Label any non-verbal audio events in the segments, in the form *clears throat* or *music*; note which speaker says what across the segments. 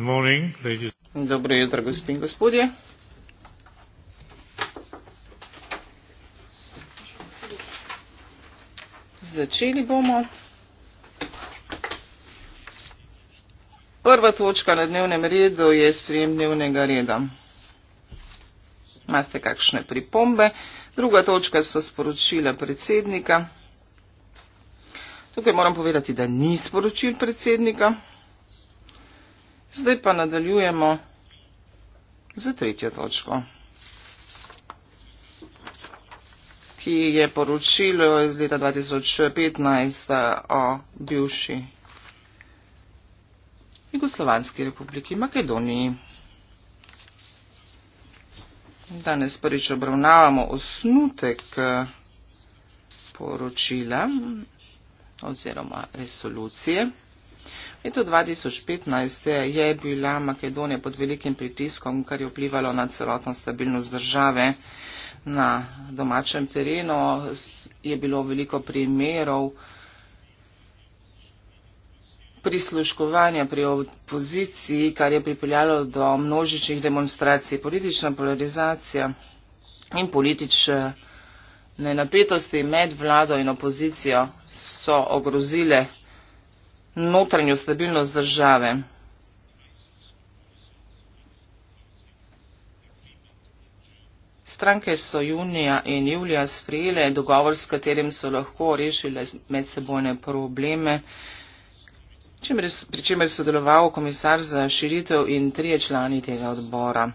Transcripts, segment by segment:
Speaker 1: Morning, ladies. Dobro jutro, gospod in gospodje. Začeli bomo. Prva točka na dnevnem redu je sprejem dnevnega reda. Maste kakšne pripombe? Druga točka so sporočila predsednika. Tukaj moram povedati, da ni sporočil predsednika. Zdaj pa nadaljujemo za tretjo točko, ki je poročilo iz leta 2015 o bivši Jugoslovanski republiki Makedoniji. Danes prvič obravnavamo osnutek poročila oziroma resolucije. Leto 2015 je bila Makedonija pod velikim pritiskom, kar je vplivalo na celotno stabilnost države. Na domačem terenu je bilo veliko primerov prisluškovanja pri opoziciji, kar je pripeljalo do množičnih demonstracij. Politična polarizacija in politične napetosti med vlado in opozicijo so ogrozile notranju stabilnost države. Stranke so junija in julija sprejele dogovor, s katerim so lahko rešile medsebojne probleme, pri čemer je sodeloval komisar za širitev in trije člani tega odbora.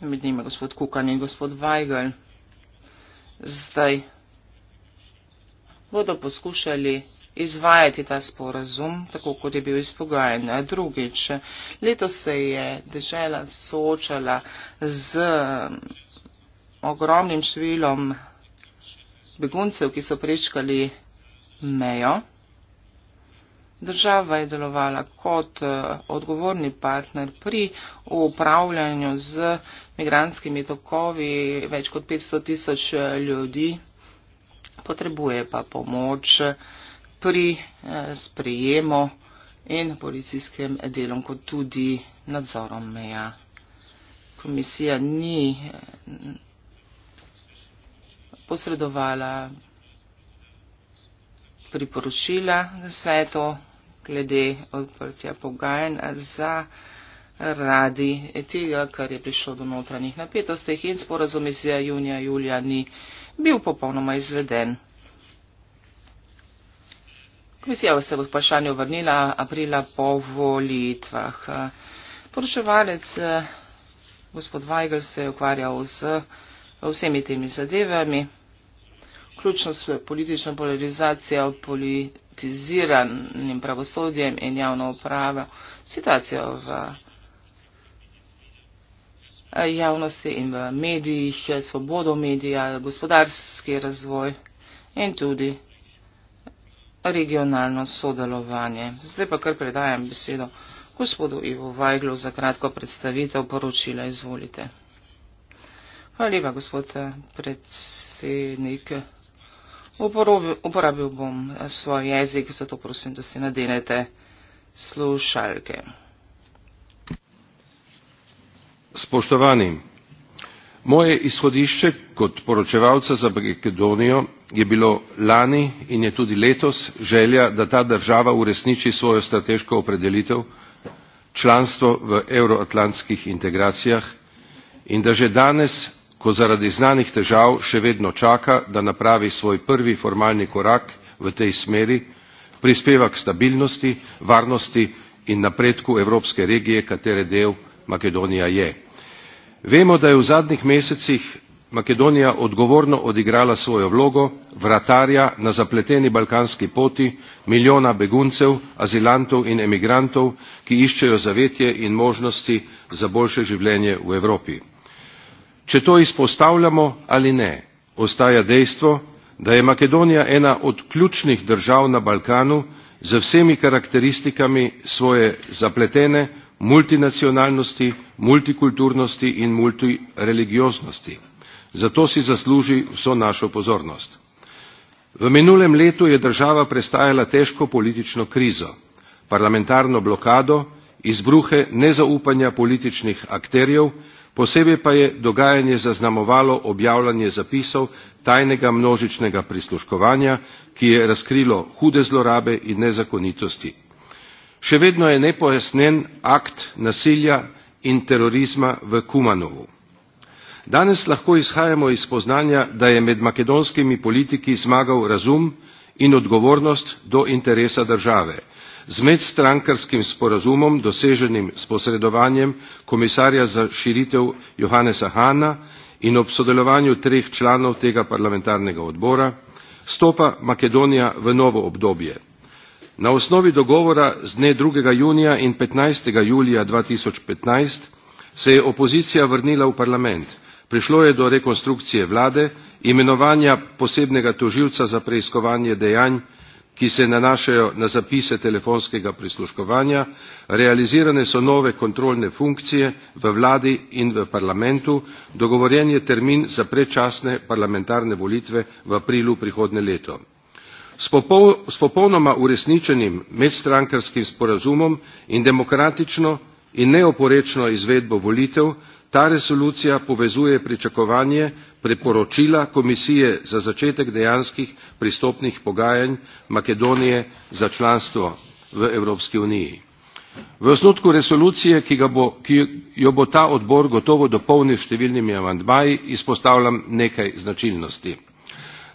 Speaker 1: Med njima gospod Kukan in gospod Weigel. Zdaj bodo poskušali izvajati ta sporazum, tako kot je bil izpogajen. Drugič, leto se je dežela soočala z um, ogromnim številom beguncev, ki so prečkali mejo. Država je delovala kot uh, odgovorni partner pri upravljanju z migranskimi tokovi več kot 500 tisoč uh, ljudi potrebuje pa pomoč pri eh, sprejemu in policijskem delom, kot tudi nadzorom meja. Komisija ni eh, posredovala priporočila svetu glede odprtja pogajanj za radi tega, kar je prišlo do notranjih napetosti in sporazumi se junija, julija ni bil popolnoma izveden. Komisija se v vprašanju vrnila aprila po volitvah. Poročevalec eh, gospod Weigel se je ukvarjal z vsemi temi zadevami, ključno s politično polarizacijo, politiziranim pravosodjem in javno upravo, situacijo v javnosti in v medijih, svobodo medija, gospodarski razvoj in tudi regionalno sodelovanje. Zdaj pa kar predajam besedo gospodu Ivo Vajglu za kratko predstavitev poročila. Izvolite. Hvala lepa, gospod eh, predsednik. Uporabil bom eh, svoj jezik, zato prosim, da si nadenete slušalke
Speaker 2: spoštovani moje izhodišče kot poročevalca za makedonijo je bilo lani in je tudi letos želja da ta država uresniči svojo strateško opredelitev članstvo v evroatlantskih integracijah in da že danes ko zaradi znanih težav še vedno čaka da napravi svoj prvi formalni korak v tej smeri prispeva k stabilnosti varnosti in napredku evropske regije katere del makedonija je vemo da je v zadnjih mesecih makedonija odgovorno odigrala svojo vlogo vratarja na zapleteni balkanski poti milijona beguncev azilantov in emigrantov ki iščejo zavetje in možnosti za boljše življenje v evropi. če to izpostavljamo ali ne ostaja dejstvo da je makedonija ena od ključnih držav na balkanu z vsemi karakteristikami svoje zapletene multinacionalnosti multikulturnosti in multireligioznosti zato si zasluži vso našo pozornost. v minulem letu je država prestajala težko politično krizo parlamentarno blokado izbruhe nezaupanja političnih akterjev posebej pa je dogajanje zaznamovalo objavljanje zapisov tajnega množičnega prisluškovanja ki je razkrilo hude zlorabe in nezakonitosti še vedno je nepojasnjen akt nasilja in terorizma v kumanovu. danes lahko izhajamo iz spoznanja da je med makedonskimi politiki zmagal razum in odgovornost do interesa države. z medstrankarskim sporazumom doseženim s posredovanjem komisarja za širitev johannesa hahna in ob sodelovanju treh članov tega parlamentarnega odbora stopa makedonija v novo obdobje na osnovi dogovora z dne dve junija in petnajst julija dva tisoč petnajst se je opozicija vrnila v parlament prišlo je do rekonstrukcije vlade imenovanja posebnega tožilca za preiskovanje dejanj ki se nanašajo na zapise telefonskega prisluškovanja realizirane so nove kontrolne funkcije v vladi in v parlamentu dogovorjen je termin za predčasne parlamentarne volitve v aprilu prihodnje leto s popolnoma uresničenim medstrankarskim sporazumom in demokratično in neoporečno izvedbo volitev ta resolucija povezuje pričakovanje priporočila komisije za začetek dejanskih pristopnih pogajanj makedonije za članstvo v evropski uniji. v osnutku resolucije ki jo bo ta odbor gotovo dopolnil s številnimi amandmaji izpostavljam nekaj značilnosti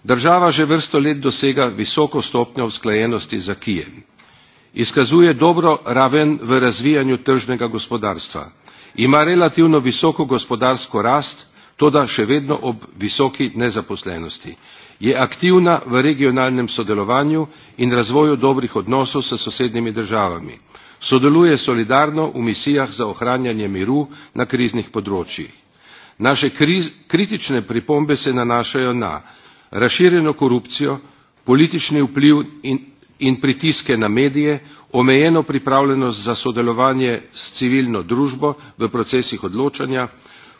Speaker 2: država že vrsto let dosega visoko stopnjo usklajenosti z acquisem izkazuje dobro raven v razvijanju tržnega gospodarstva ima relativno visoko gospodarsko rast toda še vedno ob visoki nezaposlenosti je aktivna v regionalnem sodelovanju in razvoju dobrih odnosov s sosednjimi državami sodeluje solidarno v misijah za ohranjanje miru na kriznih področjih. naše kritične pripombe se nanašajo na razširjeno korupcijo politični vpliv in pritiske na medije omejeno pripravljenost za sodelovanje s civilno družbo v procesih odločanja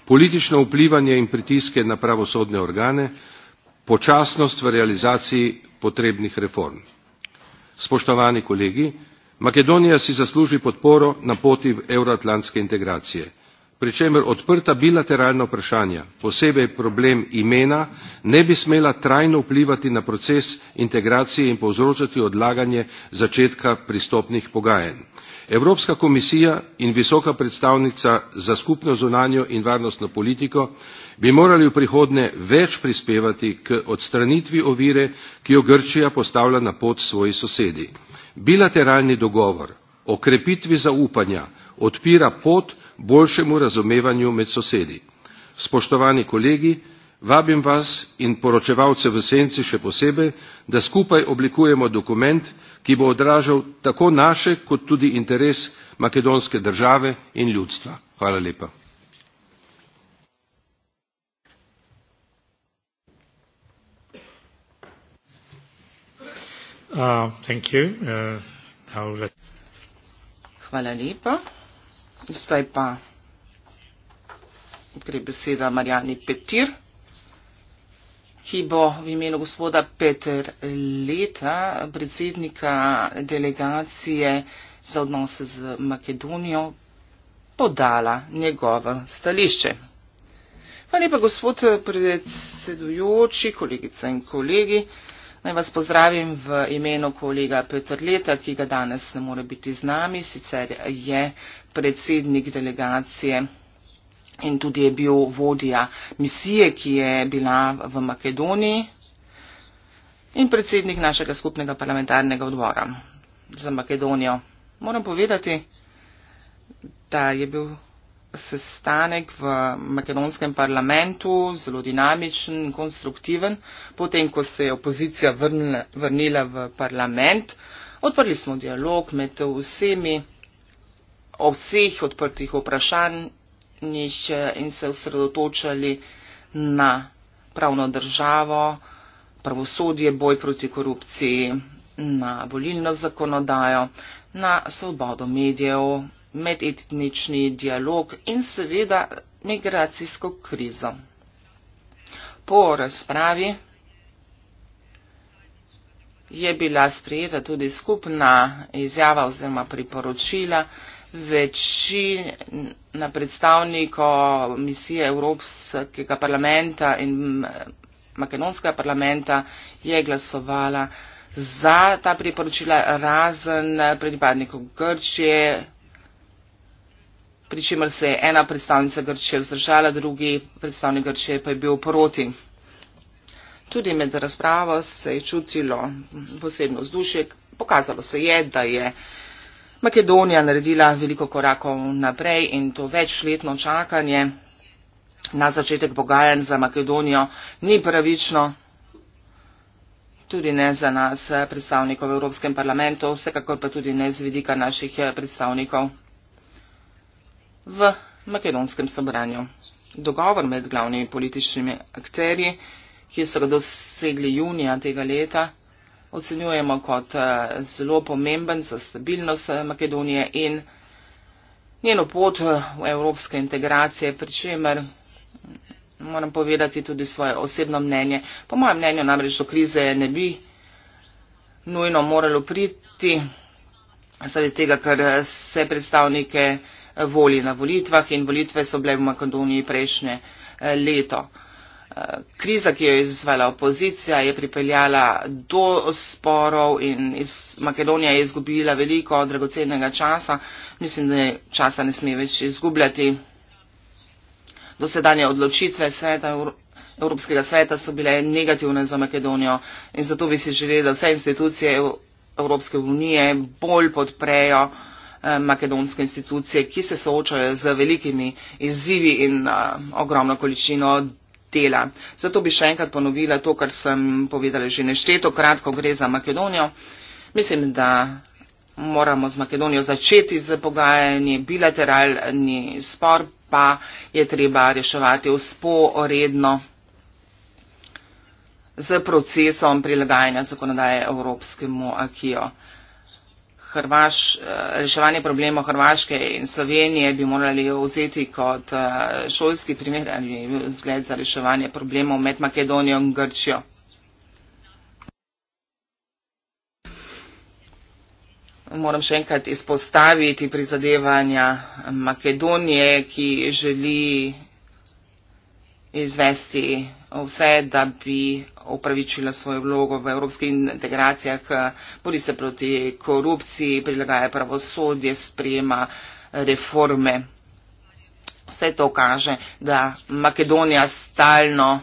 Speaker 2: politično vplivanje in pritiske na pravosodne organe počasnost v realizaciji potrebnih reform. spoštovani kolegi makedonija si zasluži podporo na poti v evroatlantske integracije pri čemer odprta bilateralna vprašanja posebej problem imena ne bi smela trajno vplivati na proces integracije in povzročati odlaganje začetka pristopnih pogajanj. evropska komisija in visoka predstavnica za skupno zunanjo in varnostno politiko bi morali v prihodnje več prispevati k odstranitvi ovire ki jo grčija postavlja na pot svoji sosedi. bilateralni dogovor o krepitvi zaupanja odpira pot boljšemu razumevanju med sosedi. spoštovani kolegi vabim vas in poročevalce v senci še posebej da skupaj oblikujemo dokument ki bo odražal tako naše kot tudi interes makedonske države in ljudstva. hvala lepa.
Speaker 1: Uh, Zdaj pa gre beseda Marjani Petir, ki bo v imenu gospoda Peter Leta, predsednika delegacije za odnose z Makedonijo, podala njegovo stališče. Hvala lepa, gospod predsedujoči, kolegice in kolegi. Naj vas pozdravim v imenu kolega Petrleta, ki ga danes ne more biti z nami, sicer je predsednik delegacije in tudi je bil vodja misije, ki je bila v Makedoniji in predsednik našega skupnega parlamentarnega odbora za Makedonijo. Moram povedati, da je bil sestanek v makedonskem parlamentu, zelo dinamičen, konstruktiven, potem ko se je opozicija vrnila, vrnila v parlament. Odprli smo dialog med vsemi, o vseh odprtih vprašanjih in se osredotočali na pravno državo, pravosodje, boj proti korupciji, na volilno zakonodajo, na svobodo medijev, medetnični dialog in seveda migracijsko krizo. Po razpravi je bila sprejeta tudi skupna izjava oziroma priporočila večina predstavnikov misije Evropskega parlamenta in Makedonskega parlamenta je glasovala za ta priporočila razen pripadnikov Grčije, pri čemer se je ena predstavnica Grčije vzdržala, drugi predstavnik Grčije pa je bil proti. Tudi med razpravo se je čutilo posebno vzdušje, pokazalo se je, da je Makedonija naredila veliko korakov naprej in to večletno čakanje na začetek pogajanj za Makedonijo ni pravično, tudi ne za nas predstavnikov v Evropskem parlamentu, vsekakor pa tudi ne z vidika naših predstavnikov v makedonskem sobranju. Dogovor med glavnimi političnimi akterji, ki so ga dosegli junija tega leta, ocenjujemo kot eh, zelo pomemben za stabilnost eh, Makedonije in njeno pot eh, v evropske integracije, pri čemer moram povedati tudi svoje osebno mnenje. Po mojem mnenju namreč do krize ne bi nujno moralo priti, zaradi tega, ker se predstavnike voli na volitvah in volitve so bile v Makedoniji prejšnje eh, leto. Eh, kriza, ki jo je izvela opozicija, je pripeljala do sporov in iz Makedonija je izgubila veliko dragocenega časa. Mislim, da časa ne sme več izgubljati. Dosedanje odločitve sveta, Evropskega sveta so bile negativne za Makedonijo in zato bi si želeli, da vse institucije Evropske unije bolj podprejo uh, Eh, makedonske institucije, ki se soočajo z velikimi izzivi in eh, ogromno količino. Dela. Zato bi še enkrat ponovila to, kar sem povedala že nešteto, kratko gre za Makedonijo. Mislim, da moramo z Makedonijo začeti z pogajanji, bilateralni spor pa je treba reševati usporedno z procesom prilagajanja zakonodaje Evropskemu akijo. Hrvaš, eh, reševanje problemov Hrvaške in Slovenije bi morali vzeti kot eh, šolski primer ali zgled za reševanje problemov med Makedonijo in Grčjo. Moram še enkrat izpostaviti prizadevanja Makedonije, ki želi izvesti vse, da bi opravičila svojo vlogo v evropskih integracijah, bori se proti korupciji, prilagaja pravosodje, sprejema reforme. Vse to kaže, da Makedonija stalno,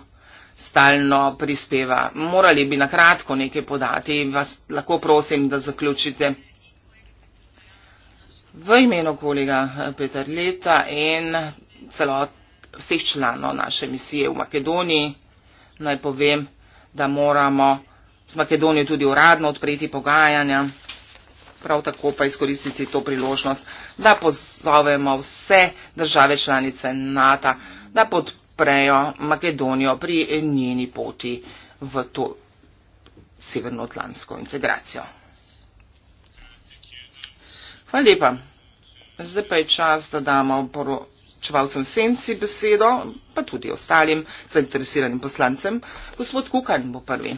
Speaker 1: stalno prispeva. Morali bi na kratko nekaj podati. Vas lahko prosim, da zaključite. V imenu kolega Petar Leta in celot vseh članov naše misije v Makedoniji. Naj povem, da moramo z Makedonijo tudi uradno odpreti pogajanja, prav tako pa izkoristiti to priložnost, da pozovemo vse države članice NATO, da podprejo Makedonijo pri njeni poti v to severnoatlantsko integracijo. Hvala lepa. Zdaj pa je čas, da damo poročilo čevalcem senci besedo, pa tudi ostalim zainteresiranim poslancem. Gospod Kukan bo prvi.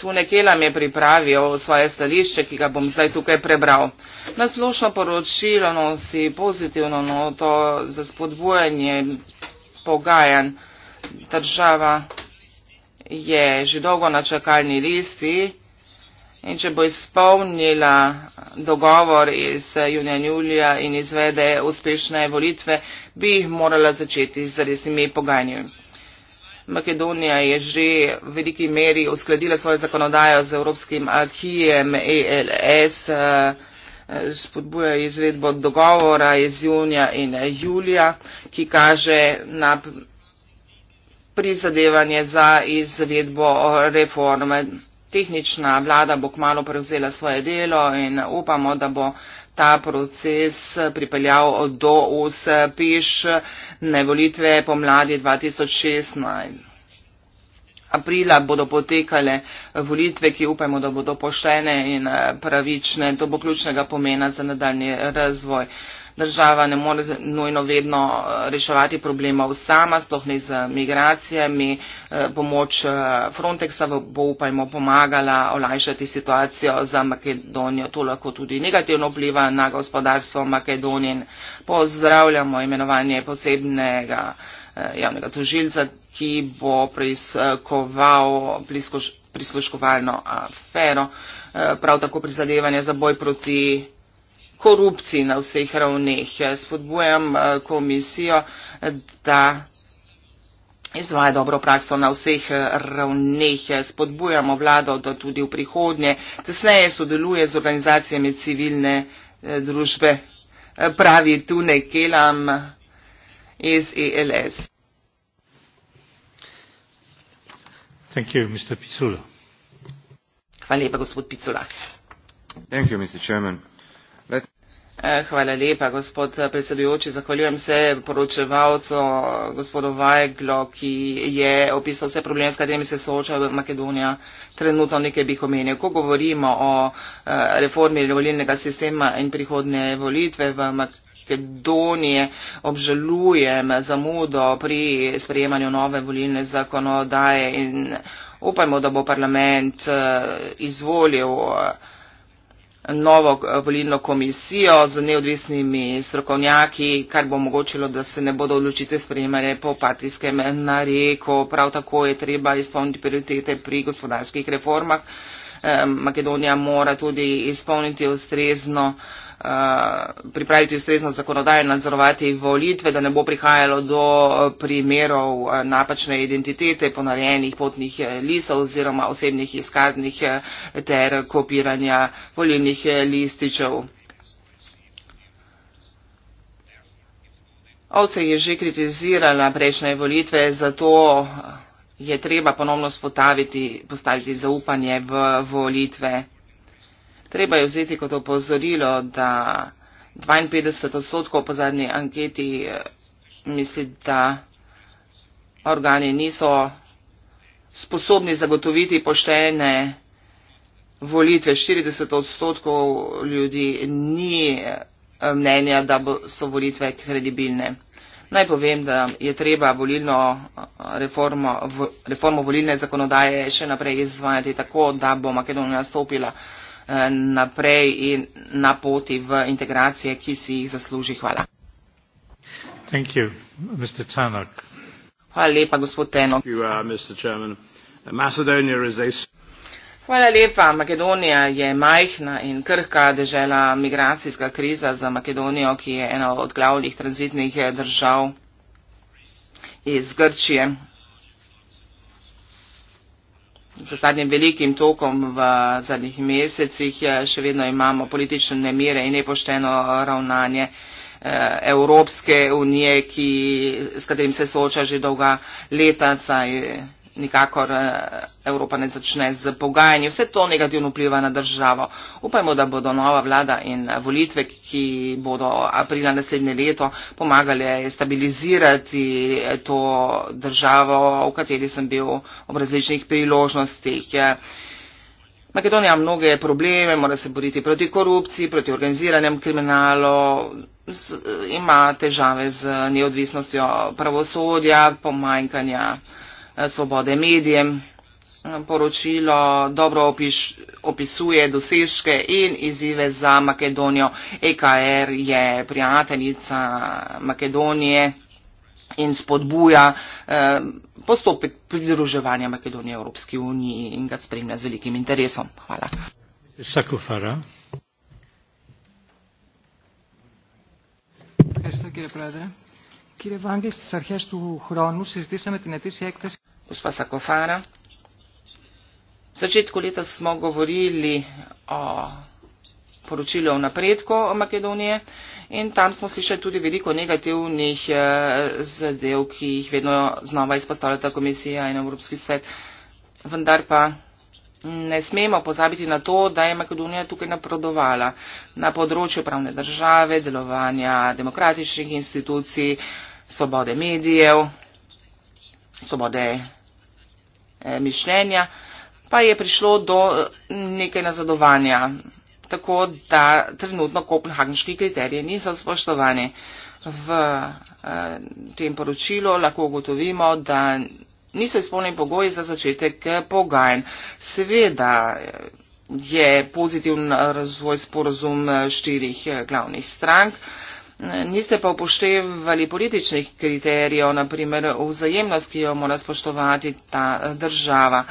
Speaker 1: Tune Kelam je pripravil svoje stališče, ki ga bom zdaj tukaj prebral. Nasplošno poročilo nosi pozitivno noto za spodbujanje pogajanj. Država je že dolgo na čakalni listi. In če bo izpolnila dogovor iz junija in julija in izvede uspešne volitve, bi jih morala začeti z resnimi pogajanji. Makedonija je že v veliki meri uskladila svojo zakonodajo z evropskim akijem ELS, eh, spodbuja izvedbo dogovora iz junija in julija, ki kaže na prizadevanje za izvedbo reforme tehnična vlada bo kmalo prevzela svoje delo in upamo, da bo ta proces pripeljal do uspešne volitve pomladi 2016. Aprila bodo potekale volitve, ki upajmo, da bodo poštene in pravične. To bo ključnega pomena za nadaljni razvoj država ne more nujno vedno eh, reševati problemov sama, sploh ne z eh, migracijami. Eh, pomoč Frontexa bo upajmo pomagala olajšati situacijo za Makedonijo. To lahko tudi negativno vpliva na gospodarstvo Makedonije. Pozdravljamo imenovanje posebnega javnega tožilca, ki bo preiskoval prisluškovalno afero. Prav tako prizadevanje za boj proti korupciji na vseh ravneh. Ja, spodbujam eh, komisijo, da izvaja dobro prakso na vseh eh, ravneh. Ja, spodbujamo vlado, da tudi v prihodnje tesneje sodeluje z organizacijami civilne eh, družbe. Pravi Tune Kelam iz ELS.
Speaker 3: Thank you, Mr.
Speaker 1: Hvala lepa, gospod Picula.
Speaker 2: Thank you, Mr. Chairman.
Speaker 1: Eh, hvala lepa, gospod predsedujoči. Zahvaljujem se poročevalcu, gospodu Vajglo, ki je opisal vse probleme, s katerimi se sooča Makedonija. Trenutno nekaj bi omenil. Ko govorimo o eh, reformi volilnega sistema in prihodne volitve v Makedoniji, Makedonije obžalujem zamudo pri sprejemanju nove volilne zakonodaje in upajmo, da bo parlament eh, izvolil novo eh, volilno komisijo z neodvisnimi strokovnjaki, kar bo omogočilo, da se ne bodo odločite sprejemare po partijskem nareku. Prav tako je treba izpolniti prioritete pri gospodarskih reformah. Eh, Makedonija mora tudi izpolniti ustrezno Eh, pripraviti ustrezno zakonodajo, nadzorovati volitve, da ne bo prihajalo do eh, primerov eh, napačne identitete, ponarejenih potnih lisov oziroma osebnih izkaznih ter kopiranja volilnih lističev. Ose je že kritizirala prejšnje volitve, zato je treba ponovno spostaviti zaupanje v volitve. Treba je vzeti kot opozorilo, da 52 odstotkov po zadnji anketi eh, misli, da organi niso sposobni zagotoviti poštene volitve. 40 odstotkov ljudi ni eh, mnenja, da so volitve kredibilne. Naj povem, da je treba volilno eh, reformo, reformo volilne zakonodaje še naprej izvajati tako, da bo Makedonija stopila Eh, naprej in na poti v integracije, ki si jih zasluži. Hvala. Thank
Speaker 3: you, Mr. Tanak.
Speaker 1: Hvala lepa, gospod Tenok. You,
Speaker 4: uh,
Speaker 1: Hvala lepa. Makedonija je majhna in krhka dežela migracijska kriza za Makedonijo, ki je ena od glavnih tranzitnih držav iz Grčije z zadnjim velikim tokom v zadnjih mesecih, eh, še vedno imamo politične nemire in nepošteno ravnanje. Eh, Evropske unije, ki, s katerim se sooča že dolga leta, saj nikakor eh, Evropa ne začne z pogajanji. Vse to negativno vpliva na državo. Upajmo, da bodo nova vlada in eh, volitve, ki bodo aprila naslednje leto, pomagali stabilizirati eh, to državo, v kateri sem bil ob različnih priložnostih. Makedonija mnoge probleme, mora se boriti proti korupciji, proti organiziranem kriminalu, ima težave z neodvisnostjo pravosodja, pomanjkanja. Eh, svobode medijem. Poročilo dobro opiš, opisuje dosežke in izzive za Makedonijo. EKR er je prijateljica Makedonije in spodbuja eh, postopek pridruževanja Makedonije Evropski uniji in ga spremlja z velikim interesom. Hvala.
Speaker 3: Sakufara.
Speaker 1: Κύριε Βάγκε, στι αρχέ του χρόνου συζητήσαμε την αιτήσια έκθεση gospa Sakofara. V začetku leta smo govorili o poročilu o napredku o Makedonije in tam smo slišali tudi veliko negativnih eh, zadev, ki jih vedno znova izpostavljata komisija in Evropski svet. Vendar pa ne smemo pozabiti na to, da je Makedonija tukaj napredovala na področju pravne države, delovanja demokratičnih institucij, svobode medijev, svobode Eh, mišljenja, pa je prišlo do eh, nekaj nazadovanja. Tako da trenutno kopenhagenški kriteriji niso spoštovani. V eh, tem poročilu lahko ugotovimo, da niso izpolnjeni pogoji za začetek pogajanj. Seveda je pozitivn razvoj sporozum štirih glavnih strank. Niste pa upoštevali političnih kriterijev, naprimer vzajemnost, ki jo mora spoštovati ta eh, država.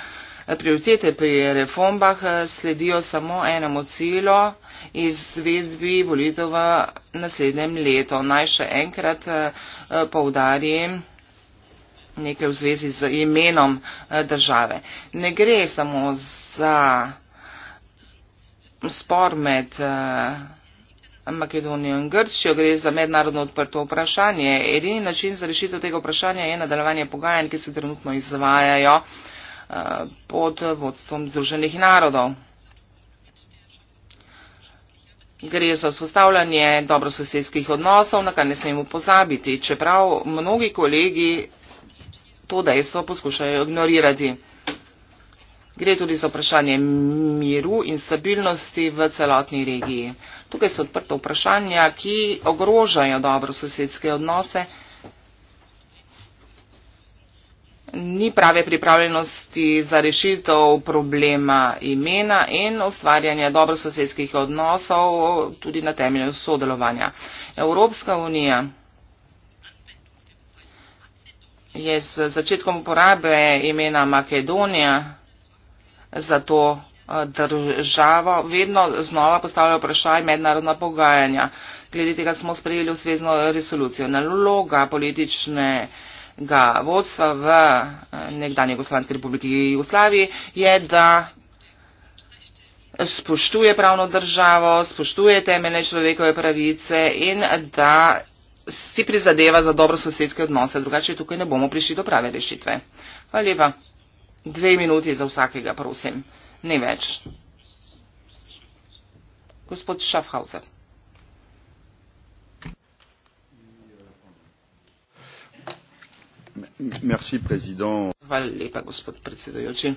Speaker 1: Prioritete pri reformah eh, sledijo samo enemu cilju izvedbi volitev v naslednjem letu. Naj še enkrat eh, poudarim nekaj v zvezi z imenom države. Ne gre samo za spor med Makedonijo in Grčijo, gre za mednarodno odprto vprašanje. Edini način za rešitev tega vprašanja je nadaljevanje pogajanj, ki se trenutno izvajajo eh, pod vodstvom Združenih narodov. Gre za vzpostavljanje dobrososedskih odnosov, na kar ne smemo pozabiti, čeprav mnogi kolegi to dejstvo poskušajo ignorirati. Gre tudi za vprašanje miru in stabilnosti v celotni regiji. Tukaj so odprta vprašanja, ki ogrožajo dobro sosedske odnose. Ni prave pripravljenosti za rešitev problema imena in ustvarjanja dobrososedskih odnosov tudi na temelju sodelovanja. Evropska unija je z začetkom uporabe imena Makedonija zato državo, vedno znova postavlja vprašaj mednarodna pogajanja. Glede tega smo sprejeli ustrezno resolucijo. Naloga političnega vodstva v eh, nekdanji Jugoslavijski republiki Jugoslaviji je, da spoštuje pravno državo, spoštuje temeljne človekove pravice in da si prizadeva za dobro sosedske odnose, drugače tukaj ne bomo prišli do prave rešitve. Hvala lepa. Dve minuti za vsakega, prosim ni več. Gospod Šafhauser.
Speaker 5: Merci, Hvala
Speaker 1: lepa, gospod predsedujoči.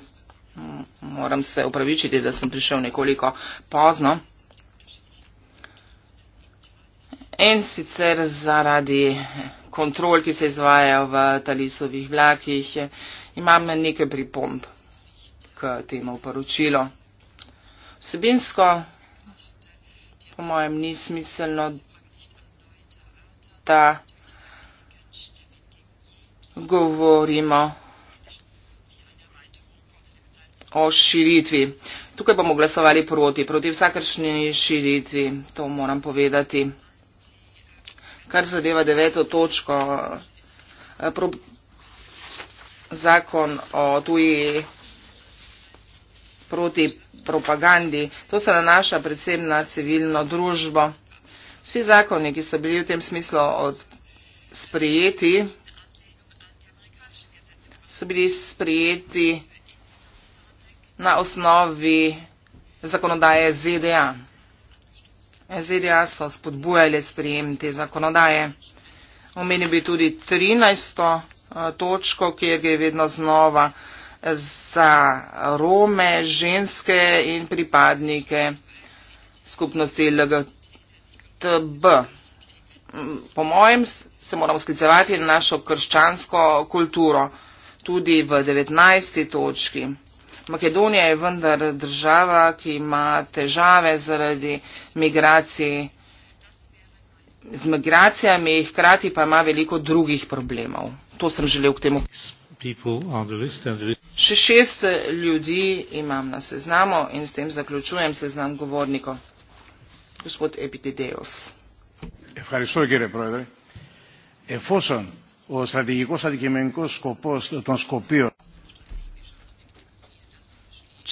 Speaker 1: Moram se upravičiti, da sem prišel nekoliko pozno. In sicer zaradi kontrol, ki se izvajajo v talisovih vlakih, imam nekaj pripomb temu poročilu. Vsebinsko, po mojem, ni smiselno, da govorimo o širitvi. Tukaj bomo glasovali proti, proti vsakršni širitvi, to moram povedati. Kar zadeva deveto točko, eh, zakon o tuji proti propagandi. To se nanaša predvsem na civilno družbo. Vsi zakoni, ki so bili v tem smislu sprijeti, so bili sprijeti na osnovi zakonodaje ZDA. ZDA so spodbujali sprijem te zakonodaje. Omenil bi tudi 13. Eh, točko, kjer je vedno znova za Rome, ženske in pripadnike skupnosti LGTB. Po mojem se moramo sklicevati na našo krščansko kulturo, tudi v 19. točki. Makedonija je vendar država, ki ima težave zaradi migracij, z migracijami, hkrati pa ima veliko drugih problemov. To sem želel k temu.
Speaker 3: Še
Speaker 1: šest ljudi imam na seznamu in s tem zaključujem seznam govornikov. Gospod Epitideos.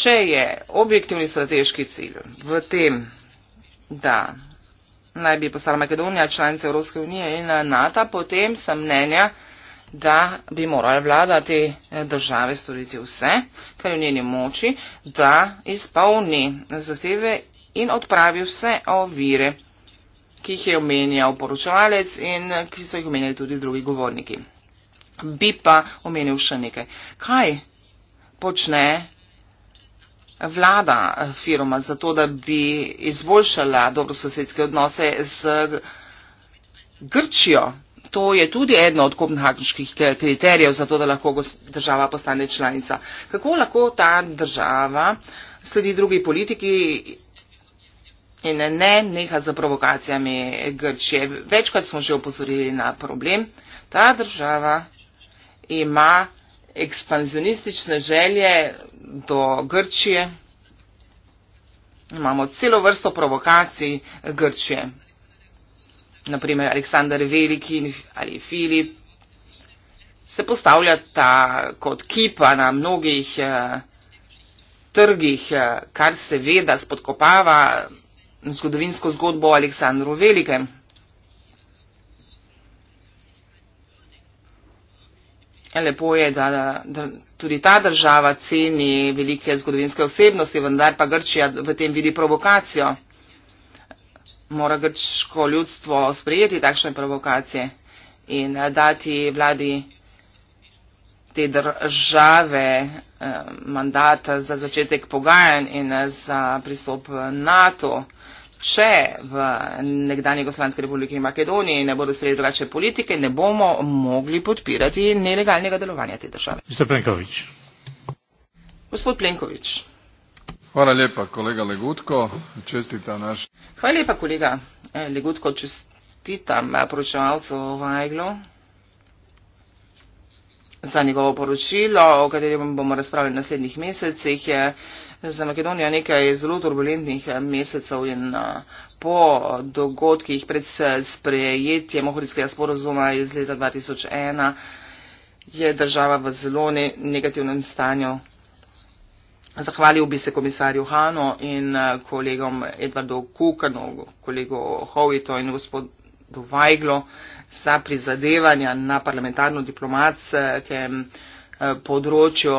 Speaker 1: Če je objektivni strateški cilj v tem, da naj bi postala Makedonija članica Evropske unije in NATO, potem sem mnenja, da bi morala vlada te eh, države storiti vse, kar je v njeni moči, da izpolni zahteve in odpravi vse ovire, ki jih je omenjal poročevalec in eh, ki so jih omenjali tudi drugi govorniki. Bi pa omenil še nekaj. Kaj počne vlada eh, firma za to, da bi izboljšala dobrososedske odnose z Grčijo? to je tudi eno od kopenhagenških kriterijev za to, da lahko država postane članica. Kako lahko ta država sledi drugi politiki in ne neha za provokacijami Grčije? Večkrat smo že opozorili na problem. Ta država ima ekspanzionistične želje do Grčije. Imamo celo vrsto provokacij Grčije naprimer Aleksandar Veliki ali Filip, se postavljata kot kipa na mnogih eh, trgih, eh, kar seveda spodkopava zgodovinsko zgodbo o Aleksandru Velikem. Ja, lepo je, da, da, da tudi ta država ceni velike zgodovinske osebnosti, vendar pa Grčija v tem vidi provokacijo mora grško ljudstvo sprejeti takšne provokacije in eh, dati vladi te države eh, mandat za začetek pogajanj in eh, za pristop NATO. Če v nekdanji Goslovanski republiki in Makedoniji ne bodo sprejeli drugače politike, ne bomo mogli podpirati nelegalnega delovanja te države. Gospod Plenković.
Speaker 2: Hvala lijepa kolega Legutko, čestitam naš...
Speaker 1: Hvala lijepa kolega eh, Legutko, čestitam eh, poročevalcu Vajglu za njegovo poročilo, o katerem bomo razpravljali v naslednjih mesecih. Za Makedonijo nekaj zelo turbulentnih eh, mesecev in po dogodkih pred sprejetjem Ohridskega sporozuma iz leta 2001 je država v zelo negativnem stanju. Zahvalil bi se komisarju Hanu in eh, kolegom Edvardu Kukanu, kolegu Hovito in gospodu Vajglo za prizadevanja na parlamentarno diplomatskem eh, področju,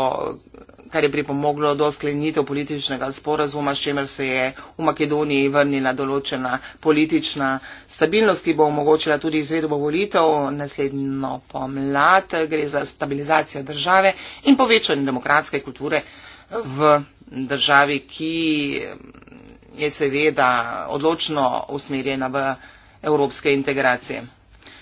Speaker 1: kar je pripomoglo do sklenitev političnega sporazuma, s čemer se je v Makedoniji vrnila določena politična stabilnost, ki bo omogočila tudi izvedbo volitev naslednjo pomlad. Gre za stabilizacijo države in povečanje demokratske kulture v državi, ki mm, je seveda odločno usmerjena v evropske integracije.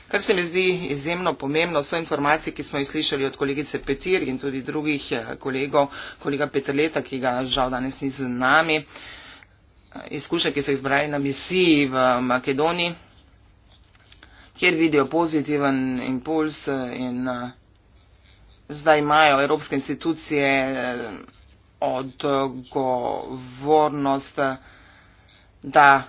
Speaker 1: Kar se mi zdi izjemno pomembno, so informacije, ki smo jih slišali od kolegice Petir in tudi drugih eh, kolegov, kolega Petrleta, ki ga žal danes ni z nami, izkušnje, ki so jih zbrali na misiji v Makedoniji, kjer vidijo pozitiven impuls eh, in eh, zdaj imajo evropske institucije odgovornost, da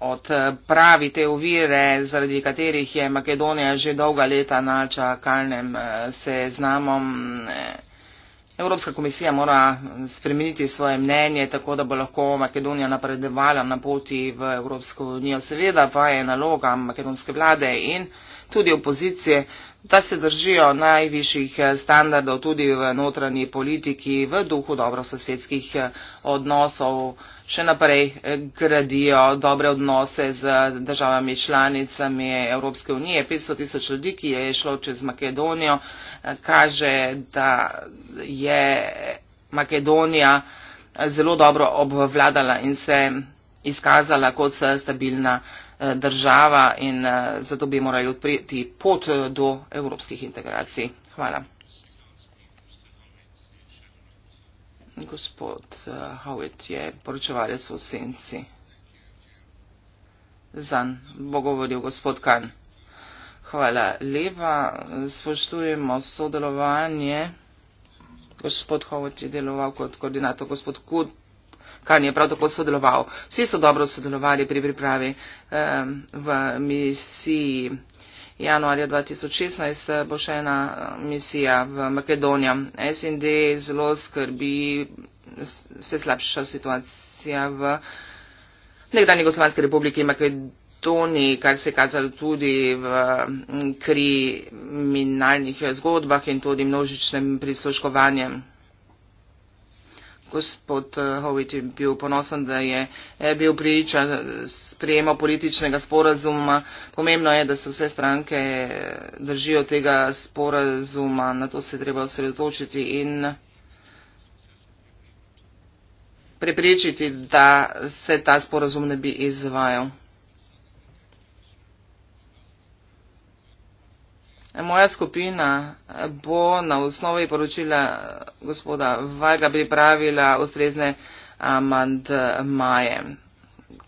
Speaker 1: odpravi te uvire, zaradi katerih je Makedonija že dolga leta na čakalnem eh, seznamu. Evropska komisija mora spremeniti svoje mnenje, tako da bo lahko Makedonija napredovala na poti v Evropsko unijo. Seveda pa je naloga makedonske vlade in tudi opozicije, da se držijo najvišjih eh, standardov tudi v notranji politiki, v duhu dobrososedskih eh, odnosov, še naprej eh, gradijo dobre odnose z državami članicami Evropske unije. 500 tisoč ljudi, ki je šlo čez Makedonijo, kaže, da je Makedonija zelo dobro obvladala in se izkazala kot stabilna država. Eh, država in eh, zato bi morali odpreti pot eh, do evropskih integracij. Hvala. Gospod Howitt je poročevalec v senci. Zan bo govoril gospod Kan. Hvala lepa. Spoštujemo sodelovanje. Gospod Howitt je deloval kot koordinator. Gospod Kut. Kan je prav tako sodeloval. Vsi so dobro sodelovali pri pripravi um, v misiji. Januarja 2016 eh, bo še ena eh, misija v Makedonijo. SND zelo skrbi, se slabša situacija v nekdanji Goslovanski republiki Makedoniji, kar se je kazalo tudi v mm, kriminalnih eh, zgodbah in tudi množičnem prisluškovanjem gospod eh, Hovič je bil ponosen, da je eh, bil priča sprejema političnega sporazuma. Pomembno je, da se vse stranke eh, držijo tega sporazuma, na to se treba osredotočiti in preprečiti, da se ta sporazum ne bi izvajal. Moja skupina bo na osnovi poročila gospoda Vajga pripravila ustrezne amandmaje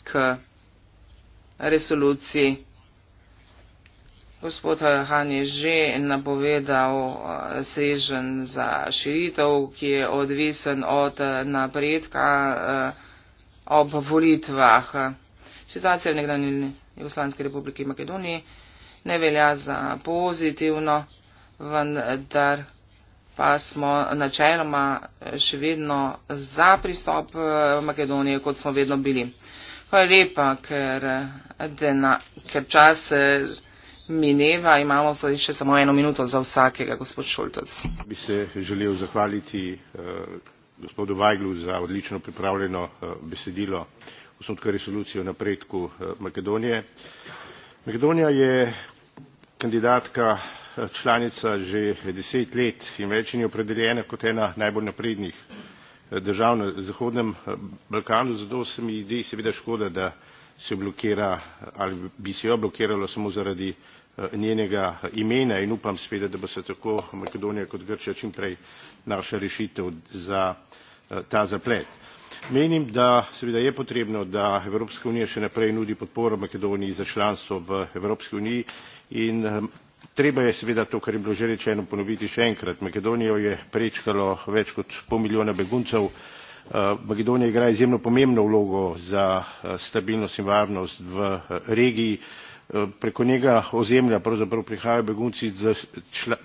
Speaker 1: k resoluciji. Gospod Han je že napovedal eh, sežen za širitev, ki je odvisen od eh, napredka eh, ob volitvah. Situacija v nekdanji Jugoslavijski republiki Makedoniji ne velja za pozitivno, vendar pa smo načeloma še vedno za pristop eh, Makedonije, kot smo vedno bili. Hvala lepa, ker, eh, dena, ker čas eh, mineva, imamo še samo eno minuto za vsakega, gospod Šultac.
Speaker 4: Bi se želel zahvaliti uh, gospodu Vajglu za odlično pripravljeno uh, besedilo osnutka resolucije o napredku uh, Makedonije. Makedonija je kandidatka eh, članica že deset let in več in je opredeljena kot ena najbolj naprednih eh, držav na zahodnem eh, balkanu zato se mi zdi seveda škoda da se blokira ali bi se jo blokiralo samo zaradi njenega imena in upam seveda da bo se tako makedonija kot grčija čimprej naša rešitev za ta zaplet Menim, da seveda je potrebno, da Evropska unija še naprej nudi podporo Makedoniji za članstvo v Evropski uniji in ehm, treba je seveda to kar je bilo že rečeno ponoviti še enkrat makedonijo je prečkalo več kot pol milijona beguncev ehm, makedonija igra izjemno pomembno vlogo za eh, stabilnost in varnost v eh, regiji ehm, preko njenega ozemlja pravzaprav prihajajo begunci iz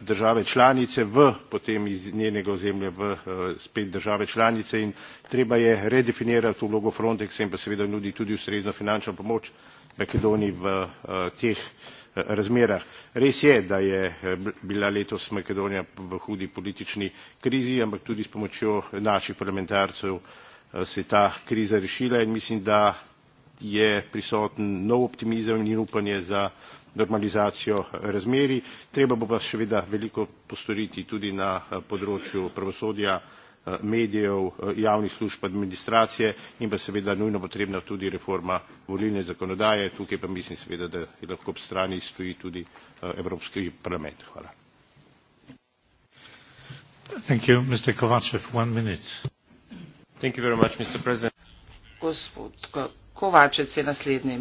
Speaker 4: države članice v potem iz njenega ozemlja v eh, spet države članice in treba je redefinirati vlogo frontexa in pa seveda nuditi tudi ustrezno finančno pomoč makedoniji v teh res je da je eh, bila letos makedonija v hudi politični krizi ampak tudi s pomočjo naših parlamentarcev eh, se je ta kriza rešila in mislim da je prisoten nov optimizem in upanje za normalizacijo eh, razmerij treba bo pa seveda veliko postoriti tudi na področju pravosodja Eh, medijev eh, javnih služb administracije in pa seveda nujno potrebna tudi reforma volilne zakonodaje tukaj pa mislim seveda da lahko ob strani stoji tudi eh, evropski parlament hvala
Speaker 3: Thank you, Mr. Kovacev, one minute.
Speaker 1: Thank you very
Speaker 4: much, Mr. President.
Speaker 1: Gospod Kovacev je naslednji.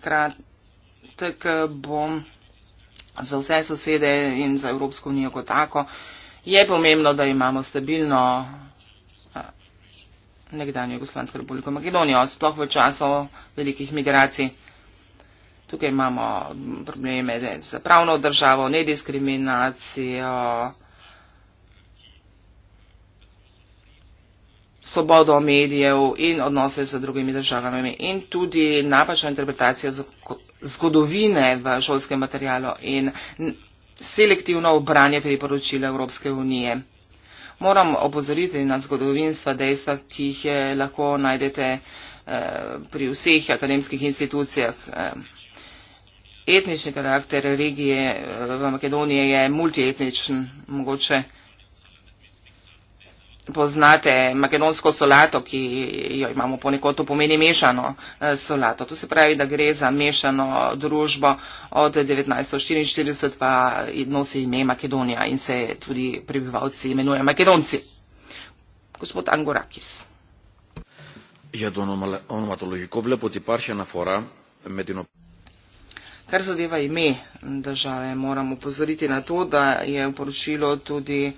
Speaker 1: Kratek bom za vse sosede in za Evropsko unijo kot tako. Uh, je pomembno, da imamo stabilno eh, nekdanje Jugoslavijsko republiko Makedonijo, sploh v času velikih migracij. Tukaj imamo probleme z pravno državo, nediskriminacijo, svobodo medijev in odnose z drugimi državami in tudi napačno interpretacijo zgodovine v šolskem materialu in selektivno obranje priporočila Evropske unije. Moram opozoriti na zgodovinstva dejstva, ki jih je, lahko najdete eh, pri vseh akademskih institucijah. Eh, etnični karakter regije eh, v Makedoniji je multietničen, mogoče poznate makedonsko solato, ki jo imamo ponekod, to pomeni mešano eh, solato. To se pravi, da gre za mešano družbo od 1944 pa nosi ime Makedonija in se tudi prebivalci imenuje Makedonci. Gospod Angorakis.
Speaker 2: Ja, onomatologiko vlepo ti parša na fora medino.
Speaker 1: Kar zadeva ime države, moram upozoriti na to, da je v poročilu tudi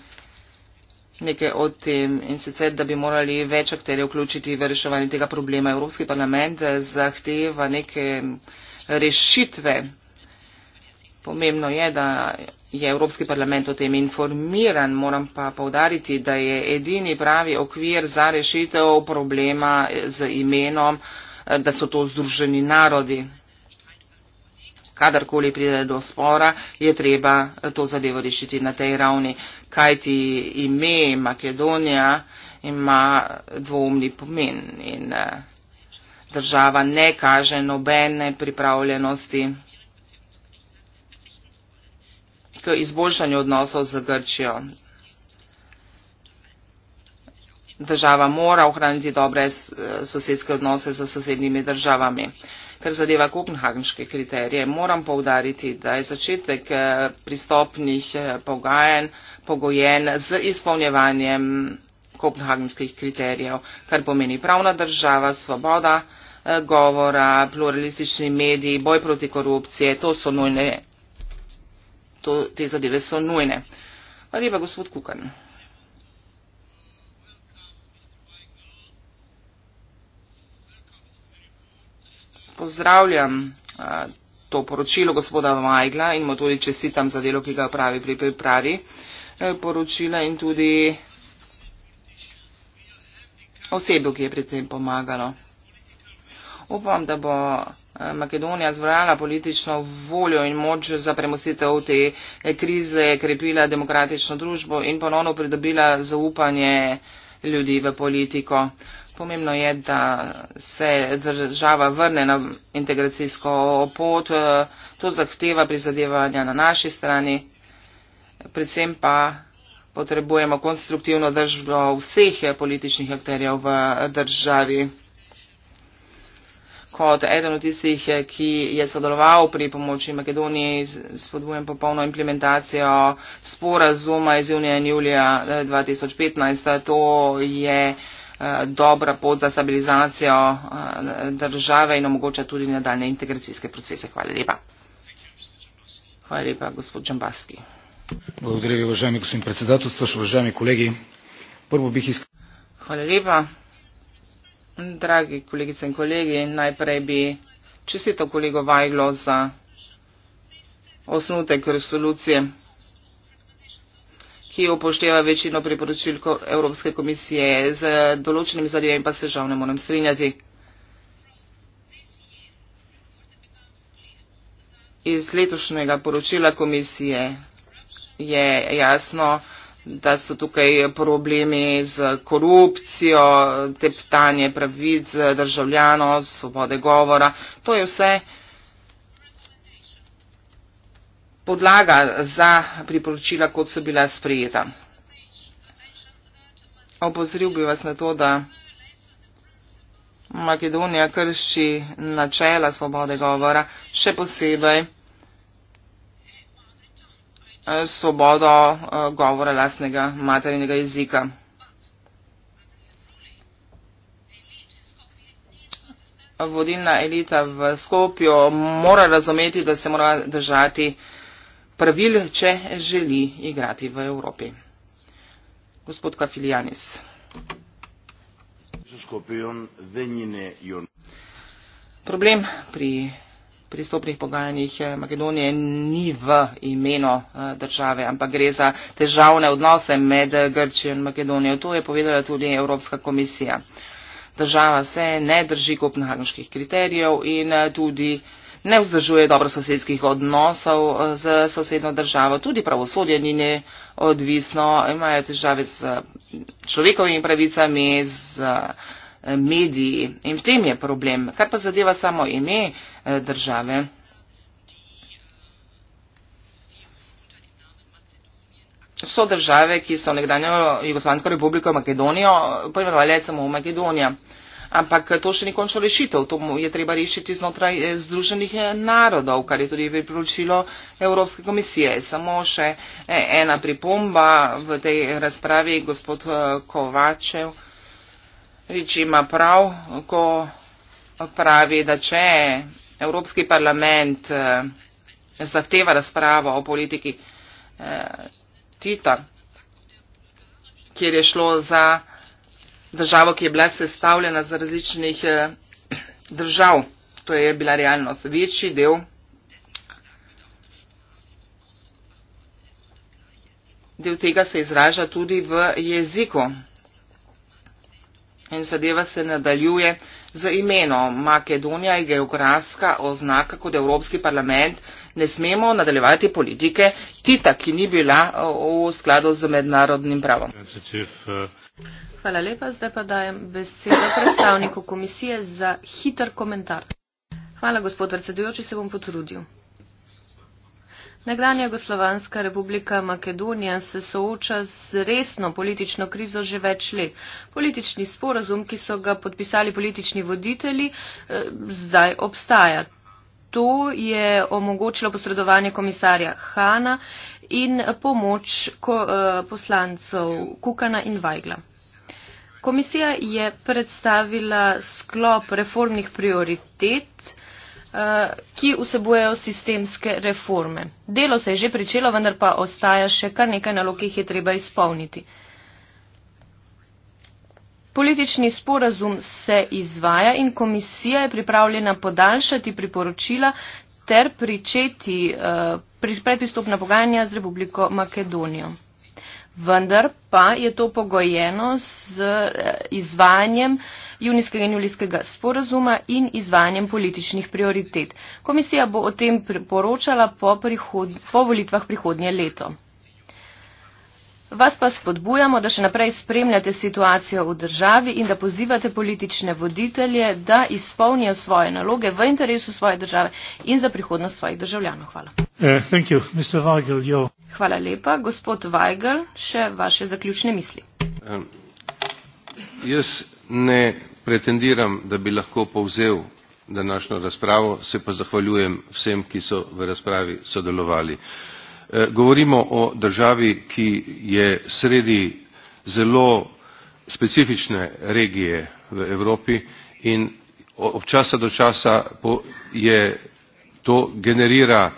Speaker 1: nekaj o tem in sicer, da bi morali več akterjev vključiti v reševanje tega problema. Evropski parlament zahteva neke rešitve. Pomembno je, da je Evropski parlament o tem informiran, moram pa povdariti, da je edini pravi okvir za rešitev problema z imenom, da so to združeni narodi kadarkoli pride do spora, je treba eh, to zadevo rešiti na tej ravni, kajti ime Makedonija ima eh, dvomni pomen in eh, država ne kaže nobene pripravljenosti k izboljšanju odnosov z Grčijo. Država mora ohraniti dobre sosedske odnose z sosednjimi državami kar zadeva kopenhagenške kriterije. Moram povdariti, da je začetek eh, pristopnih eh, pogajen, pogojen z izpolnjevanjem kopenhagenskih kriterijev, kar pomeni pravna država, svoboda eh, govora, pluralistični mediji, boj proti korupciji, to so nujne, to, te zadeve so nujne. Pa lepa gospod Kukan. pozdravljam to poročilo gospoda Majgla in mu tudi čestitam za delo, ki ga pravi pri pripravi e, poročila in tudi osebju, ki je pri tem pomagalo. Upam, da bo e, Makedonija zvrala politično voljo in moč za premositev te e, krize, krepila demokratično družbo in ponovno pridobila zaupanje ljudi v politiko. Pomembno je, da se država vrne na integracijsko pot. To zahteva prizadevanja na naši strani. Predvsem pa potrebujemo konstruktivno držbo vseh političnih akterjev v državi. Kot eden od tistih, ki je sodeloval pri pomoči Makedoniji, spodbujem popolno implementacijo sporazuma iz junija in julija 2015. Eh, to je Eh, dobra pot za stabilizacijo eh, države in omogoča tudi nadaljne integracijske procese. Hvala lepa. Hvala lepa, gospod Džambaski.
Speaker 3: Благодаря ви, уважаеми господин председател, уважаеми колеги. Първо бих искал.
Speaker 1: Хвала лепа. Драги колегица и колеги, най-пре би честител колего Вайгло за основните резолюция ki upošteva večino priporočil Evropske komisije. Z določenim zadevim pa se žal ne morem strinjati. Iz letošnjega poročila komisije je jasno, da so tukaj problemi z korupcijo, teptanje pravic državljanov, svobode govora. To je vse, kar podlaga za priporočila, kot so bila sprejeta. Opozoril bi vas na to, da Makedonija krši načela svobode govora, še posebej eh, svobodo eh, govora lastnega materinega jezika. Vodilna elita v Skopju mora razumeti, da se mora držati pravil, če želi igrati v Evropi. Gospod Kafilijanis. Problem pri pristopnih pogajanjih eh, Makedonije ni v imenu eh, države, ampak gre za težavne odnose med eh, Grčijo in Makedonijo. To je povedala tudi Evropska komisija. Država se ne drži kopnahanških kriterijev in tudi ne vzdržuje dobrososedskih odnosov eh, z sosedno državo, tudi pravosodje ni neodvisno, imajo težave z eh, človekovimi pravicami, z eh, mediji in v tem je problem. Kar pa zadeva samo ime države. So države, ki so nekdanjo Jugoslavijsko republiko Makedonijo poimenovali samo Makedonija ampak to še ni končno rešitev. To je treba rešiti znotraj eh, Združenih eh, narodov, kar je tudi priporočilo Evropske komisije. Samo še eh, ena pripomba v tej razpravi, gospod Kovačev, reči ima prav, ko pravi, da če Evropski parlament zahteva razpravo o politiki Tita, kjer je šlo za državo, ki je bila sestavljena z različnih eh, držav. To je bila realnost. Večji del del tega se izraža tudi v jeziku. In zadeva se nadaljuje z imenom Makedonija in geografska oznaka kot Evropski parlament. Ne smemo nadaljevati politike Tita, ki ni bila v skladu z mednarodnim pravom.
Speaker 6: Hvala lepa. Zdaj pa dajem besedo predstavniku komisije za hiter komentar. Hvala, gospod predsedujoči, se bom potrudil. Nekdanja Jugoslovanska republika Makedonija se sooča z resno politično krizo že več let. Politični sporazum, ki so ga podpisali politični voditelji, eh, zdaj obstaja. To je omogočilo posredovanje komisarja Hana in pomoč ko, eh, poslancev Kukana in Vajgla. Komisija je predstavila sklop reformnih prioritet, Eh, ki vsebujejo sistemske reforme. Delo se je že pričelo, vendar pa ostaja še kar nekaj nalog, ki jih je treba izpolniti. Politični sporazum se izvaja in komisija je pripravljena podaljšati priporočila ter pričeti uh, predpristopna pogajanja z Republiko Makedonijo vendar pa je to pogojeno z eh, izvanjem junijskega in julijskega sporazuma in izvanjem političnih prioritet. Komisija bo o tem poročala po, prihod, po volitvah prihodnje leto. Vas pa spodbujamo, da še naprej spremljate situacijo v državi in da pozivate politične voditelje, da izpolnijo svoje naloge v interesu svoje države in za prihodnost svojih državljanov. Hvala.
Speaker 3: Uh,
Speaker 6: Hvala lepa. Gospod Weigl, še vaše zaključne misli.
Speaker 2: Um, jaz ne pretendiram, da bi lahko povzel današnjo razpravo, se pa zahvaljujem vsem, ki so v razpravi sodelovali. E, govorimo o državi, ki je sredi zelo specifične regije v Evropi in od časa do časa po, je, to generira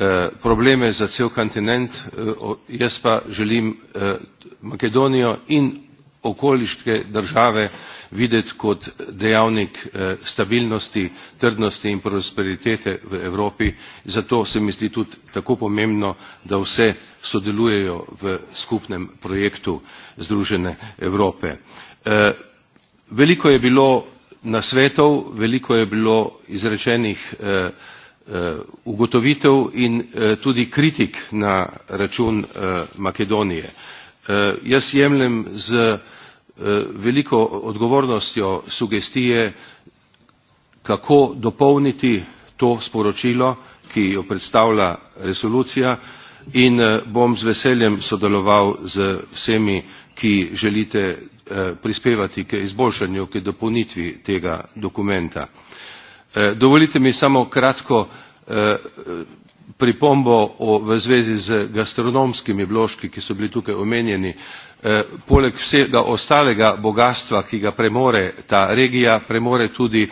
Speaker 2: Eh, probleme za cel kontinent eh, jaz pa želim eh, makedonijo in okoliške države videti kot dejavnik stabilnosti trdnosti in prosperitete v evropi zato se mi zdi tudi tako pomembno da vse sodelujejo v skupnem projektu združene evrope. veliko je bilo nasvetov veliko je bilo izrečenih Eh, ugotovitev in eh, tudi kritik na račun eh, makedonije. jaz jemljem z veliko odgovornostjo sugestije kako dopolniti to sporočilo ki jo predstavlja resolucija in bom z veseljem sodeloval z vsemi ki želite prispevati k izboljšanju k dopolnitvi tega dokumenta. Eh, dovolite mi samo kratko eh, pripombo v zvezi z gastronomskimi vložki ki so bili tukaj omenjeni eh, poleg vsega ostalega bogastva ki ga premore ta regija premore tudi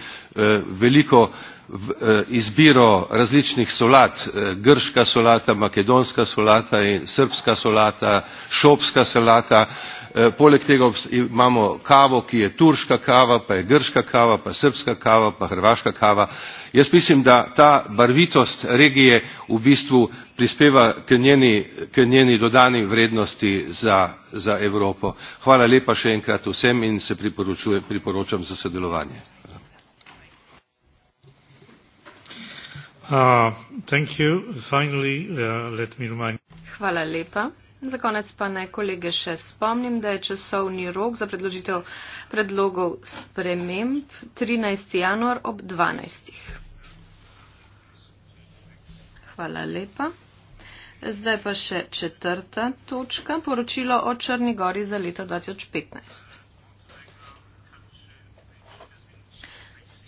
Speaker 2: veliko izbiro različnih solat grška solata makedonska solata srbska solata šopska solata Eh, poleg tega imamo kavo ki je turška kava pa je grška kava pa srbska kava pa hrvaška kava jaz mislim da ta barvitost regije v bistvu prispeva k njeni dodani vrednosti za evropo hvala lepa še enkrat vsem in se priporočam za sodelovanje
Speaker 3: ah, uh,
Speaker 6: hvala lepa Za konec pa naj kolege še spomnim, da je časovni rok za predložitev predlogov sprememb 13. januar ob 12. Hvala lepa. Zdaj pa še četrta točka, poročilo o Črni gori za leto 2015.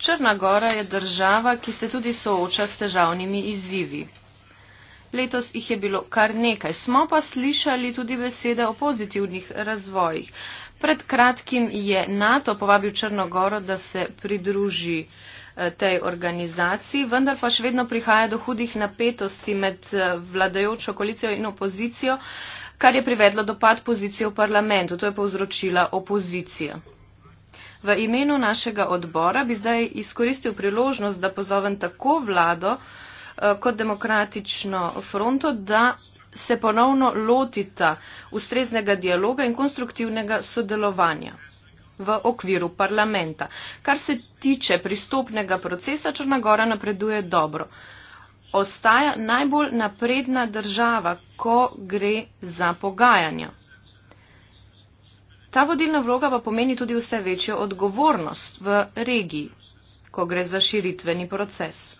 Speaker 6: Črna gora je država, ki se tudi sooča s težavnimi izzivi letos jih je bilo kar nekaj. Smo pa slišali tudi besede o pozitivnih razvojih. Pred kratkim je NATO povabil Črnogoro, da se pridruži eh, tej organizaciji, vendar pa še vedno prihaja do hudih napetosti med eh, vladajočo koalicijo in opozicijo, kar je privedlo do pad pozicije v parlamentu. To je povzročila opozicija. V imenu našega odbora bi zdaj izkoristil priložnost, da pozovem tako vlado, Eh, kot demokratično fronto, da se ponovno lotita ustreznega dialoga in konstruktivnega sodelovanja v okviru parlamenta. Kar se tiče pristopnega procesa, Črna Gora napreduje dobro. Ostaja najbolj napredna država, ko gre za pogajanja. Ta vodilna vloga pa pomeni tudi vse večjo odgovornost v regiji, ko gre za širitveni proces.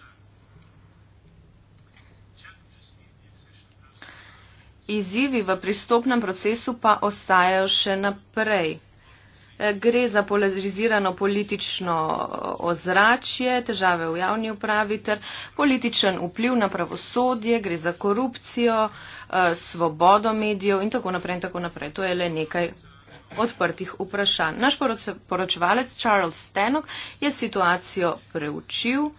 Speaker 6: izzivi v pristopnem procesu pa ostajajo še naprej. E, gre za polarizirano politično e, ozračje, težave v javni upravi ter političen vpliv na pravosodje, gre za korupcijo, e, svobodo medijev in tako naprej in tako naprej. To je le nekaj odprtih vprašanj. Naš poroč poročevalec Charles Stenok je situacijo preučil.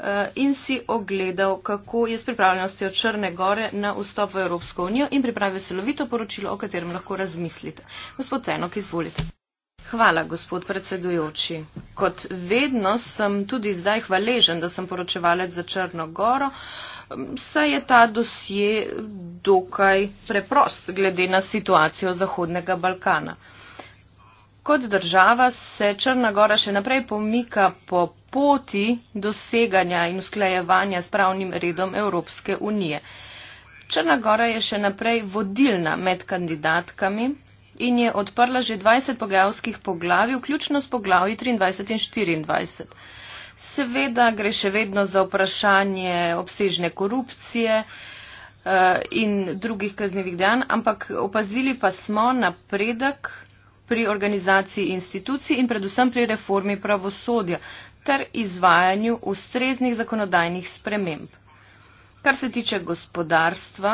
Speaker 6: Eh, in si ogledal, kako je s pripravljenostjo Črne gore na vstop v Evropsko unijo in pripravil celovito poročilo, o katerem lahko razmislite. Gospod Cenok, izvolite. Hvala, gospod predsedujoči. Kot vedno sem tudi zdaj hvaležen, da sem poročevalec za Črno goro, saj je ta dosje dokaj preprost glede na situacijo Zahodnega Balkana. Kot država se Črna gora še naprej pomika po poti doseganja in usklajevanja s pravnim redom Evropske unije. Črnagora je še naprej vodilna med kandidatkami in je odprla že 20 pogajalskih poglavij, vključno s poglavji 23 in 24. Seveda gre še vedno za vprašanje obsežne korupcije eh, in drugih kaznevih dejanj, ampak opazili pa smo napredek pri organizaciji institucij in predvsem pri reformi pravosodja ter izvajanju ustreznih zakonodajnih sprememb. Kar se tiče gospodarstva,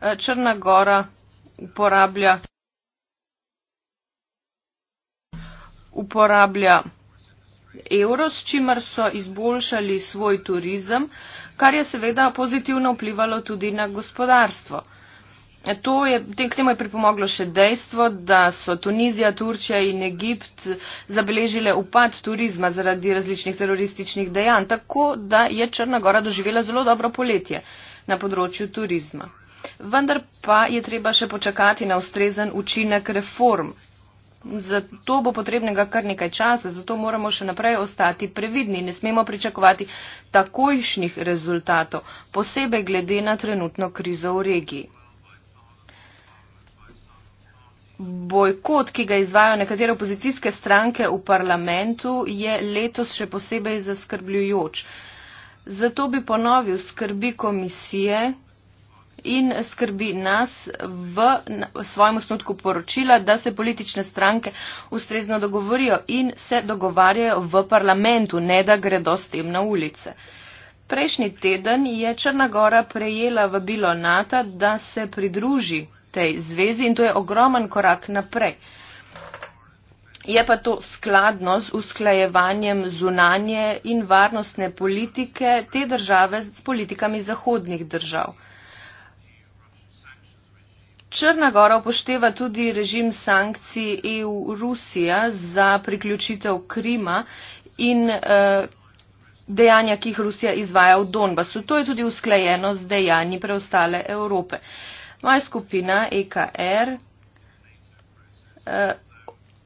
Speaker 6: eh, Črna Gora uporablja, uporablja evro, s čimer so izboljšali svoj turizem, kar je seveda pozitivno vplivalo tudi na gospodarstvo. Je, tem, k temu je pripomoglo še dejstvo, da so Tunizija, Turčija in Egipt zabeležile upad turizma zaradi različnih terorističnih dejanj, tako da je Črna Gora doživela zelo dobro poletje na področju turizma. Vendar pa je treba še počakati na ustrezen učinek reform. Zato bo potrebnega kar nekaj časa, zato moramo še naprej ostati previdni, ne smemo pričakovati takojšnjih rezultatov, posebej glede na trenutno krizo v regiji. Bojkot, ki ga izvajo nekatere opozicijske stranke v parlamentu, je letos še posebej zaskrbljujoč. Zato bi ponovil skrbi komisije in skrbi nas v svojem osnutku poročila, da se politične stranke ustrezno dogovorijo in se dogovarjajo v parlamentu, ne da gredo s tem na ulice. Prejšnji teden je Črna Gora prejela vabilo NATO, da se pridruži tej zvezi in to je ogromen korak naprej. Je pa to skladno z usklajevanjem zunanje in varnostne politike te države s politikami zahodnih držav. Črna gora upošteva tudi režim sankcij EU-Rusija za priključitev Krima in eh, dejanja, ki jih Rusija izvaja v Donbasu. To je tudi usklajeno z dejanji preostale Evrope. Eh, Moja skupina EKR eh,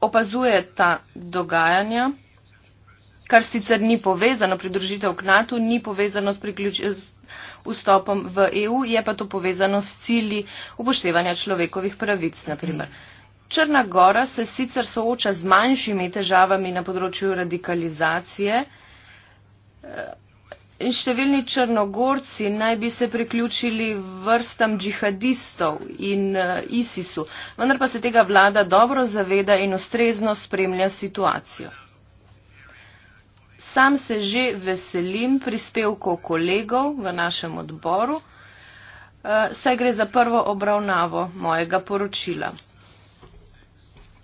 Speaker 6: opazuje ta dogajanja, kar sicer ni povezano, pridružitev k NATO ni povezano s vstopom v EU, je pa to povezano s cilji upoštevanja človekovih pravic. Naprimer. Črna Gora se sicer sooča z manjšimi težavami na področju radikalizacije, eh, in številni črnogorci naj bi se priključili vrstam džihadistov in uh, ISIS-u, vendar pa se tega vlada dobro zaveda in ustrezno spremlja situacijo. Sam se že veselim prispevkov kolegov v našem odboru, uh, saj gre za prvo obravnavo mojega poročila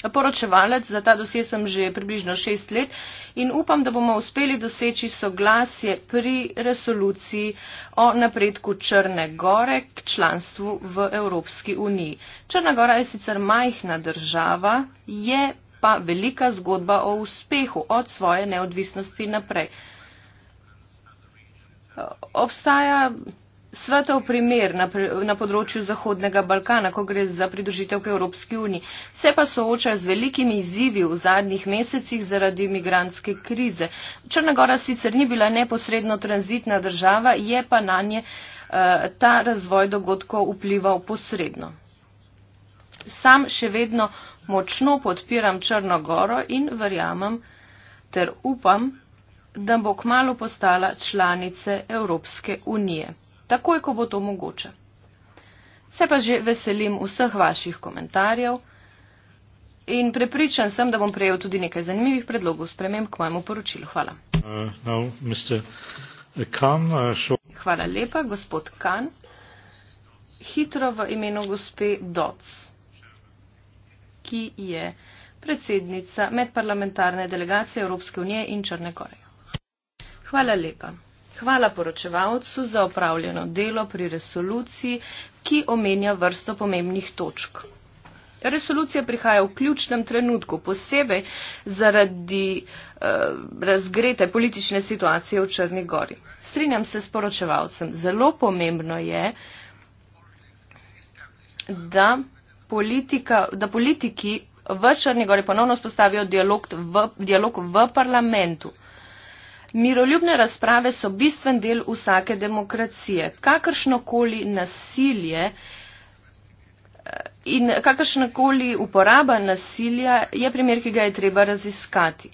Speaker 6: poročevalec, za ta dosje sem že približno šest let in upam, da bomo uspeli doseči soglasje pri resoluciji o napredku Črne Gore k članstvu v Evropski uniji. Črna Gora je sicer majhna država, je pa velika zgodba o uspehu od svoje neodvisnosti naprej. Obstaja svetov primer na, na področju Zahodnega Balkana, ko gre za pridružitev k Evropski uniji. Se pa soočajo z velikimi izzivi v zadnjih mesecih zaradi imigrantske krize. Črnagora sicer ni bila neposredno tranzitna država, je pa na nje eh, ta razvoj dogodkov vplival posredno. Sam še vedno močno podpiram Črnogoro in verjamem ter upam, da bo kmalo postala članice Evropske unije takoj, ko bo to mogoče. Se pa že veselim vseh vaših komentarjev in prepričan sem, da bom prejel tudi nekaj zanimivih predlogov sprememb k mojemu poročilu. Hvala.
Speaker 3: Uh, uh, uh,
Speaker 6: Hvala lepa, gospod Kan. Hitro v imenu gospe Doc, ki je predsednica medparlamentarne delegacije Evropske unije in Črne Gore. Hvala lepa. Hvala poročevalcu za opravljeno delo pri resoluciji, ki omenja vrsto pomembnih točk. Resolucija prihaja v ključnem trenutku, posebej zaradi eh, razgrete politične situacije v Črni Gori. Strinjam se s poročevalcem. Zelo pomembno je, da, politika, da politiki v Črni Gori ponovno spostavijo dialog v, dialog v parlamentu. Miroljubne razprave so bistven del vsake demokracije. Kakršnokoli nasilje eh, in kakršnakoli uporaba nasilja je primer, ki ga je treba raziskati.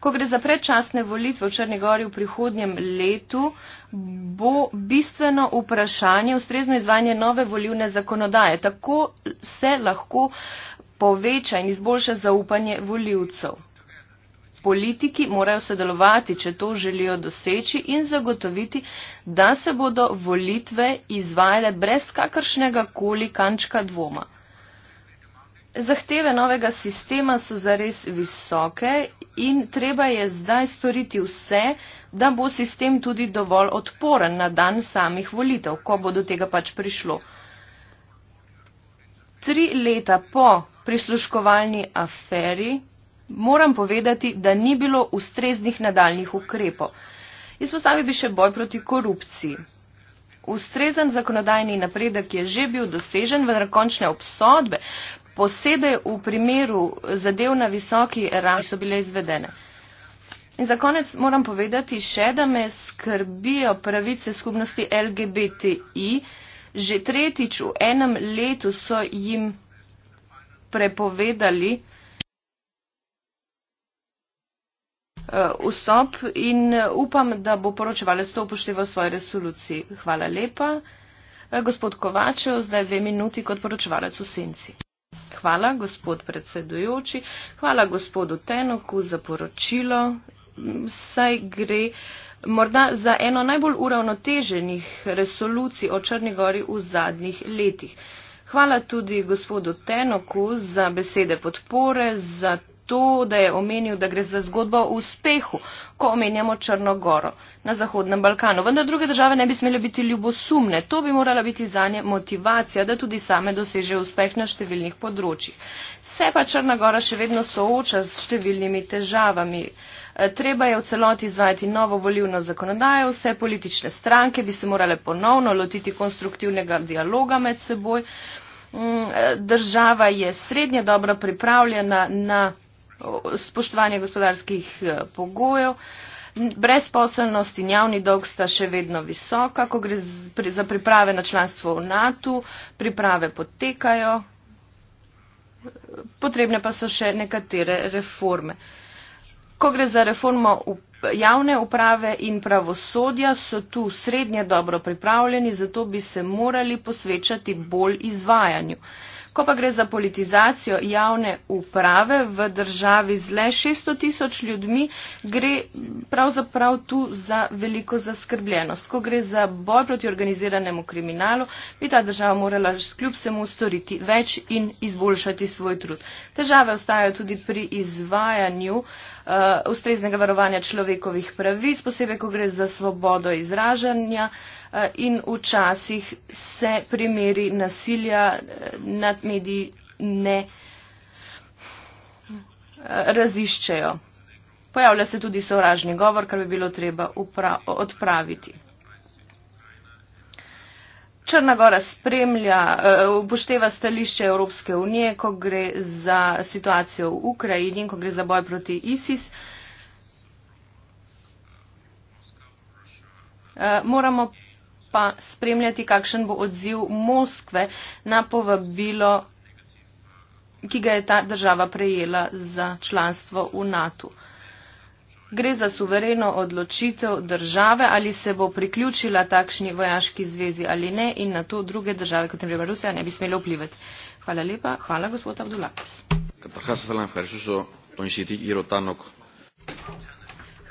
Speaker 6: Ko gre za predčasne volitve v Črni Gori v prihodnjem letu, bo bistveno vprašanje ustrezno izvajanje nove volivne zakonodaje. Tako se lahko poveča in izboljša zaupanje voljivcev politiki morajo sodelovati, če to želijo doseči in zagotoviti, da se bodo volitve izvajale brez kakršnega koli kančka dvoma. Zahteve novega sistema so zares visoke in treba je zdaj storiti vse, da bo sistem tudi dovolj odporen na dan samih volitev, ko bo do tega pač prišlo. Tri leta po prisluškovalni aferi moram povedati, da ni bilo ustreznih nadaljnih ukrepov. Izpostavil bi še boj proti korupciji. Ustrezen zakonodajni napredek je že bil dosežen, vendar končne obsodbe, posebej v primeru zadev na visoki ravni, so bile izvedene. In za konec moram povedati še, da me skrbijo pravice skupnosti LGBTI. Že tretjič v enem letu so jim prepovedali Eh, vsob in eh, upam, da bo poročevalec to upošteval v svoji resoluciji. Hvala lepa. Eh, gospod Kovačev, zdaj dve minuti kot poročevalec v senci. Hvala, gospod predsedujoči. Hvala, gospodu Tenoku, za poročilo. Mm, saj gre morda za eno najbolj uravnoteženih resolucij o Črni gori v zadnjih letih. Hvala tudi gospodu Tenoku za besede podpore, za to, da je omenil, da gre za zgodbo o uspehu, ko omenjamo Črnogoro na Zahodnem Balkanu. Vendar druge države ne bi smele biti ljubosumne. To bi morala biti za nje motivacija, da tudi same dosežejo uspeh na številnih področjih. Se pa Črnogora še vedno sooča s številnimi težavami. E, treba je v celoti izvajati novo volivno zakonodajo, vse politične stranke bi se morale ponovno lotiti konstruktivnega dialoga med seboj. Mm, e, država je srednje dobro pripravljena na spoštovanje gospodarskih eh, pogojev. Brezposelnost in javni dolg sta še vedno visoka, ko gre za priprave na članstvo v NATO, priprave potekajo, potrebne pa so še nekatere reforme. Ko gre za reformo javne uprave in pravosodja, so tu srednje dobro pripravljeni, zato bi se morali posvečati bolj izvajanju. Ko pa gre za politizacijo javne uprave v državi z le 600 tisoč ljudmi, gre pravzaprav tu za veliko zaskrbljenost. Ko gre za boj proti organiziranemu kriminalu, bi ta država morala kljub vsemu storiti več in izboljšati svoj trud. Težave ostajajo tudi pri izvajanju uh, ustreznega varovanja človekovih pravic, posebej, ko gre za svobodo izražanja. Uh, Eh, in včasih se primeri nasilja eh, nad mediji ne eh, raziščejo. Pojavlja se tudi sovražni govor, kar bi bilo treba odpraviti. Črna Gora spremlja, upošteva stališče Evropske unije, ko gre za situacijo v Ukrajini in ko gre za boj proti ISIS. Moramo pa spremljati, kakšen bo odziv Moskve na povabilo, ki ga je ta država prejela za članstvo v NATO. Gre za suvereno odločitev države, ali se bo priključila takšni vojaški zvezi ali ne in na to druge države, kot je prej Rusija, ne bi smele vplivati. Hvala lepa. Hvala, gospod Abdulakis.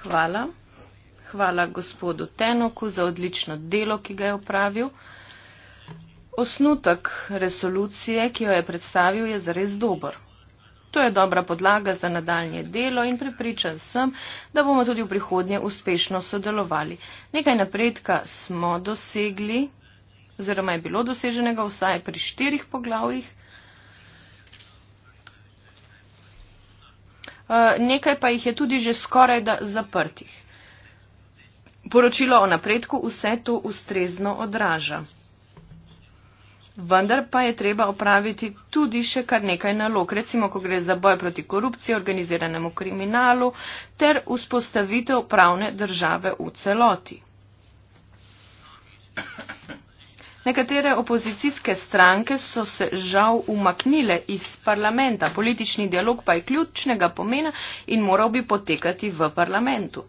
Speaker 6: Hvala hvala gospodu Tenoku za odlično delo, ki ga je opravil. Osnutek resolucije, ki jo je predstavil, je zares dober. To je dobra podlaga za nadaljnje delo in prepričan sem, da bomo tudi v prihodnje uspešno sodelovali. Nekaj napredka smo dosegli, oziroma je bilo doseženega vsaj pri štirih poglavjih. Eh, nekaj pa jih je tudi že skoraj da zaprtih. Poročilo o napredku vse to ustrezno odraža. Vendar pa je treba opraviti tudi še kar nekaj nalog, recimo, ko gre za boj proti korupciji, organiziranemu kriminalu ter vzpostavitev pravne države v celoti. Nekatere opozicijske stranke so se žal umaknile iz parlamenta, politični dialog pa je ključnega pomena in moral bi potekati v parlamentu.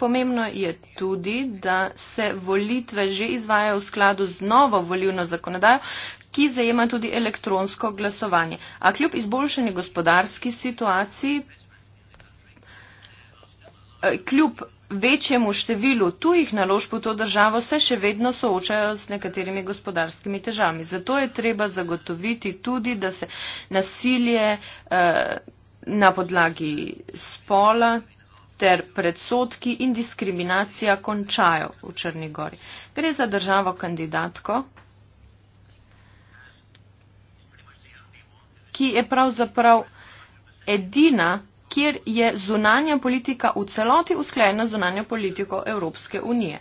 Speaker 6: Pomembno je tudi, da se volitve že izvajajo v skladu z novo volivno zakonodajo, ki zajema tudi elektronsko glasovanje. A kljub izboljšanju gospodarski situaciji, e, kljub večjemu številu tujih naložb v to državo se še vedno soočajo s nekaterimi gospodarskimi težavami. Zato je treba zagotoviti tudi, da se nasilje eh, na podlagi spola ter predsotki in diskriminacija končajo v Črni gori. Gre za državo kandidatko, ki je pravzaprav edina, kjer je zunanja politika v celoti usklajena zunanja politiko Evropske unije.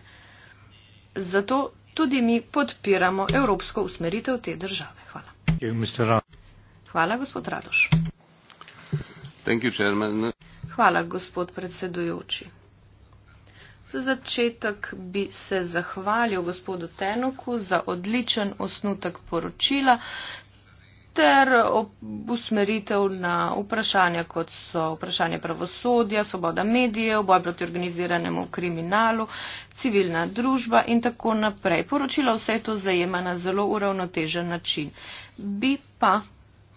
Speaker 6: Zato tudi mi podpiramo evropsko usmeritev te države.
Speaker 3: Hvala.
Speaker 6: Hvala, gospod Radoš. Hvala, gospod predsedujoči. Za začetek bi se zahvalil gospodu Tenuku za odličen osnutek poročila ter usmeritev na vprašanja, kot so vprašanje pravosodja, svoboda medijev, boj proti organiziranemu kriminalu, civilna družba in tako naprej. Poročilo vse to zajema na zelo uravnotežen način. Bi pa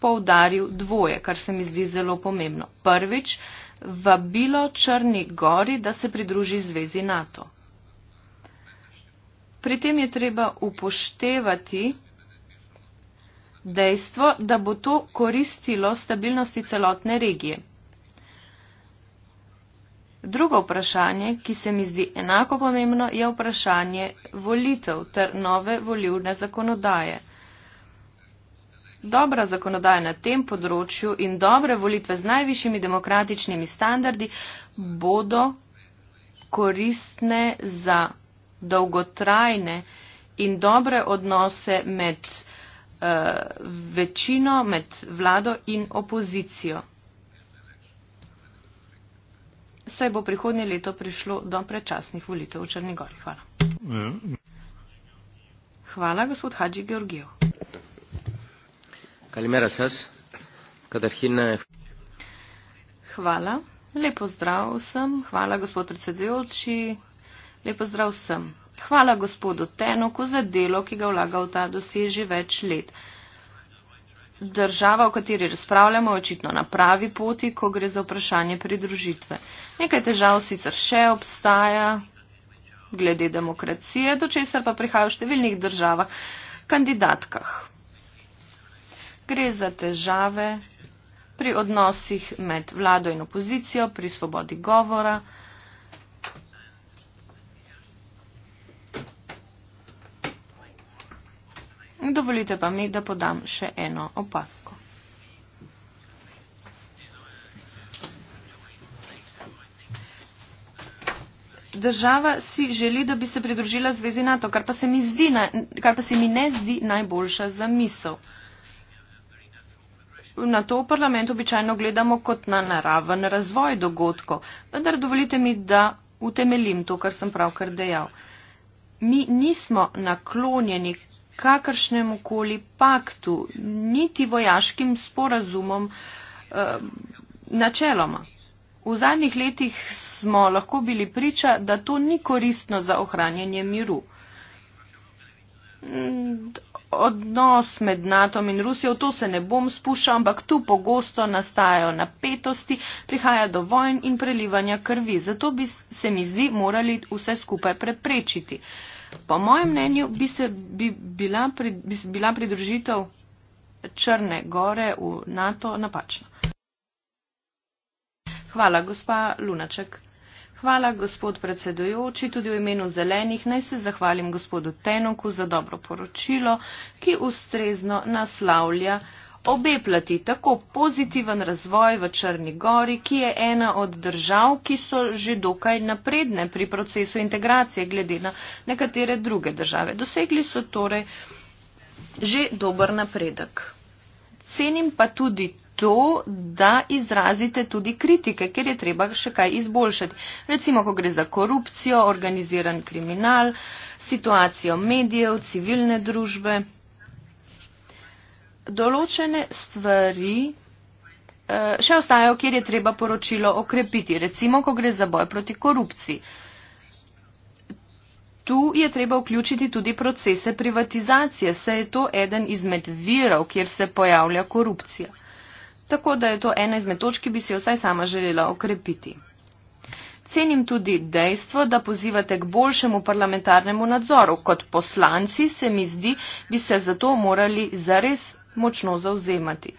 Speaker 6: poudaril dvoje, kar se mi zdi zelo pomembno. Prvič, vabilo Črni Gori, da se pridruži zvezi NATO. Pri tem je treba upoštevati dejstvo, da bo to koristilo stabilnosti celotne regije. Drugo vprašanje, ki se mi zdi enako pomembno, je vprašanje volitev ter nove volivne zakonodaje dobra zakonodaja na tem področju in dobre volitve z najvišjimi demokratičnimi standardi bodo koristne za dolgotrajne in dobre odnose med uh, večino, med vlado in opozicijo. Saj bo prihodnje leto prišlo do predčasnih volitev v Črnegori. Hvala. Ja. Hvala, gospod Hadži Georgijev.
Speaker 3: Καλημέρα σας. Καταρχήν...
Speaker 6: Χβάλα. Λέπω σδράουσαμ. Χβάλα, Господ Председιότσι. Λέπω σδράουσαμ. Χβάλα, Господу Теноку за дело ки га улага у та достижи веч лет. Држава, о катери расправляме, очитно на прави пути, ко гре за опрашање придружитве. Нека је тежао сицар ше обстаја, гледе демокрација, до чесар па прихаја у штевилних државах, кандидатках gre za težave pri odnosih med vlado in opozicijo, pri svobodi govora. Dovolite pa mi, da podam še eno opasko. Država si želi, da bi se pridružila zvezi NATO, kar pa se mi, zdi, kar pa se mi ne zdi najboljša zamisel na to v parlamentu običajno gledamo kot na naraven razvoj dogodkov, vendar dovolite mi, da utemelim to, kar sem pravkar dejal. Mi nismo naklonjeni kakršnemu koli paktu, niti vojaškim sporazumom eh, načeloma. V zadnjih letih smo lahko bili priča, da to ni koristno za ohranjanje miru odnos med NATO-om in Rusijo, v to se ne bom spuščal, ampak tu pogosto nastajajo napetosti, prihaja do vojn in prelivanja krvi. Zato bi se mi zdi morali vse skupaj preprečiti. Po mojem mnenju bi se bi bila, bi bila pridružitev Črne gore v NATO napačna. Hvala, gospa Lunaček. Hvala, gospod predsedujoči. Tudi v imenu zelenih naj se zahvalim gospodu Tenoku za dobro poročilo, ki ustrezno naslavlja obe plati tako pozitiven razvoj v Črni gori, ki je ena od držav, ki so že dokaj napredne pri procesu integracije glede na nekatere druge države. Dosegli so torej že dober napredek. Cenim pa tudi to, da izrazite tudi kritike, ker je treba še kaj izboljšati. Recimo, ko gre za korupcijo, organiziran kriminal, situacijo medijev, civilne družbe. Določene stvari eh, še ostajajo, kjer je treba poročilo okrepiti. Recimo, ko gre za boj proti korupciji. Tu je treba vključiti tudi procese privatizacije, saj je to eden izmed virov, kjer se pojavlja korupcija tako da je to ena izmed točk, ki bi si vsaj sama želela okrepiti. Cenim tudi dejstvo, da pozivate k boljšemu parlamentarnemu nadzoru. Kot poslanci se mi zdi, bi se zato morali zares močno zauzemati.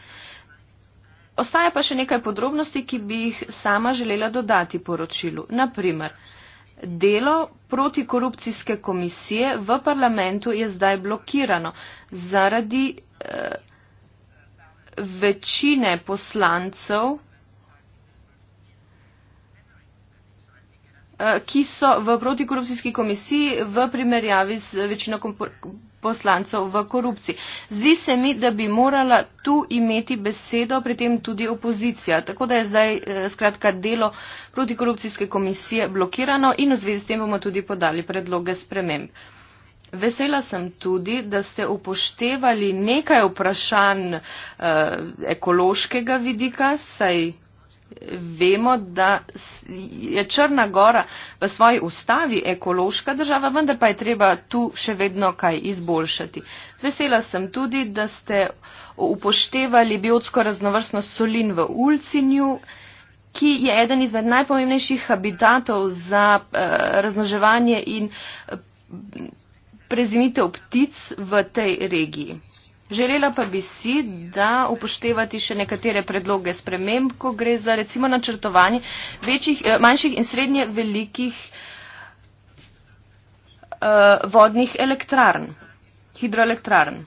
Speaker 6: Ostaja pa še nekaj podrobnosti, ki bi jih sama želela dodati poročilu. Naprimer, delo protikorupcijske komisije v parlamentu je zdaj blokirano zaradi. Eh, večine poslancev, eh, ki so v protikorupcijski komisiji v primerjavi z večino poslancev v korupciji. Zdi se mi, da bi morala tu imeti besedo, pri tem tudi opozicija. Tako da je zdaj eh, skratka delo protikorupcijske komisije blokirano in v zvezi s tem bomo tudi podali predloge sprememb. Vesela sem tudi, da ste upoštevali nekaj vprašanj eh, ekološkega vidika, saj vemo, da je Črna Gora v svoji ustavi ekološka država, vendar pa je treba tu še vedno kaj izboljšati. Vesela sem tudi, da ste upoštevali biotsko raznovrstnost solin v Ulcinju ki je eden izmed najpomembnejših habitatov za eh, raznoževanje in prezimitev ptic v tej regiji. Želela pa bi si, da upoštevati še nekatere predloge sprememb, ko gre za recimo načrtovanje večjih, eh, manjših in srednje velikih uh, vodnih elektrarn, hidroelektrarn.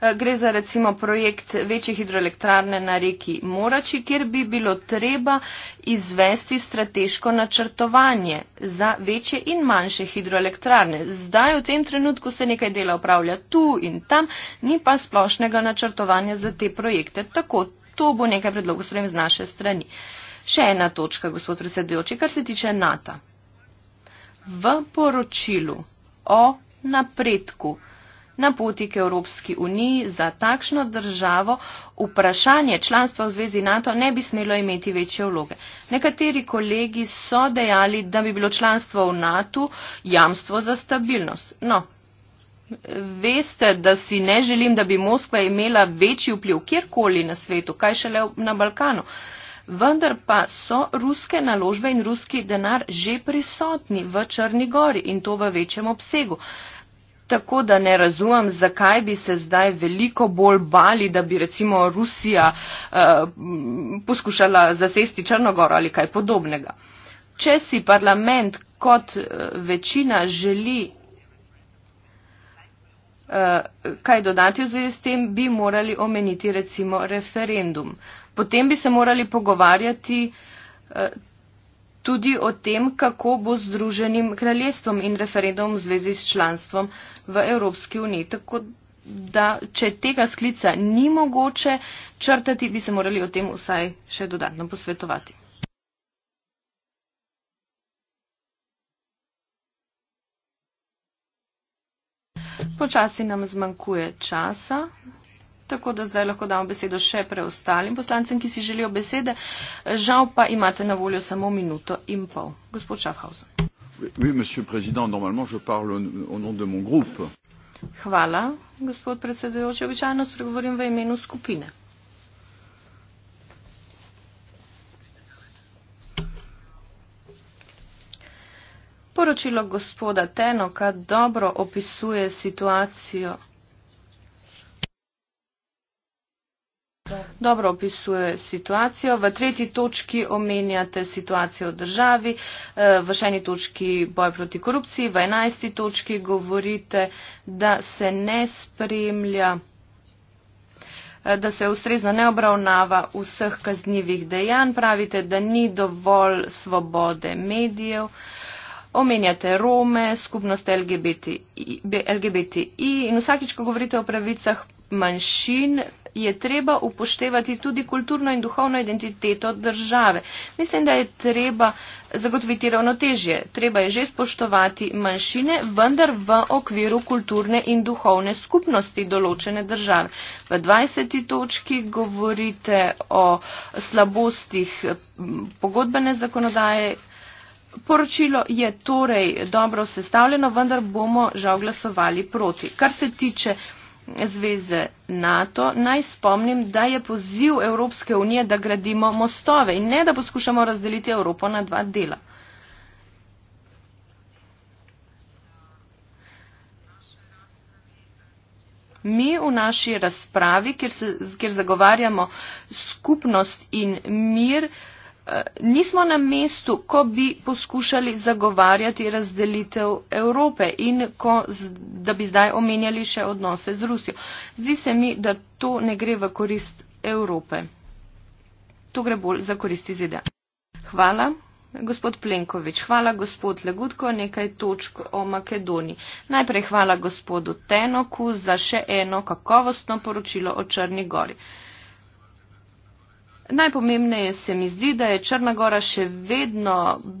Speaker 6: Eh, gre za recimo projekt večje hidroelektrarne na reki Morači, kjer bi bilo treba izvesti strateško načrtovanje za večje in manjše hidroelektrarne. Zdaj v tem trenutku se nekaj dela upravlja tu in tam, ni pa splošnega načrtovanja za te projekte. Tako, to bo nekaj predlogov sprem z naše strani. Še ena točka, gospod predsedujoči, kar se tiče NATO. V poročilu o napredku na poti k Evropski uniji za takšno državo vprašanje članstva v zvezi NATO ne bi smelo imeti večje vloge. Nekateri kolegi so dejali, da bi bilo članstvo v NATO jamstvo za stabilnost. No, veste, da si ne želim, da bi Moskva imela večji vpliv kjerkoli na svetu, kaj šele na Balkanu. Vendar pa so ruske naložbe in ruski denar že prisotni v Črni gori in to v večjem obsegu. Tako da ne razumem, zakaj bi se zdaj veliko bolj bali, da bi recimo Rusija eh, poskušala zasesti Črnogoro ali kaj podobnega. Če si parlament kot eh, večina želi eh, kaj dodati v zvezi s tem, bi morali omeniti recimo referendum. Potem bi se morali pogovarjati. Eh, tudi o tem, kako bo združenim kraljestvom in referendum v zvezi s članstvom v Evropski uniji. Tako da, če tega sklica ni mogoče črtati, bi se morali o tem vsaj še dodatno posvetovati. Počasi nam zmanjkuje časa, Tako da zdaj lahko damo besedo še preostalim poslancem, ki si želijo besede. Žal pa imate na voljo samo minuto in pol. Gospod Schaffhausen.
Speaker 5: Oui, monsieur président, normalement je parle au nom de mon groupe.
Speaker 6: Hvala, gospod predsedujoči. Običajno spregovorim v imenu skupine. Poročilo gospoda Tenoka dobro opisuje situacijo dobro opisuje situacijo. V tretji točki omenjate situacijo v državi, eh, v šeni točki boj proti korupciji, v enajsti točki govorite, da se ne spremlja eh, da se ustrezno ne obravnava vseh kaznjivih dejanj, pravite, da ni dovolj svobode medijev, omenjate Rome, skupnost LGBTI, LGBTI in vsakič, ko govorite o pravicah manjšin, je treba upoštevati tudi kulturno in duhovno identiteto države. Mislim, da je treba zagotoviti ravnotežje. Treba je že spoštovati manjšine, vendar v okviru kulturne in duhovne skupnosti določene države. V 20. točki govorite o slabostih pogodbene zakonodaje. Poročilo je torej dobro sestavljeno, vendar bomo žal glasovali proti. Kar se tiče zveze NATO, naj spomnim, da je poziv Evropske unije, da gradimo mostove in ne, da poskušamo razdeliti Evropo na dva dela. Mi v naši razpravi, kjer, se, kjer zagovarjamo skupnost in mir, eh, Eh, nismo na mestu, ko bi poskušali zagovarjati razdelitev Evrope in ko, da bi zdaj omenjali še odnose z Rusijo. Zdi se mi, da to ne gre v korist Evrope. To gre bolj za korist ZDA. Hvala. Gospod Plenković, hvala gospod Legutko, nekaj točk o Makedoniji. Najprej hvala gospodu Tenoku za še eno kakovostno poročilo o Črni gori. Najpomembneje se mi zdi, da je Črnagora še vedno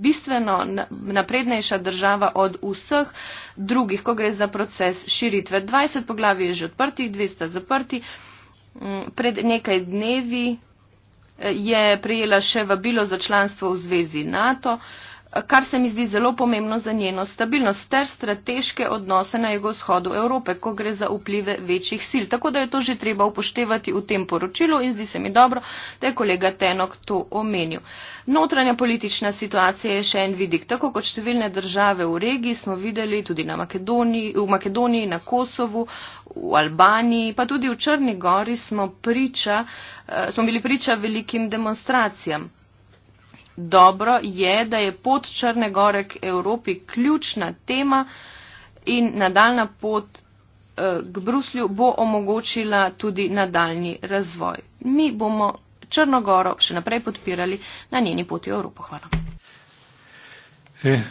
Speaker 6: bistveno naprednejša država od vseh drugih, ko gre za proces širitve. 20 poglavi je že odprtih, 200 zaprti. Mm, pred nekaj dnevi eh, je prejela še vabilo za članstvo v zvezi NATO kar se mi zdi zelo pomembno za njeno stabilnost ter strateške odnose na jugovzhodu Evrope, ko gre za vplive večjih sil. Tako da je to že treba upoštevati v tem poročilu in zdi se mi dobro, da je kolega Tenok to omenil. Notranja politična situacija je še en vidik. Tako kot številne države v regiji smo videli tudi Makedoniji, v Makedoniji, na Kosovu, v Albaniji, pa tudi v Črni gori smo, priča, eh, smo bili priča velikim demonstracijam dobro je, da je pot Črne gore k Evropi ključna tema in nadaljna pot eh, k Bruslju bo omogočila tudi nadaljni razvoj. Mi bomo Črnogoro še naprej podpirali na njeni poti v Evropo. Hvala. Eh,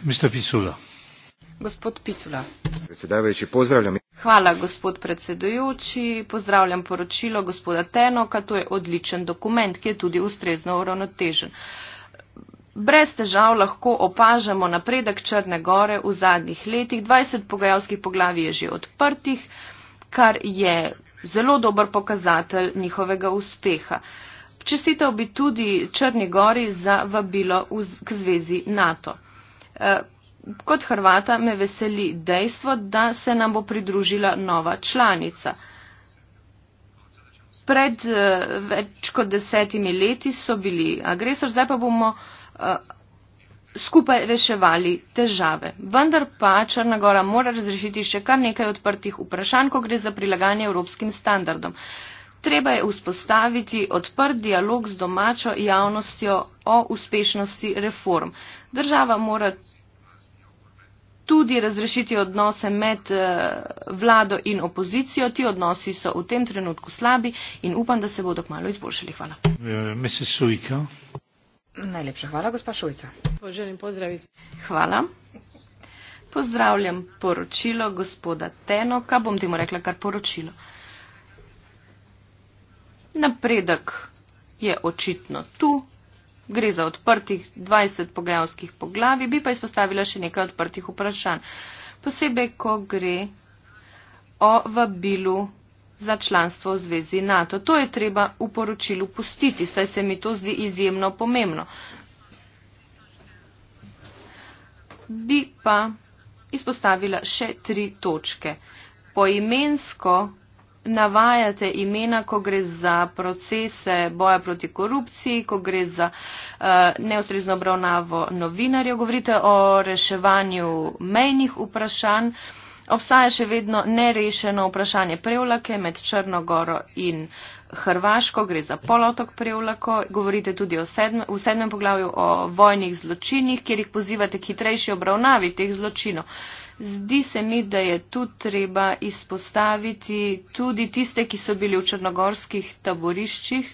Speaker 6: Hvala, gospod predsedujoči. Pozdravljam poročilo gospoda Tenoka. To je odličen dokument, ki je tudi ustrezno uravnotežen. Uh, brez težav lahko opažamo napredek Črne gore v zadnjih letih. 20 pogajalskih poglavij je že odprtih, kar je zelo dober pokazatelj njihovega uspeha. Čestitev bi tudi Črni gori za vabilo k zvezi NATO. E, kot Hrvata me veseli dejstvo, da se nam bo pridružila nova članica. Pred e, več kot desetimi leti so bili agresor, zdaj pa bomo uh, Eh, skupaj reševali težave. Vendar pa Črna Gora mora razrešiti še kar nekaj odprtih vprašanj, ko gre za prilagajanje evropskim standardom. Treba je vzpostaviti odprt dialog z domačo javnostjo o uspešnosti reform. Država mora tudi razrešiti odnose med eh, vlado in opozicijo. Ti odnosi so v tem trenutku slabi in upam, da se bodo kmalo izboljšali. Hvala.
Speaker 3: Eh,
Speaker 6: Najlepša hvala, gospa Šujca. Želim pozdraviti. Hvala. Pozdravljam poročilo gospoda Tenoka, bom ti mu rekla kar poročilo. Napredek je očitno tu, gre za odprtih 20 pogajalskih poglavi, bi pa izpostavila še nekaj odprtih vprašanj. Posebej, ko gre o vabilu za članstvo v zvezi NATO. To je treba v poročilu pustiti, saj se mi to zdi izjemno pomembno. Bi pa izpostavila še tri točke. Poimensko navajate imena, ko gre za procese boja proti korupciji, ko gre za uh, neustrezno obravnavo novinarjev, govorite o reševanju mejnih vprašanj. Uh, obstaja še vedno nerešeno vprašanje prevlake med Črnogoro in Hrvaško, gre za polotok prevlako, govorite tudi sedme, v sedmem poglavju o vojnih zločinih, kjer jih pozivate hitrejši obravnavi teh zločinov. Zdi se mi, da je tu treba izpostaviti tudi tiste, ki so bili v črnogorskih taboriščih,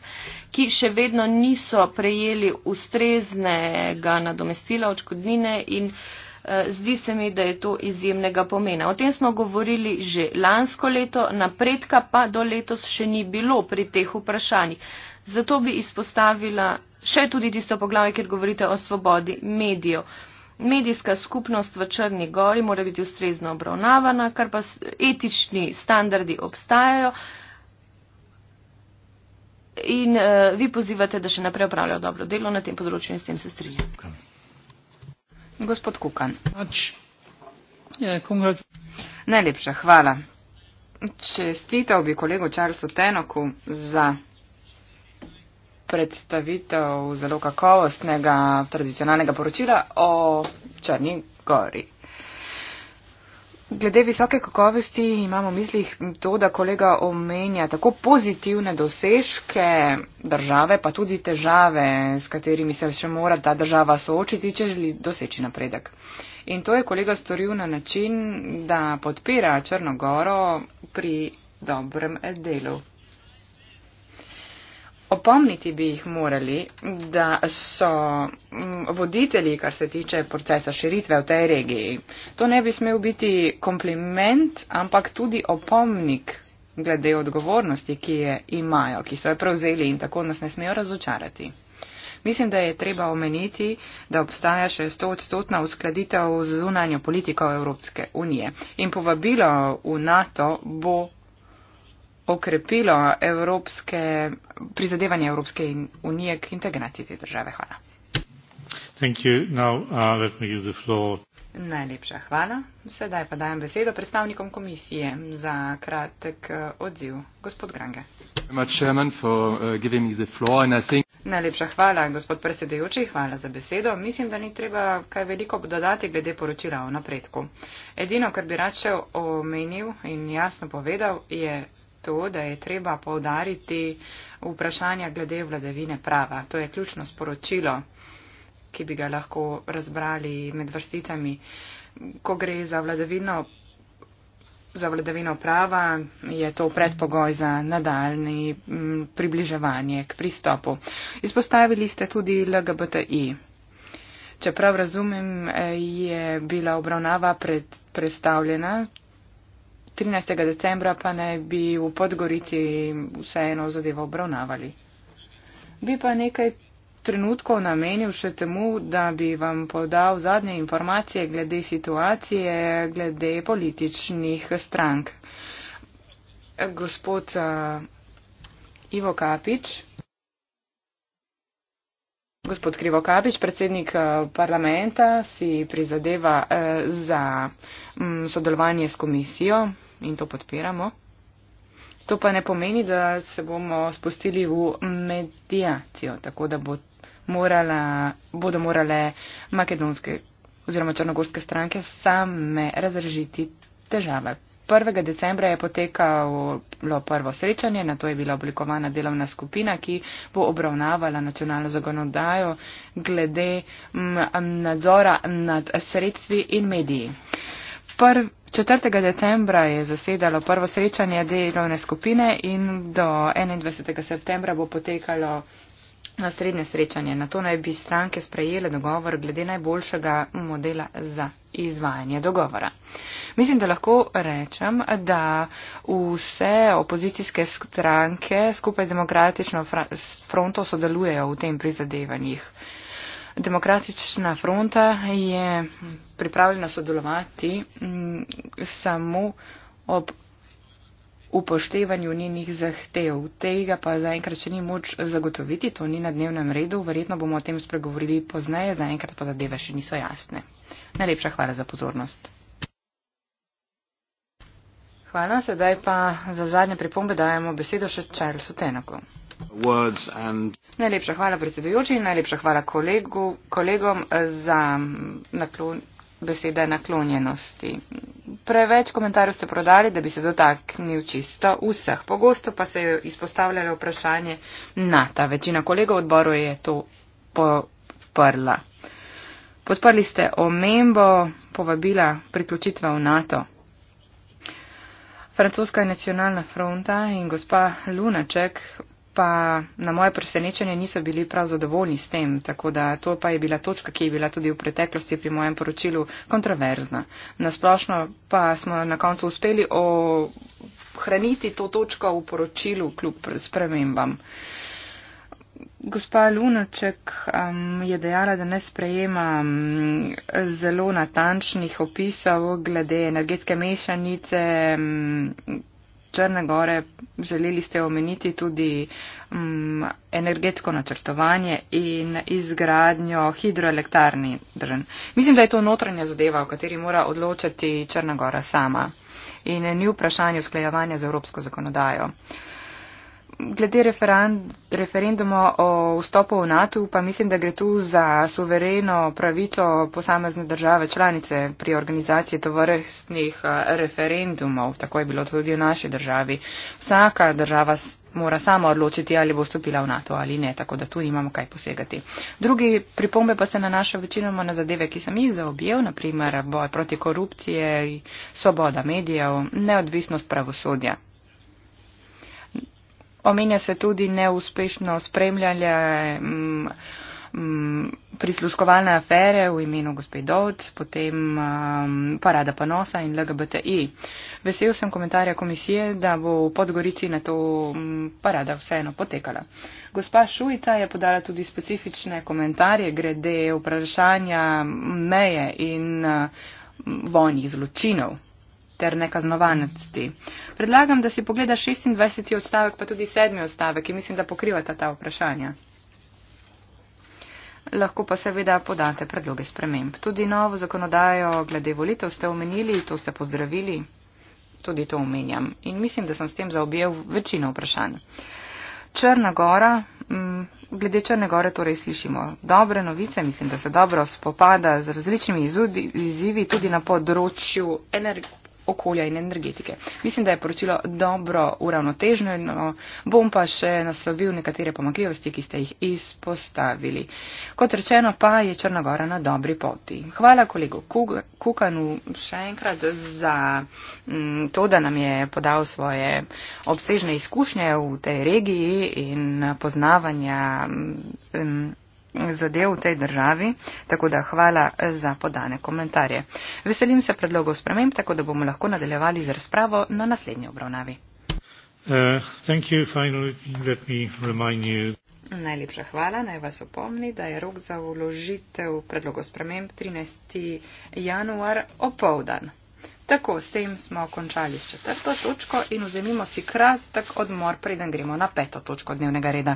Speaker 6: ki še vedno niso prejeli ustreznega nadomestila odškodnine in Eh, zdi se mi, da je to izjemnega pomena. O tem smo govorili že lansko leto, napredka pa do letos še ni bilo pri teh vprašanjih. Zato bi izpostavila še tudi tisto poglavje, kjer govorite o svobodi medijev. Medijska skupnost v Črni gori mora biti ustrezno obravnavana, kar pa etični standardi obstajajo. In uh, vi pozivate, da še naprej upravljajo dobro delo na tem področju in s tem se strinjam.
Speaker 7: Okay. Gospod Kukan. Pač, Najlepša hvala. Čestitev bi kolegu Charlesu Tenoku za predstavitev zelo kakovostnega tradicionalnega poročila o Črni gori. Glede visoke kakovosti imamo v mislih to, da kolega omenja tako pozitivne dosežke države, pa tudi težave, s katerimi se še mora ta država soočiti, če želi doseči napredek. In to je kolega storil na način, da podpira Črnogoro pri dobrem delu. Opomniti bi jih morali, da so mm, voditelji, kar se tiče procesa širitve v tej regiji. To ne bi smel biti kompliment, ampak tudi opomnik glede odgovornosti, ki je imajo, ki so jo prevzeli in tako nas ne smejo razočarati. Mislim, da je treba omeniti, da obstaja še 100 odstotna uskladitev z zunanjo politiko Evropske unije in povabilo v NATO bo okrepilo evropske, prizadevanje Evropske unije k integraciji te države. Hvala.
Speaker 3: Now, uh,
Speaker 7: Najlepša hvala. Sedaj pa dajem besedo predstavnikom komisije za kratek uh, odziv. Gospod Grange.
Speaker 3: Uh,
Speaker 7: Najlepša hvala, gospod predsedujoči, hvala za besedo. Mislim, da ni treba kaj veliko dodati glede poročila o napredku. Edino, kar bi rače omenil in jasno povedal, je to, da je treba povdariti vprašanja glede vladavine prava. To je ključno sporočilo, ki bi ga lahko razbrali med vrsticami. Ko gre za vladavino, za vladavino prava, je to predpogoj za nadaljni mm, približevanje k pristopu. Izpostavili ste tudi LGBTI. Čeprav razumem, je bila obravnava pred, predstavljena 13. decembra pa naj bi v Podgorici vseeno zadevo obravnavali. Bi pa nekaj trenutkov namenil še temu, da bi vam podal zadnje informacije glede situacije, glede političnih strank. Gospod uh, Ivo Kapič. Gospod Krivokabič, predsednik eh, parlamenta, si prizadeva eh, za mm, sodelovanje s komisijo in to podpiramo. To pa ne pomeni, da se bomo spustili v medijacijo, tako da bo morala, bodo morale makedonske oziroma črnogorske stranke same razrežiti težave. 1. decembra je potekalo prvo srečanje, na to je bila oblikovana delovna skupina, ki bo obravnavala nacionalno zagonodajo glede nadzora nad sredstvi in mediji. 4. decembra je zasedalo prvo srečanje delovne skupine in do 21. septembra bo potekalo naslednje srečanje. Na to naj bi stranke sprejele dogovor glede najboljšega modela za izvajanje dogovora. Mislim, da lahko rečem, da vse opozicijske stranke skupaj z demokratično fronto sodelujejo v tem prizadevanjih. Demokratična fronta je pripravljena sodelovati mm, samo ob upoštevanju njenih zahtev. Tega pa zaenkrat še ni moč zagotoviti, to ni na dnevnem redu, verjetno bomo o tem spregovorili pozneje, zaenkrat pa zadeve še niso jasne. Najlepša hvala za pozornost. Hvala, sedaj pa za zadnje pripombe dajemo besedo še Charlesu Tenoku. And... Najlepša hvala predsedujoči in najlepša hvala kolegu, kolegom za naklon beseda je naklonjenosti. Preveč komentarjev ste prodali, da bi se dotaknil čisto vseh. Pogosto pa se je izpostavljalo vprašanje na ta. Večina kolegov odboru je to podprla. Podprli ste omembo povabila priključitva v NATO. Francoska nacionalna fronta in gospa Lunaček pa na moje presenečenje niso bili prav zadovoljni s tem, tako da to pa je bila točka, ki je bila tudi v preteklosti pri mojem poročilu kontroverzna. Nasplošno pa smo na koncu uspeli ohraniti to točko v poročilu kljub spremembam. Gospa Lunoček um, je dejala, da ne sprejema um, zelo natančnih opisov glede energetske mešanice, um, Črne gore želeli ste omeniti tudi um, energetsko načrtovanje in izgradnjo hidroelektarni. Drn. Mislim, da je to notranja zadeva, o kateri mora odločati Črna gora sama in ni vprašanje usklajevanja z evropsko zakonodajo. Uh, glede referenduma o vstopu v NATO, pa mislim, da gre tu za suvereno pravico posamezne države članice pri organizaciji tovrstnih eh, referendumov. Tako je bilo tudi v naši državi. Vsaka država mora sama odločiti, ali bo vstopila v NATO ali ne, tako da tu nimamo kaj posegati. Drugi pripombe pa se nanašajo večinoma na zadeve, ki sem jih zaobjel, naprimer boj proti korupcije, svoboda medijev, neodvisnost pravosodja. Omenja se tudi neuspešno spremljanje mm, mm, prisluškovalne afere v imenu gospe Dovd, potem um, parada ponosa in LGBTI. Vesel sem komentarja komisije, da bo v Podgorici na to mm, parada vseeno potekala. Gospa Šujica je podala tudi specifične komentarje glede vprašanja meje in uh, vojnih zločinov ter nekaznovanosti. Predlagam, da si pogleda 26. odstavek, pa tudi 7. odstavek, ki mislim, da pokrivata ta vprašanja. Lahko pa seveda podate predloge sprememb. Tudi novo zakonodajo glede volitev ste omenili, to ste pozdravili, tudi to omenjam. In mislim, da sem s tem zaobjel večino vprašanj. Črna gora, mm, glede Črne gore torej slišimo dobre novice, mislim, da se dobro spopada z različnimi izzivi tudi na področju energije okolja in energetike. Mislim, da je poročilo dobro uravnoteženo, no, bom pa še naslovil nekatere pomakljivosti, ki ste jih izpostavili. Kot rečeno, pa je Črnagora na dobri poti. Hvala kolegu Kukanu še enkrat za mm, to, da nam je podal svoje obsežne izkušnje v tej regiji in poznavanja mm, zadev v tej državi, tako da hvala eh, za podane komentarje. Veselim se predlogov sprememb, tako da bomo lahko nadaljevali z razpravo na naslednji obravnavi.
Speaker 3: Uh, you, finally,
Speaker 7: Najlepša hvala. Naj vas opomni, da je rok za uložitev predlogov sprememb 13. januar opovdan. Tako, s tem smo končali s četrto točko in vzemimo si kratek odmor, preden gremo na peto točko dnevnega reda.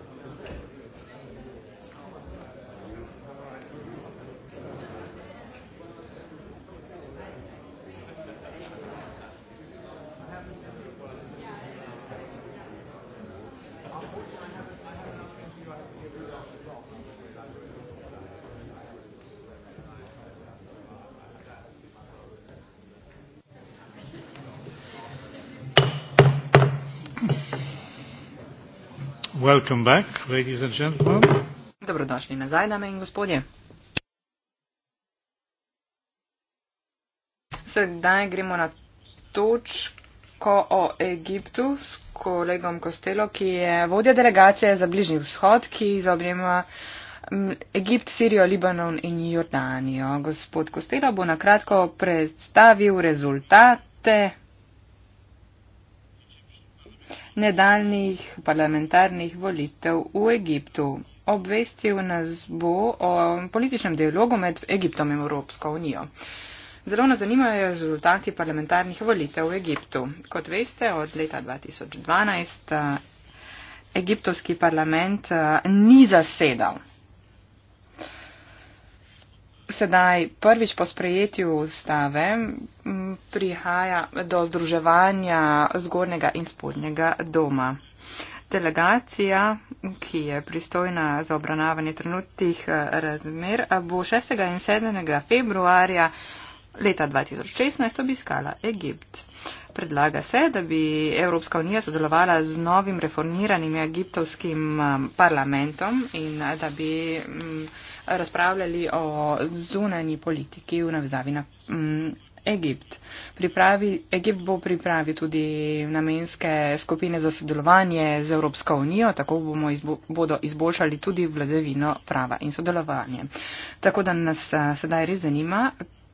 Speaker 3: Welcome back, ladies and gentlemen.
Speaker 7: Dobrodošli nazaj, dame in gospodje. Sedaj gremo na točko o Egiptu s kolegom Kostelo, ki je vodja delegacije za bližnji vzhod, ki zaobjema Egipt, Sirijo, Libanon in Jordanijo. Gospod Kostelo bo nakratko predstavil rezultate nedaljnih parlamentarnih volitev v Egiptu. Obvestil nas bo o političnem dialogu med Egiptom in Evropsko unijo. Zelo nas zanimajo rezultati parlamentarnih volitev v Egiptu. Kot veste, od leta 2012 eh, egiptovski parlament eh, ni zasedal sedaj prvič po sprejetju ustave prihaja do združevanja zgornjega in spodnjega doma. Delegacija, ki je pristojna za obravnavanje trenutnih eh, razmer, bo 6. in 7. februarja leta 2016 obiskala Egipt. Predlaga se, da bi Evropska unija sodelovala z novim reformiranim egiptovskim eh, parlamentom in eh, da bi. Um, razpravljali o zunanji politiki v navezavi na m, mm, Egipt. Pripravi, Egipt bo pripravil tudi namenske skupine za sodelovanje z Evropsko unijo, tako izbo, bodo izboljšali tudi vladevino prava in sodelovanje. Tako da nas eh, sedaj res zanima,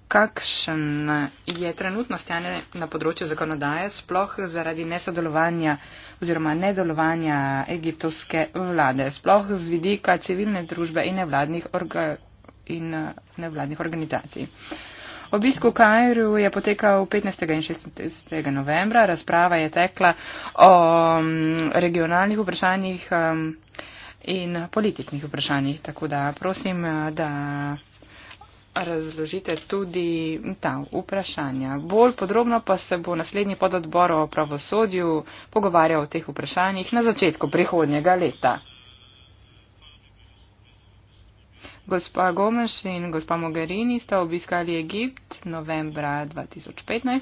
Speaker 7: kakšen je trenutno stanje na področju zakonodaje, sploh zaradi nesodelovanja oziroma nedelovanja egiptovske vlade, sploh z vidika civilne družbe in nevladnih, orga, in eh, nevladnih organizacij. Obisk v Kajru je potekal 15. in 16. novembra, razprava je tekla o mm, regionalnih vprašanjih mm, in političnih vprašanjih. Tako da prosim, eh, da razložite tudi ta vprašanja. Bolj podrobno pa se bo naslednji pododbor o pravosodju pogovarjal o teh vprašanjih na začetku prihodnjega leta. Gospa Gomes in gospa Mogherini sta obiskali Egipt novembra 2015,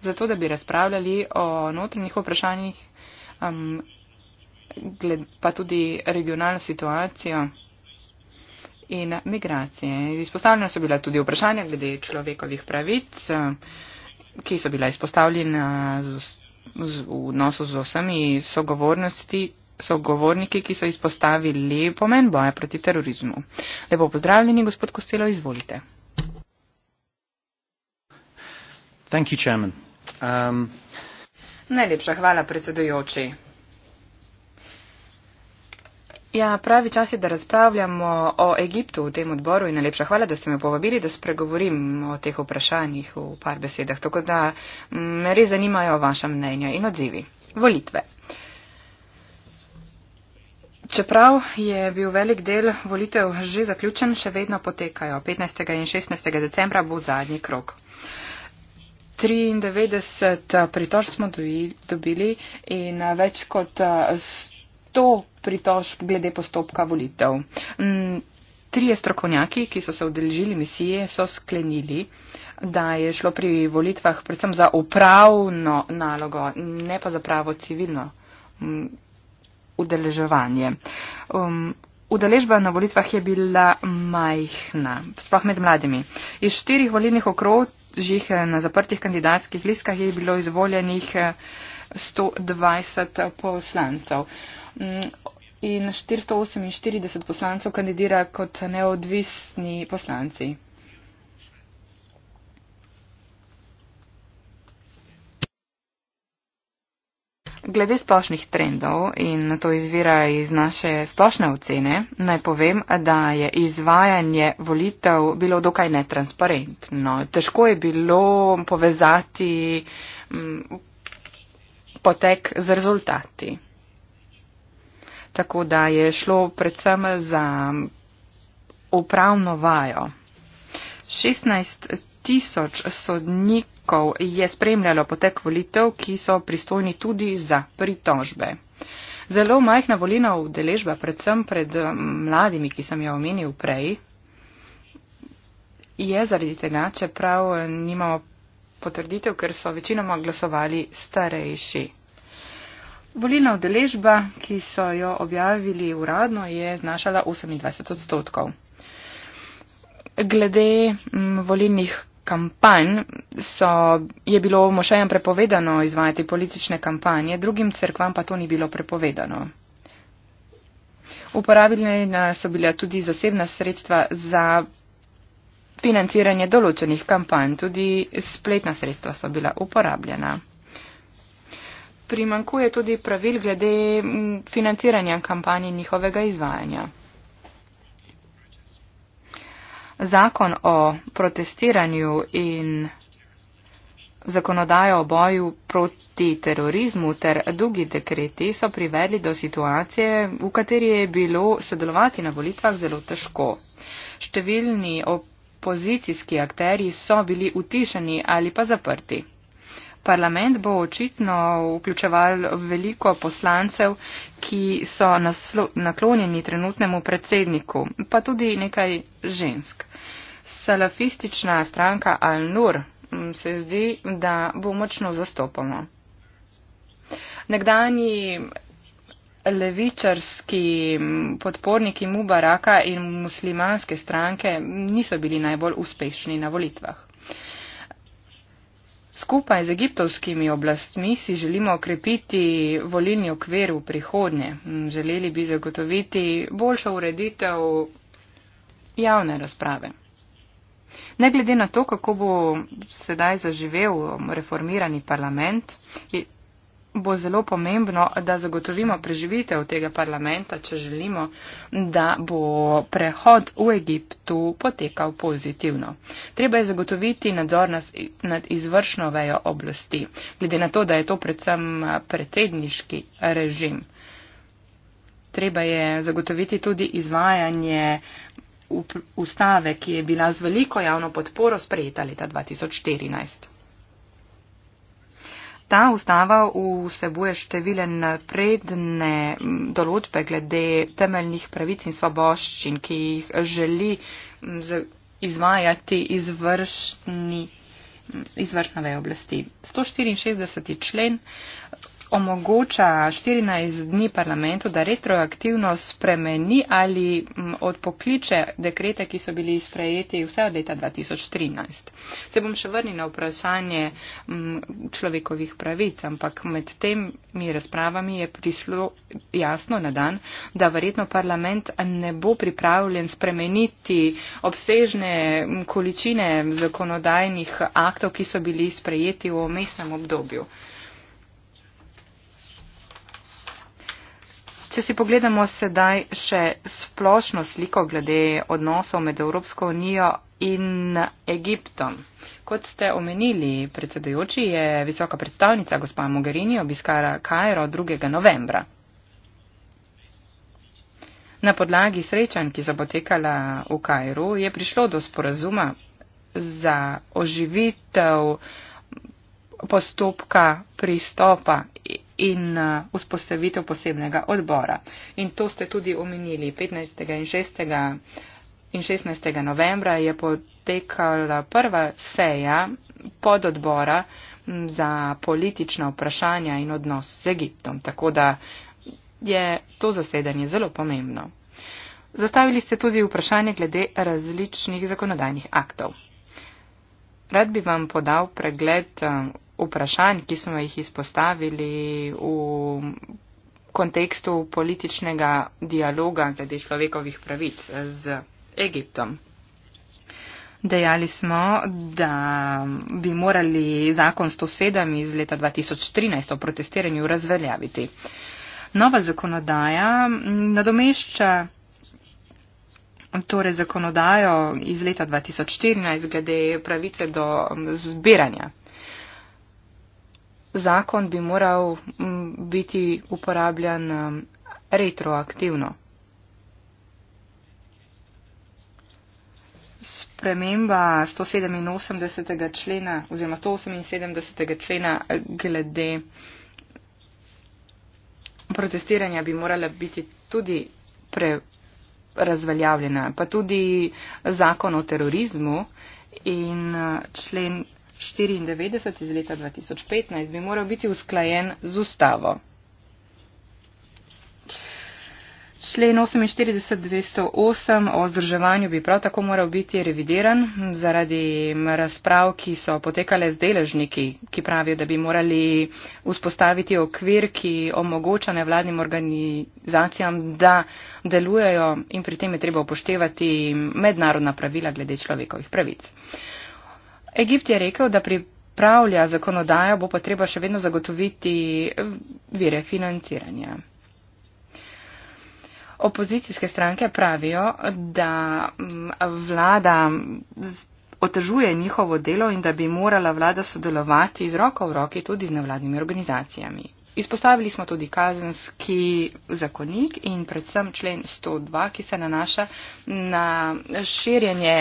Speaker 7: zato da bi razpravljali o notranjih vprašanjih, um, pa tudi regionalno situacijo in migracije. Izpostavljena so bila tudi vprašanja glede človekovih pravic, ki so bila izpostavljena z, z, v odnosu z vsemi sogovornosti. So govorniki, ki so izpostavili pomen boja proti terorizmu. Lepo pozdravljeni, gospod Kostelo, izvolite.
Speaker 3: You, um,
Speaker 7: Najlepša hvala, predsedujoči. Ja, pravi čas je, da razpravljamo o Egiptu v tem odboru in najlepša hvala, da ste me povabili, da spregovorim o teh vprašanjih v par besedah. Tako da mm, me res zanimajo vaša mnenja in odzivi. Volitve. Čeprav je bil velik del volitev že zaključen, še vedno potekajo. 15. in 16. decembra bo zadnji krok. 93 pritož smo dobili in več kot 100 pritožb glede postopka volitev. Mm, trije strokovnjaki, ki so se udeležili misije, so sklenili, da je šlo pri volitvah predvsem za upravno nalogo, ne pa za pravo civilno mm, udeleževanje. Um, udeležba na volitvah je bila majhna, sploh med mladimi. Iz štirih volilnih okrožjih eh, na zaprtih kandidatskih listkah je bilo izvoljenih 120 eh, poslancev. Mm, in 448 poslancev kandidira kot neodvisni poslanci. Glede splošnih trendov in to izvira iz naše splošne ocene, naj povem, da je izvajanje volitev bilo dokaj netransparentno. Težko je bilo povezati mm, potek z rezultati tako da je šlo predvsem za upravno vajo. 16 tisoč sodnikov je spremljalo potek volitev, ki so pristojni tudi za pritožbe. Zelo majhna volina udeležba, predvsem pred mladimi, ki sem jo omenil prej, je zaradi tega, čeprav eh, nimamo potrditev, ker so večinoma glasovali starejši. Volilna udeležba, ki so jo objavili uradno, je znašala 28 odstotkov. Glede volilnih kampanj so, je bilo mošajem prepovedano izvajati politične kampanje, drugim crkvam pa to ni bilo prepovedano. Uporabljena so bila tudi zasebna sredstva za financiranje določenih kampanj, tudi spletna sredstva so bila uporabljena primankuje tudi pravil glede financiranja kampanje njihovega izvajanja. Zakon o protestiranju in zakonodajo o boju proti terorizmu ter drugi dekreti so privedli do situacije, v kateri je bilo sodelovati na volitvah zelo težko. Številni opozicijski akteri so bili utišeni ali pa zaprti parlament bo očitno vključeval veliko poslancev, ki so naklonjeni trenutnemu predsedniku, pa tudi nekaj žensk. Salafistična stranka Al-Nur mm, se zdi, da bo močno zastopamo. Nekdani levičarski mm, podporniki Mubaraka in muslimanske stranke niso bili najbolj uspešni na volitvah. Skupaj z egiptovskimi oblastmi si želimo okrepiti volilni okvir v prihodnje. Mm, Želeli bi zagotoviti boljšo ureditev javne razprave. Ne glede na to, kako bo sedaj zaživel um, reformirani parlament, bo zelo pomembno, da zagotovimo preživitev tega parlamenta, če želimo, da bo prehod v Egiptu potekal pozitivno. Treba je zagotoviti nadzor nad izvršno vejo oblasti, glede na to, da je to predvsem eh, predsedniški režim. Treba je zagotoviti tudi izvajanje ustave, ki je bila z veliko javno podporo sprejeta leta 2014. Ta ustava vsebuje številne napredne določbe glede temeljnih pravic in svoboščin, ki jih želi izvajati izvršni, izvršna veja oblasti. 164. člen omogoča 14 dni parlamentu, da retroaktivno spremeni ali odpokliče dekrete, ki so bili sprejeti vse od leta 2013. Se bom še vrnil na vprašanje človekovih pravic, ampak med temi razpravami je prišlo jasno na dan, da verjetno parlament ne bo pripravljen spremeniti obsežne količine zakonodajnih aktov, ki so bili sprejeti v mestnem obdobju. Če si pogledamo sedaj še splošno sliko glede odnosov med Evropsko unijo in Egiptom. Kot ste omenili, predsedujoči je visoka predstavnica gospa Mogherini obiskala Kajro 2. novembra. Na podlagi srečanj, ki so potekala v Kajru, je prišlo do sporazuma za oživitev postopka pristopa in eh, vzpostavitev posebnega odbora. In to ste tudi omenili. 15. in 6. in 16. novembra je potekala prva seja pododbora za politična vprašanja in odnos z Egiptom. Tako da je to zasedanje zelo pomembno. Zastavili ste tudi vprašanje glede različnih zakonodajnih aktov. Rad bi vam podal pregled eh, vprašanj, ki smo jih izpostavili v kontekstu političnega dialoga glede človekovih pravic z Egiptom. Dejali smo, da bi morali zakon 107 iz leta 2013 o protestiranju razveljaviti. Nova zakonodaja nadomešča torej zakonodajo iz leta 2014 glede pravice do zbiranja zakon bi moral mm, biti uporabljan mm, retroaktivno. Sprememba 187. člena oziroma 178. člena glede protestiranja bi morala biti tudi razveljavljena, pa tudi zakon o terorizmu in eh, člen 94 iz leta 2015 bi moral biti usklajen z ustavo. Člen 48.208 o združevanju bi prav tako moral biti revidiran zaradi razprav, ki so potekale z deležniki, ki pravijo, da bi morali vzpostaviti okvir, ki omogoča nevladnim organizacijam, da delujejo in pri tem je treba upoštevati mednarodna pravila glede človekovih pravic. Egipt je rekel, da pripravlja zakonodajo, bo pa treba še vedno zagotoviti eh, vire financiranja. Opozicijske stranke pravijo, da mm, vlada otežuje njihovo delo in da bi morala vlada sodelovati z roko v roki tudi z nevladnimi organizacijami. Izpostavili smo tudi kazenski zakonik in predvsem člen 102, ki se nanaša na širjenje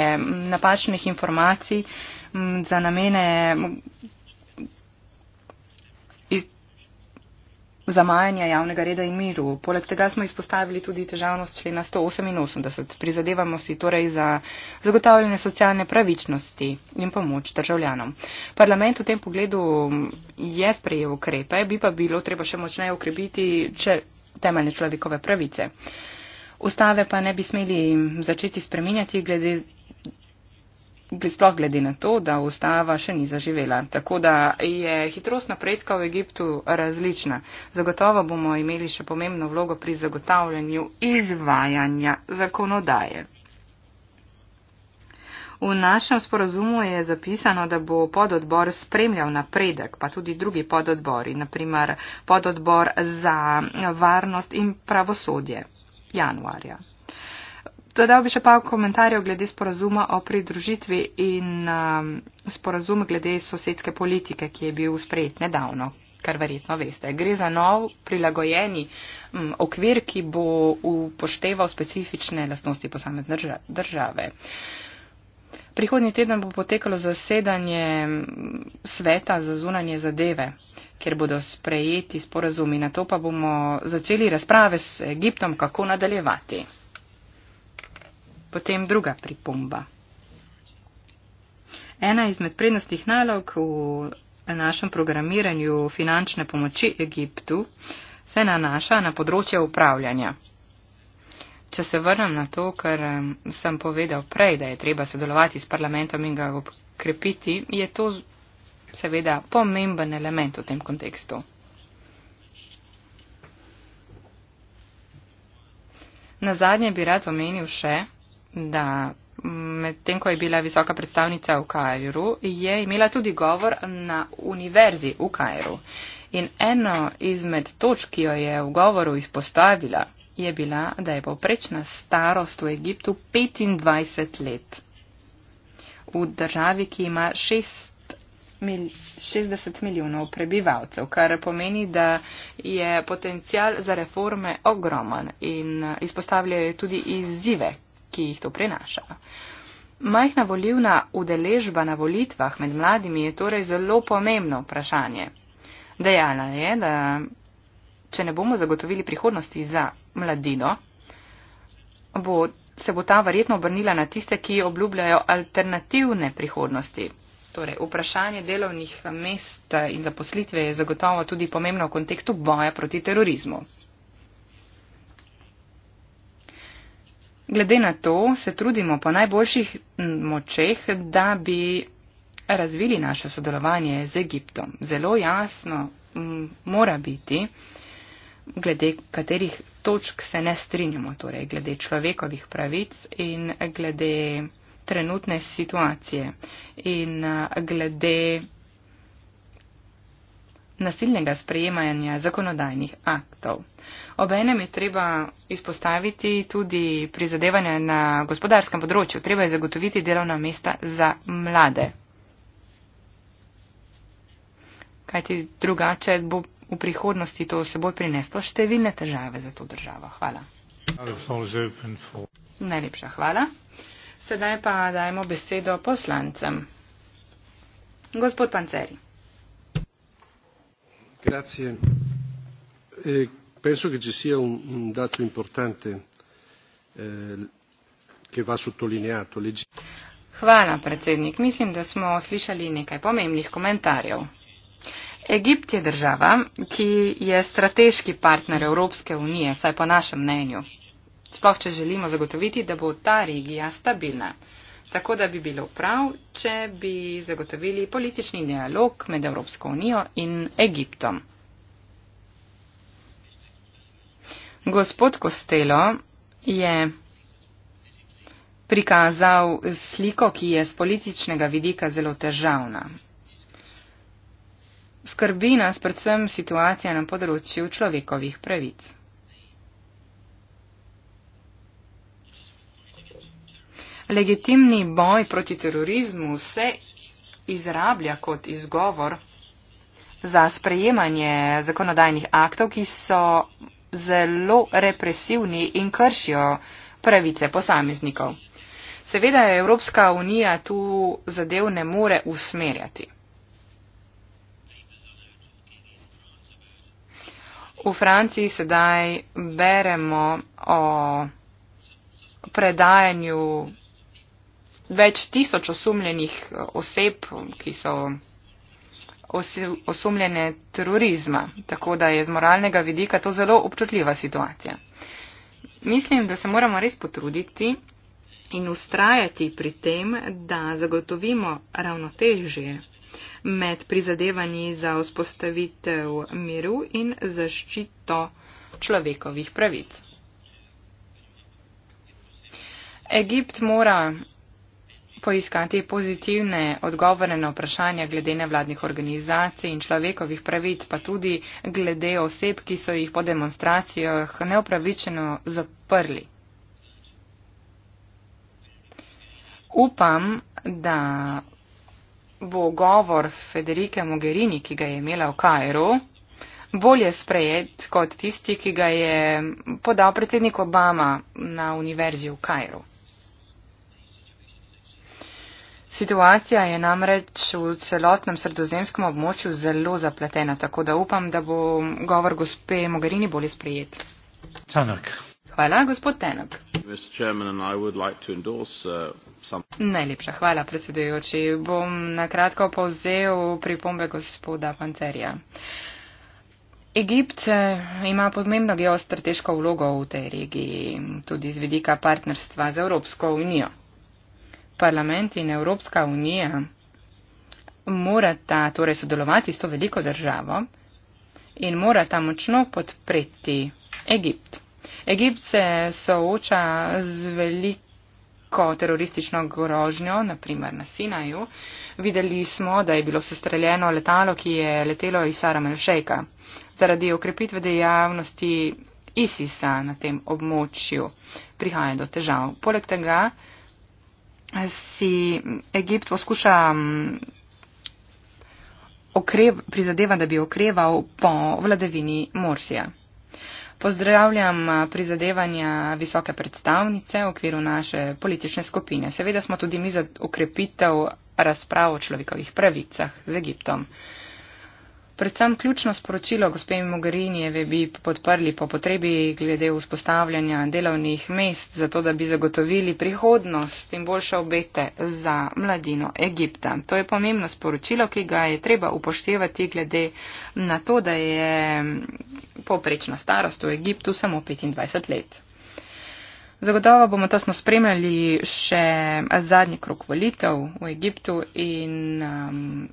Speaker 7: napačnih informacij za namene zamajanja javnega reda in miru. Poleg tega smo izpostavili tudi težavnost člena 188. Prizadevamo si torej za zagotavljanje socialne pravičnosti in pomoč državljanom. Parlament v tem pogledu je sprejel ukrepe, bi pa bilo treba še močneje ukrepiti temeljne človekove pravice. Ustave pa ne bi smeli začeti spreminjati glede sploh glede na to, da ustava še ni zaživela. Tako da je hitrost napredka v Egiptu različna. Zagotovo bomo imeli še pomembno vlogo pri zagotavljanju izvajanja zakonodaje. V našem sporozumu je zapisano, da bo pododbor spremljal napredek, pa tudi drugi pododbori, naprimer pododbor za varnost in pravosodje januarja dodal bi še pa komentarjev glede sporazuma o pridružitvi in um, sporazum glede sosedske politike, ki je bil sprejet nedavno, kar verjetno veste. Gre za nov prilagojeni um, okvir, ki bo upošteval specifične lastnosti posamezne države. Prihodnji teden bo potekalo zasedanje um, sveta za zunanje zadeve, kjer bodo sprejeti sporazumi. Na to pa bomo začeli razprave s Egiptom, kako nadaljevati. Potem druga pripomba. Ena izmed prednostih nalog v našem programiranju finančne pomoči Egiptu se nanaša na področje upravljanja. Če se vrnem na to, kar sem povedal prej, da je treba sodelovati s parlamentom in ga okrepiti, je to seveda pomemben element v tem kontekstu. Na zadnje bi rad omenil še, Da, medtem ko je bila visoka predstavnica v Kajru, je imela tudi govor na univerzi v Kajru. In eno izmed točk, ki jo je v govoru izpostavila, je bila, da je povprečna starost v Egiptu 25 let. V državi, ki ima 6 mil 60 milijonov prebivalcev, kar pomeni, da je potencial za reforme ogroman in izpostavljajo tudi izzive, ki jih to prenaša. Majhna volivna udeležba na volitvah med mladimi je torej zelo pomembno vprašanje. Dejala je, da če ne bomo zagotovili prihodnosti za mladino, bo, se bo ta verjetno obrnila na tiste, ki obljubljajo alternativne prihodnosti. Torej, vprašanje delovnih mest in zaposlitve je zagotovo tudi pomembno v kontekstu boja proti terorizmu. Glede na to se trudimo po najboljših močeh, da bi razvili naše sodelovanje z Egiptom. Zelo jasno mora biti, glede katerih točk se ne strinjamo, torej glede človekovih pravic in glede trenutne situacije in glede nasilnega sprejemanja zakonodajnih aktov. Obenem je treba izpostaviti tudi prizadevanje na gospodarskem področju. Treba je zagotoviti delovna mesta za mlade. Kajti drugače bo v prihodnosti to seboj prineslo številne težave za to državo. Hvala. Najlepša hvala. Sedaj pa dajmo besedo poslancem. Gospod Panceri.
Speaker 2: Grazie. E, penso che ci sia un, un dato importante eh, che va sottolineato. Legge...
Speaker 7: Hvala, predsednik. Mislim, da smo slišali nekaj pomembnih komentarjev. Egipt je država, ki je strateški partner Evropske unije, saj po našem mnenju. Sploh, če želimo zagotoviti, da bo ta regija stabilna. Tako da bi bilo prav, če bi zagotovili politični dialog med Evropsko unijo in Egiptom. Gospod Kostelo je prikazal sliko, ki je z političnega vidika zelo težavna. Skrbi nas predvsem situacija na področju človekovih pravic. Legitimni boj proti terorizmu se izrablja kot izgovor za sprejemanje zakonodajnih aktov, ki so zelo represivni in kršijo pravice posameznikov. Seveda je Evropska unija tu zadev ne more usmerjati. V Franciji sedaj beremo o predajanju več tisoč osumljenih oseb, ki so osumljene terorizma, tako da je z moralnega vidika to zelo občutljiva situacija. Mislim, da se moramo res potruditi in ustrajati pri tem, da zagotovimo ravnotežje med prizadevanji za vzpostavitev miru in zaščito človekovih pravic. Egipt mora poiskati pozitivne odgovore na vprašanja glede nevladnih organizacij in človekovih pravic, pa tudi glede oseb, ki so jih po demonstracijah neopravičeno zaprli. Upam, da bo govor Federike Mogherini, ki ga je imela v Kajru, bolje sprejet kot tisti, ki ga je podal predsednik Obama na univerzi v Kajru. Situacija je namreč v celotnem sredozemskem območju zelo zapletena, tako da upam, da bo govor gospe Mogherini bolje sprejet. Tanak. Hvala, gospod Tenak. Uh, Najlepša hvala, predsedujoči. Bom nakratko povzel pripombe gospoda Panterja. Egipt eh, ima pomembno geostrateško vlogo v tej regiji, tudi z vidika partnerstva z Evropsko unijo parlament in Evropska unija morata torej sodelovati s to veliko državo in morata močno podpreti Egipt. Egipt se sooča z veliko teroristično grožnjo, naprimer na Sinaju. Videli smo, da je bilo sestreljeno letalo, ki je letelo iz Sharm el-Sheikha zaradi okrepitve dejavnosti ISIS-a na tem območju prihaja do težav. Poleg tega si Egipt poskuša mm, okrev, prizadeva, da bi okreval po vladavini Morsija. Pozdravljam eh, prizadevanja visoke predstavnice v okviru naše politične skupine. Seveda smo tudi mi za okrepitev razprav o človekovih pravicah z Egiptom. Uh, Predvsem ključno sporočilo gospe Mogherinijeve bi podprli po potrebi glede vzpostavljanja delovnih mest, zato da bi zagotovili prihodnost in boljše obete za mladino Egipta. To je pomembno sporočilo, ki ga je treba upoštevati glede na to, da je poprečna starost v Egiptu samo 25 let. Zagotovo bomo tesno spremljali še zadnji krok volitev v Egiptu in um,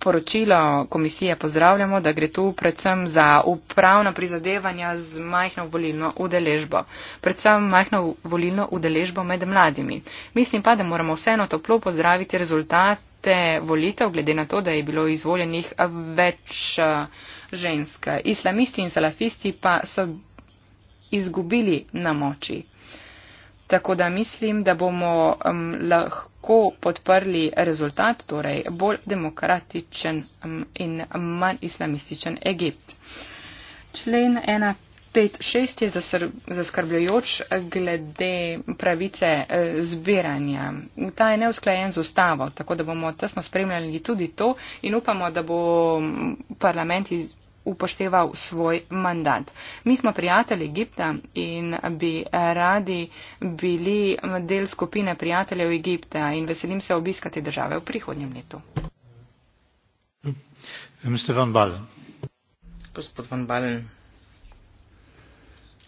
Speaker 7: poročilo komisije pozdravljamo, da gre tu predvsem za upravna prizadevanja z majhno volilno udeležbo. Predvsem majhno volilno udeležbo med mladimi. Mislim pa, da moramo vseeno toplo pozdraviti rezultate volitev, glede na to, da je bilo izvoljenih več eh, žensk. Islamisti in salafisti pa so izgubili na moči. Uh, Tako da mislim, da bomo um, lahko podprli rezultat, torej bolj demokratičen um, in manj islamističen Egipt. Člen 156 je zaskrbljujoč glede pravice e, zbiranja. Ta je neusklajen z ustavo, tako da bomo tesno spremljali tudi to in upamo, da bo parlament izbiral upošteval svoj mandat. Mi smo prijatelji Egipta in bi radi bili del skupine prijateljev Egipta in veselim se obiskati države v prihodnjem letu.
Speaker 3: Mr. Van Balen.
Speaker 1: Gospod Van Balen.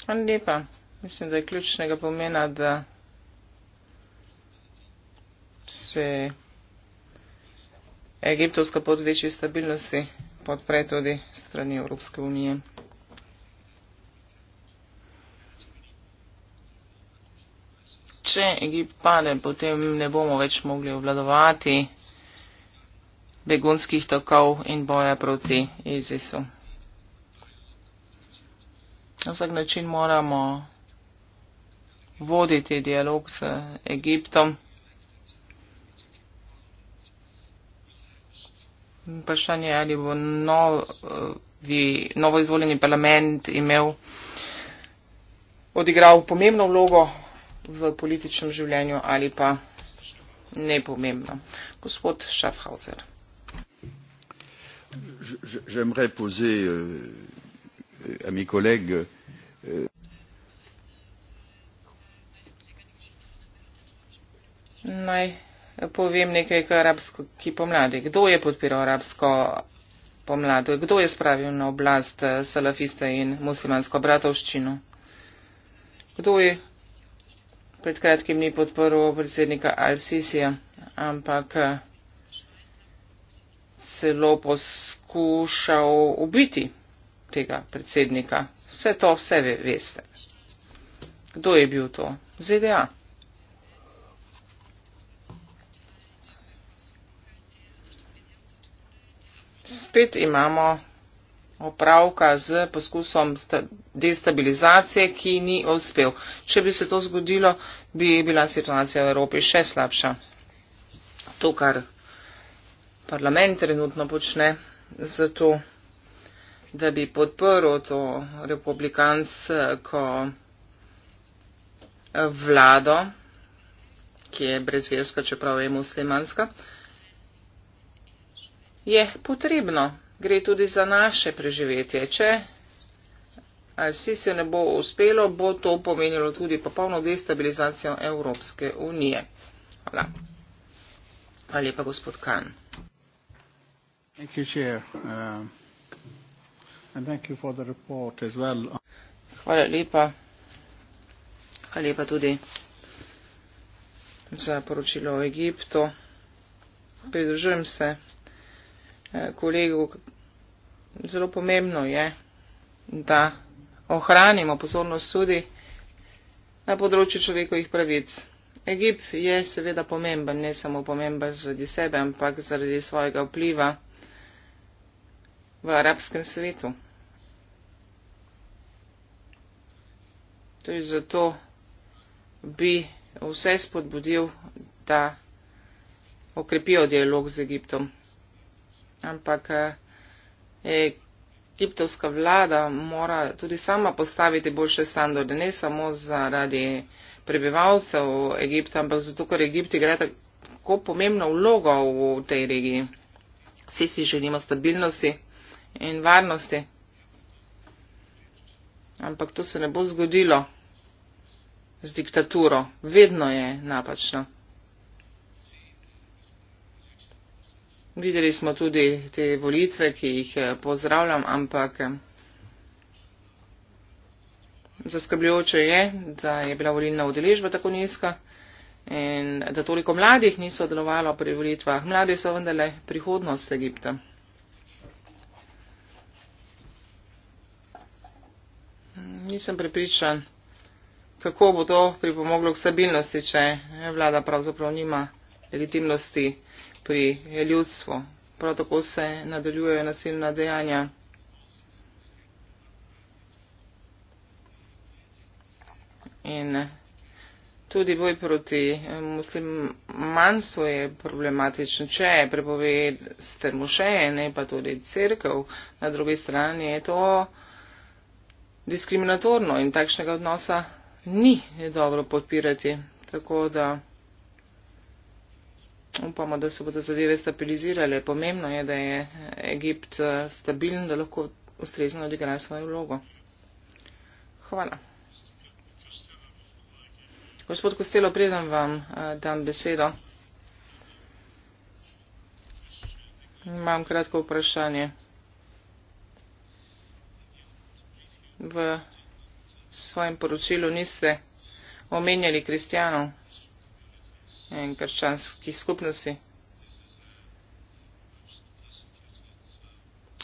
Speaker 1: Hvala lepa. Mislim, da je ključnega pomena, da se Egiptovska podveči stabilnosti podpre tudi strani Evropske unije. Če Egipt pade, potem ne bomo več mogli obvladovati begunskih tokov in boja proti Izisu. Na vsak način moramo voditi dialog s Egiptom. vprašanje, ali bo novi, novo izvoljeni parlament imel, odigral pomembno vlogo v političnem življenju ali pa nepomembno. Gospod Schaffhauser.
Speaker 5: J'aimerais poser euh, à mes collègues. Euh
Speaker 1: povem nekaj, kar arabsko, ki pomladi. Kdo je podpiral arabsko pomlad? Kdo je spravil na oblast eh, salafiste in muslimansko bratovščino? Kdo je pred kratkim ni podporil predsednika Al-Sisija, ampak eh, celo poskušal ubiti tega predsednika? Vse to, vse veste. Kdo je bil to? ZDA. spet imamo opravka z poskusom destabilizacije, ki ni uspel. Če bi se to zgodilo, bi bila situacija v Evropi še slabša. To, kar parlament trenutno počne, zato, da bi podprl to republikansko vlado, ki je brezverska, čeprav je muslimanska je potrebno, gre tudi za naše preživetje. Če ali si se ne bo uspelo, bo to pomenilo tudi popolno destabilizacijo Evropske unije. Hvala. Hvala lepa, gospod Kan. Uh, Hvala lepa. Hvala lepa tudi za poročilo o Egiptu. Pridružujem se Eh, kolegov, zelo pomembno je, da ohranimo pozornost tudi na področju človekovih pravic. Egip je seveda pomemben, ne samo pomemben zaradi sebe, ampak zaradi svojega vpliva v arabskem svetu. Tudi torej zato bi vse spodbudil, da okrepijo dialog z Egiptom ampak eh, egiptovska vlada mora tudi sama postaviti boljše standarde, ne samo zaradi prebivalcev Egipta, ampak zato, ker Egipt igra tako pomembno vlogo v tej regiji. Vsi si želimo stabilnosti in varnosti. Ampak to se ne bo zgodilo z diktaturo. Vedno je napačno. Videli smo tudi te volitve, ki jih eh, pozdravljam, ampak eh, zaskrbljujoče je, da je bila volilna udeležba tako nizka in da toliko mladih ni sodelovalo pri volitvah. Mladi so vendarle prihodnost Egipta. Nisem prepričan, kako bo to pripomoglo k stabilnosti, če vlada pravzaprav nima legitimnosti pri ljudstvu. Prav tako se nadaljujejo nasilna dejanja. In tudi boj proti muslimanstvu je problematičen, če prepove strmošeje, ne pa tudi crkv. Na drugi strani je to diskriminatorno in takšnega odnosa ni dobro podpirati. Tako da upamo, da se bodo zadeve stabilizirale. Pomembno je, da je Egipt eh, stabilen, da lahko ustrezno odigra svojo vlogo. Hvala. Gospod Kostelo, predam vam eh, dan besedo. Imam kratko vprašanje. V svojem poročilu niste omenjali kristijanov in krščanskih skupnosti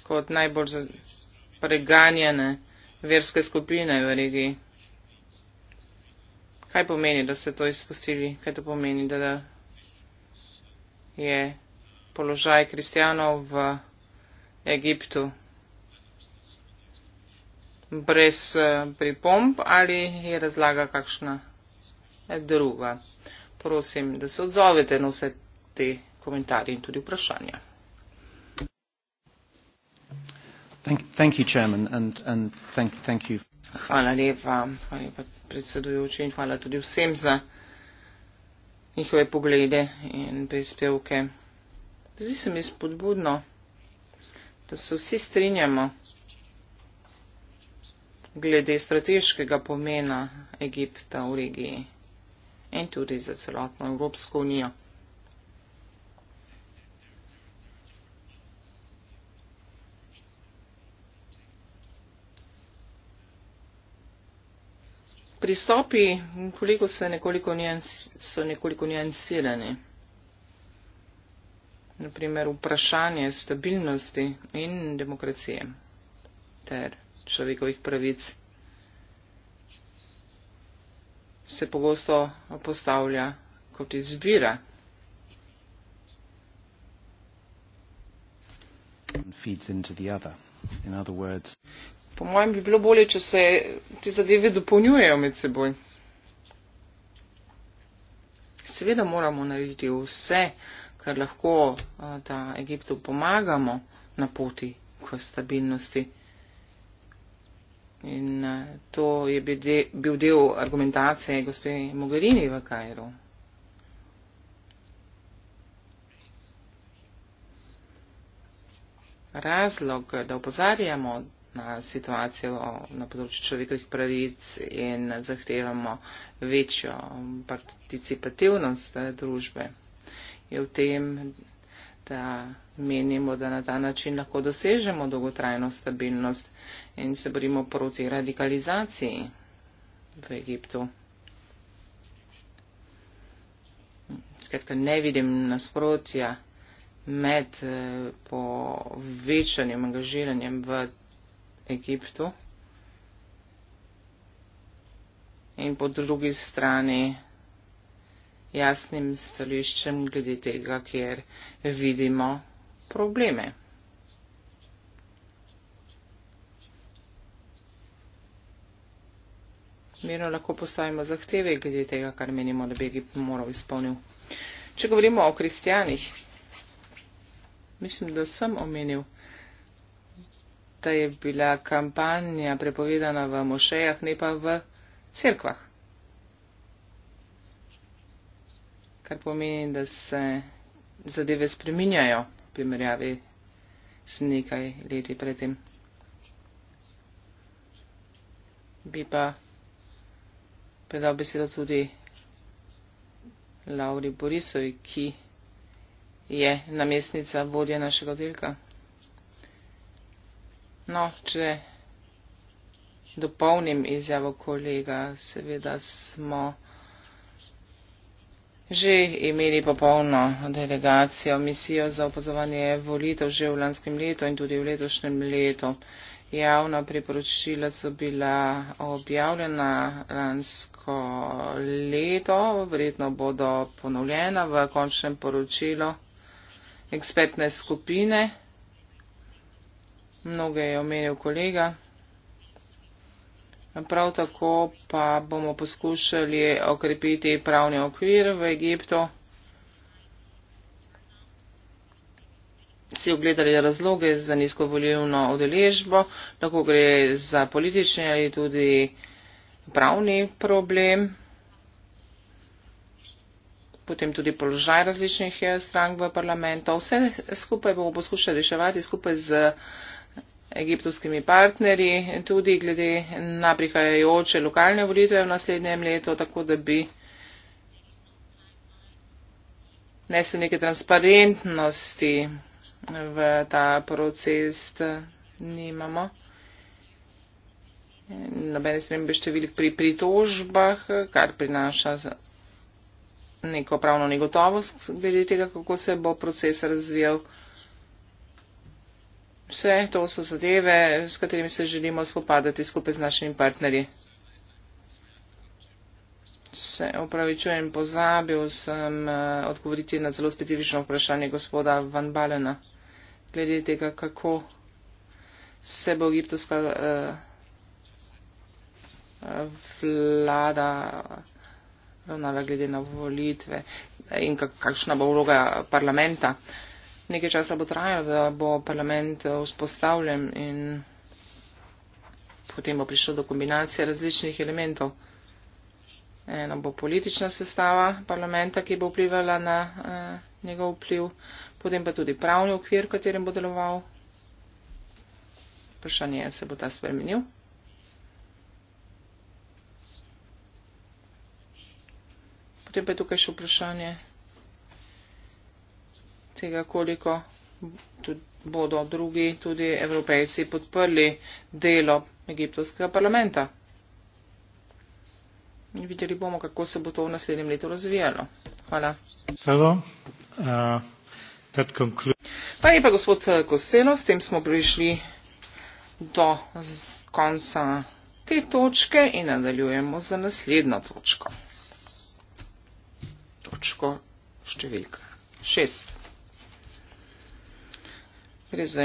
Speaker 1: kot najbolj preganjene verske skupine v regiji. Kaj pomeni, da ste to izpustili? Kaj to pomeni, da je položaj kristjanov v Egiptu brez eh, pripomb ali je razlaga kakšna druga? prosim, da se odzovete na vse te komentarje in tudi vprašanja.
Speaker 5: Thank,
Speaker 3: thank you, chairman, and, and thank, thank you.
Speaker 1: Hvala lepa, hvala lepa predsedujoči in hvala tudi vsem za njihove poglede in prispevke. Zdi se mi spodbudno, da se vsi strinjamo glede strateškega pomena Egipta v regiji in tudi za celotno Evropsko unijo. Pristopi koliko so nekoliko, so nekoliko njensirani. Naprimer vprašanje stabilnosti in demokracije ter človekovih pravic se pogosto postavlja kot izbira. Po mojem bi bilo bolje, če se te zadeve dopolnjujejo med seboj. Seveda moramo narediti vse, kar lahko, da Egiptu pomagamo na poti k stabilnosti. In eh, to je bil del argumentacije gospe Mogherini v Kajru. Razlog, da upozarjamo na situacijo na področju človekovih pravic in zahtevamo večjo participativnost eh, družbe, je v tem, da menimo, da na ta način lahko dosežemo dolgotrajno stabilnost in se borimo proti radikalizaciji v Egiptu. Skratka, ne vidim nasprotja med eh, povečanjem angažiranjem v Egiptu in po drugi strani jasnim stališčem glede tega, kjer vidimo probleme. Mirno lahko postavimo zahteve glede tega, kar menimo, da bi jih moral izpolnil. Če govorimo o kristijanih, mislim, da sem omenil, da je bila kampanja prepovedana v mošejah, ne pa v cerkvah. kar pomeni, da se zadeve spreminjajo v primerjavi s nekaj leti predtem. Bi pa predal besedo tudi Lauri Borisovi, ki je namestnica vodje našega oddelka. No, če dopolnim izjavo kolega, seveda smo že imeli popolno delegacijo, misijo za opazovanje volitev že v lanskem letu in tudi v letošnjem letu. Javna priporočila so bila objavljena lansko leto, verjetno bodo ponovljena v končnem poročilu ekspertne skupine. Mnoge je omenil kolega. Prav tako pa bomo poskušali okrepiti pravni okvir v Egiptu. Si ogledali razloge za nizkovoljivno odeležbo, lahko gre za politični ali tudi pravni problem, potem tudi položaj različnih strank v parlamentu. Vse skupaj bomo poskušali reševati skupaj z egiptovskimi partnerji, tudi glede na prihajajoče lokalne volitve v naslednjem letu, tako da bi nesel neke transparentnosti v ta proces, nimamo. Nobene spremembe številk pri pritožbah, kar prinaša neko pravno negotovost glede tega, kako se bo proces razvijal vse to so zadeve, s katerimi se želimo spopadati skupaj z našimi partnerji. Se opravičujem, pozabil sem eh, odgovoriti na zelo specifično vprašanje gospoda Van Balena, glede tega, kako se bo egiptovska eh, vlada ravnala glede na volitve in kakšna bo vloga parlamenta nekaj časa bo trajalo, da bo parlament eh, vzpostavljen in potem bo prišlo do kombinacije različnih elementov. Eno bo politična sestava parlamenta, ki bo vplivala na eh, njegov vpliv, potem pa tudi pravni okvir, v katerem bo deloval. Vprašanje je, se bo ta spremenil. Potem pa je tukaj še vprašanje tega, koliko bodo drugi tudi evropejci podprli delo egiptovskega parlamenta. Videli bomo, kako se bo to v naslednjem letu razvijalo. Hvala.
Speaker 3: Eh,
Speaker 1: pa je pa gospod Kostelo, s tem smo prišli do konca te točke in nadaljujemo za naslednjo točko. Točko številka šest gre za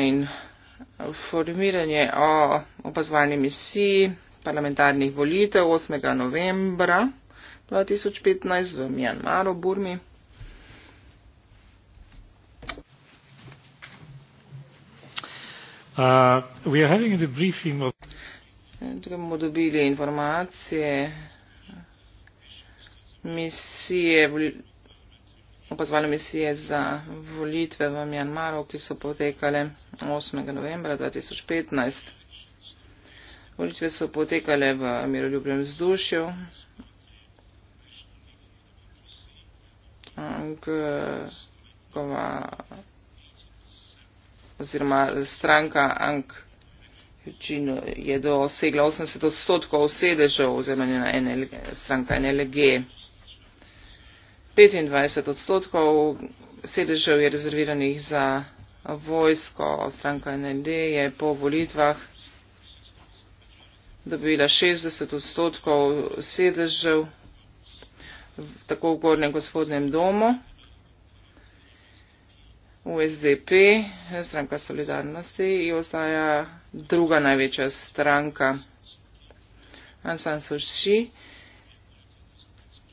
Speaker 1: informiranje o opazovalni misiji parlamentarnih volitev 8. novembra 2015 v Mjanmaru, Burmi.
Speaker 3: Uh, we are having the briefing of...
Speaker 1: Tukaj bomo dobili informacije misije opazovalne misije za volitve v Mjanmaru, ki so potekale 8. novembra 2015. Volitve so potekale v miroljubnem vzdušju, oziroma stranka Ang Jinu je dosegla 80 odstotkov sedežev oziroma njena NL, stranka NLG. 25 odstotkov sedežev je rezerviranih za vojsko, stranka NLD je po volitvah dobila 60 odstotkov sedežev tako v Gornjem gospodnem domu. V SDP, stranka solidarnosti, je ostaja druga največja stranka. Ansan Sushi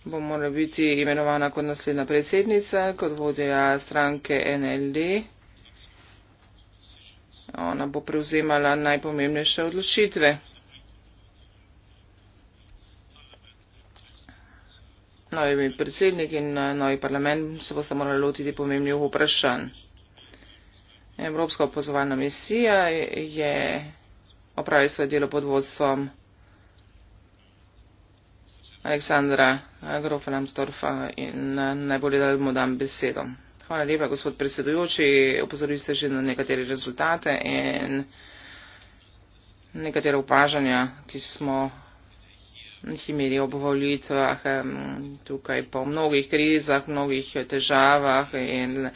Speaker 1: bo morala biti imenovana kot naslednja predsednica, kot vodja stranke NLD. Ona bo prevzemala najpomembnejše odločitve. Novi predsednik in eh, novi parlament se bosta morali lotiti pomembnih vprašanj. Evropska opozovalna misija je opravila svoje delo pod vodstvom. Aleksandra Grofenamstorfa in eh, naj bolje, da mu dam besedo. Hvala lepa, gospod predsedujoči. Opozorili ste že na nekatere rezultate in nekatere upažanja, ki smo jih imeli ob volitvah tukaj po mnogih krizah, mnogih težavah in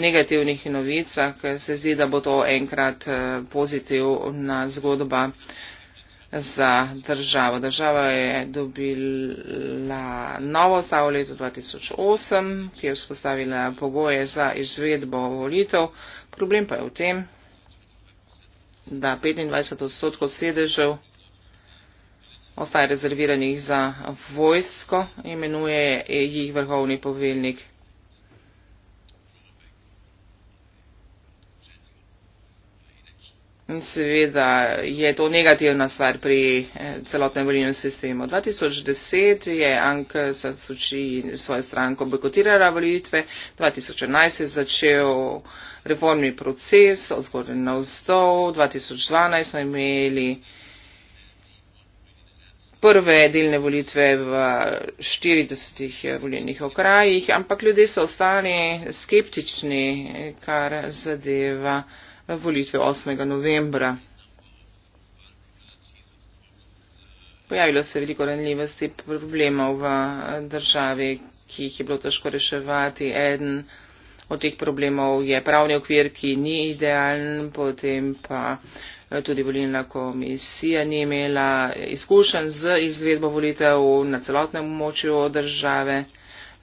Speaker 1: negativnih novicah. Se zdi, da bo to enkrat eh, pozitivna zgodba za državo. Država je dobila novo ustavo v letu 2008, ki je vzpostavila pogoje za izvedbo volitev. Problem pa je v tem, da 25 odstotkov sedežev ostaje rezerviranih za vojsko, imenuje jih vrhovni poveljnik Seveda je to negativna stvar pri eh, celotnem volilnem sistemu. 2010 je Ank Sasuči svojo stranko bojkotirala volitve, 2011 je začel reformni proces od zgodne na vzdol, 2012 smo imeli prve delne volitve v 40 eh, volilnih okrajih, ampak ljudje so ostali skeptični, eh, kar zadeva volitve 8. novembra. Pojavilo se je veliko ranljivosti problemov v eh, državi, ki jih je bilo težko reševati. Eden od teh problemov je pravni okvir, ki ni idealen, potem pa eh, tudi volilna komisija ni imela izkušenj z izvedbo volitev na celotnem območju države.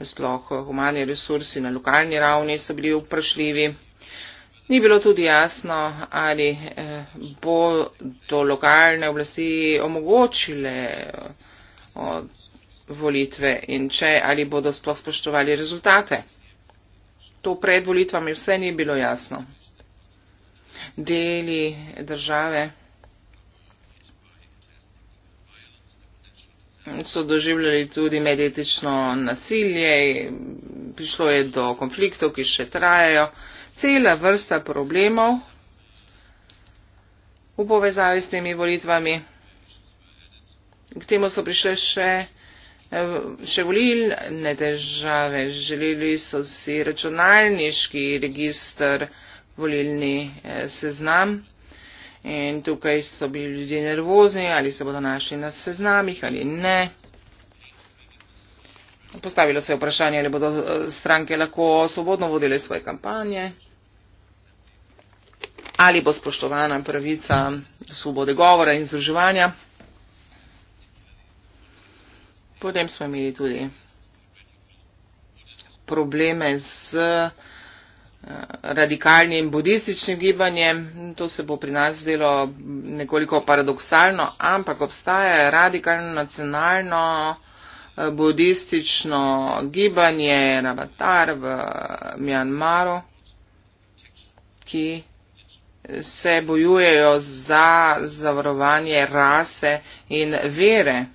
Speaker 1: Sploh humani resursi na lokalni ravni so bili vprašljivi. Ni bilo tudi jasno, ali eh, bodo lokalne oblasti omogočile eh, volitve in če ali bodo sploh spoštovali rezultate. To pred volitvami vse ni bilo jasno. Deli države so doživljali tudi medetično nasilje, prišlo je do konfliktov, ki še trajajo cela vrsta problemov v povezavi s temi volitvami. K temu so prišle še, eh, še volilne države. Želeli so si računalniški registr, volilni eh, seznam. In tukaj so bili ljudje nervozni, ali se bodo našli na seznamih ali ne. Postavilo se je vprašanje, ali bodo eh, stranke lahko svobodno vodile svoje kampanje, ali bo spoštovana pravica svobode govora in združevanja. Potem smo imeli tudi probleme z eh, radikalnim budističnim gibanjem. To se bo pri nas zdelo nekoliko paradoksalno, ampak obstaja radikalno nacionalno budistično gibanje, en avatar v Mjanmaru, ki se bojujejo za zavarovanje rase in vere.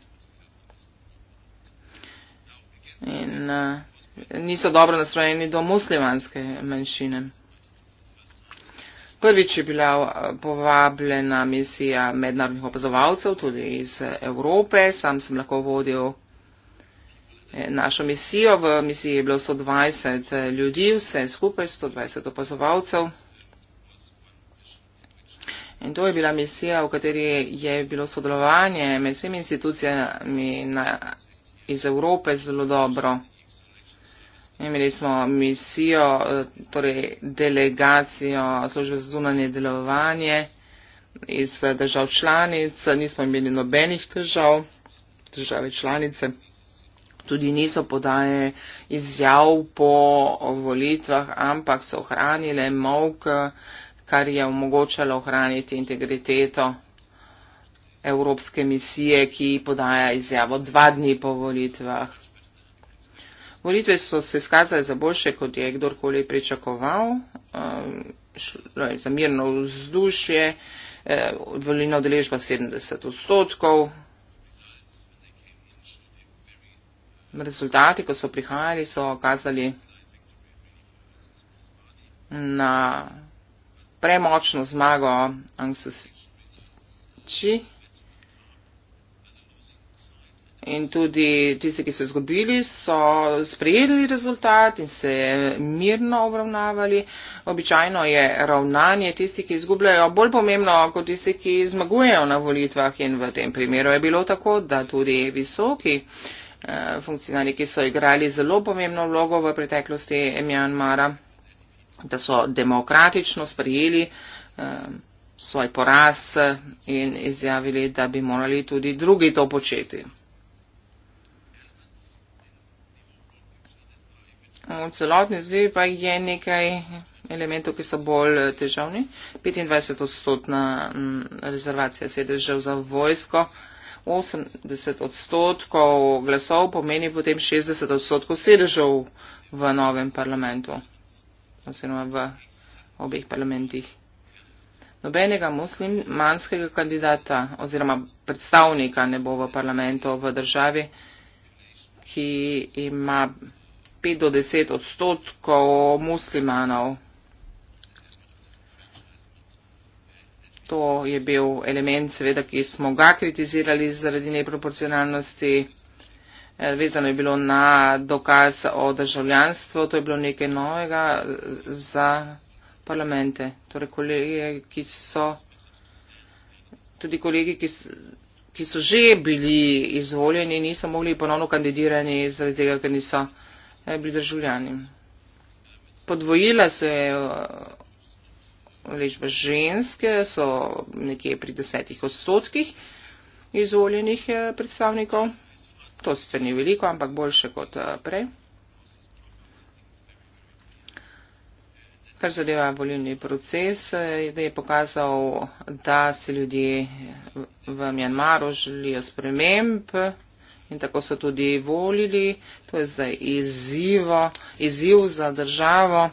Speaker 1: In uh, niso dobro nastrojeni do muslimanske manjšine. Prvič je bila eh, povabljena misija mednarodnih opazovalcev, tudi iz Evrope. Sam sem lahko vodil našo misijo. V misiji je bilo 120 eh, ljudi, vse skupaj 120 opazovalcev. In to je bila misija, v kateri je bilo sodelovanje med vsemi institucijami na, iz Evrope zelo dobro. Imeli smo misijo, eh, torej delegacijo službe za zunanje delovanje iz eh, držav članic, nismo imeli nobenih težav, države članice tudi niso podaje izjav po volitvah, ampak so ohranile mok, kar je omogočalo ohraniti integriteto Evropske misije, ki podaja izjavo dva dni po volitvah. Volitve so se skazali za boljše, kot je kdorkoli pričakoval, ehm, šlo je za mirno vzdušje, eh, volilno deležba 70 odstotkov. rezultati, ko so prihajali, so kazali na premočno zmago Angsusiči. In tudi tisti, ki so izgubili, so sprejeli rezultat in se mirno obravnavali. Običajno je ravnanje tisti, ki izgubljajo, bolj pomembno kot tisti, ki zmagujejo na volitvah. In v tem primeru je bilo tako, da tudi visoki uh, Eh, funkcionarji, ki so igrali zelo pomembno vlogo v preteklosti Mjanmara, da so demokratično sprijeli eh, svoj poraz eh, in izjavili, da bi morali tudi drugi to početi. V celotni zdi pa je nekaj elementov, ki so bolj težavni. 25 odstotna mm, rezervacija sedežev za vojsko. 80 odstotkov glasov pomeni potem 60 odstotkov sedežev v novem parlamentu, oziroma v obeh parlamentih. Nobenega muslimanskega kandidata oziroma predstavnika ne bo v parlamentu v državi, ki ima 5 do 10 odstotkov muslimanov. To je bil element, seveda, ki smo ga kritizirali zaradi neproporcionalnosti. Eh, vezano je bilo na dokaz o državljanstvu, to je bilo nekaj novega eh, za parlamente. Torej, kolege, ki so, tudi kolegi, ki so, ki so že bili izvoljeni, niso mogli ponovno kandidirati zaradi tega, ker niso eh, bili državljani. Podvojila se je ležbe ženske so nekje pri desetih odstotkih izvoljenih eh, predstavnikov. To sicer ni veliko, ampak boljše kot eh, prej. Kar zadeva volilni proces, eh, da je pokazal, da si ljudje v Mjanmaru želijo sprememb in tako so tudi volili. To je zdaj izzivo, izziv za državo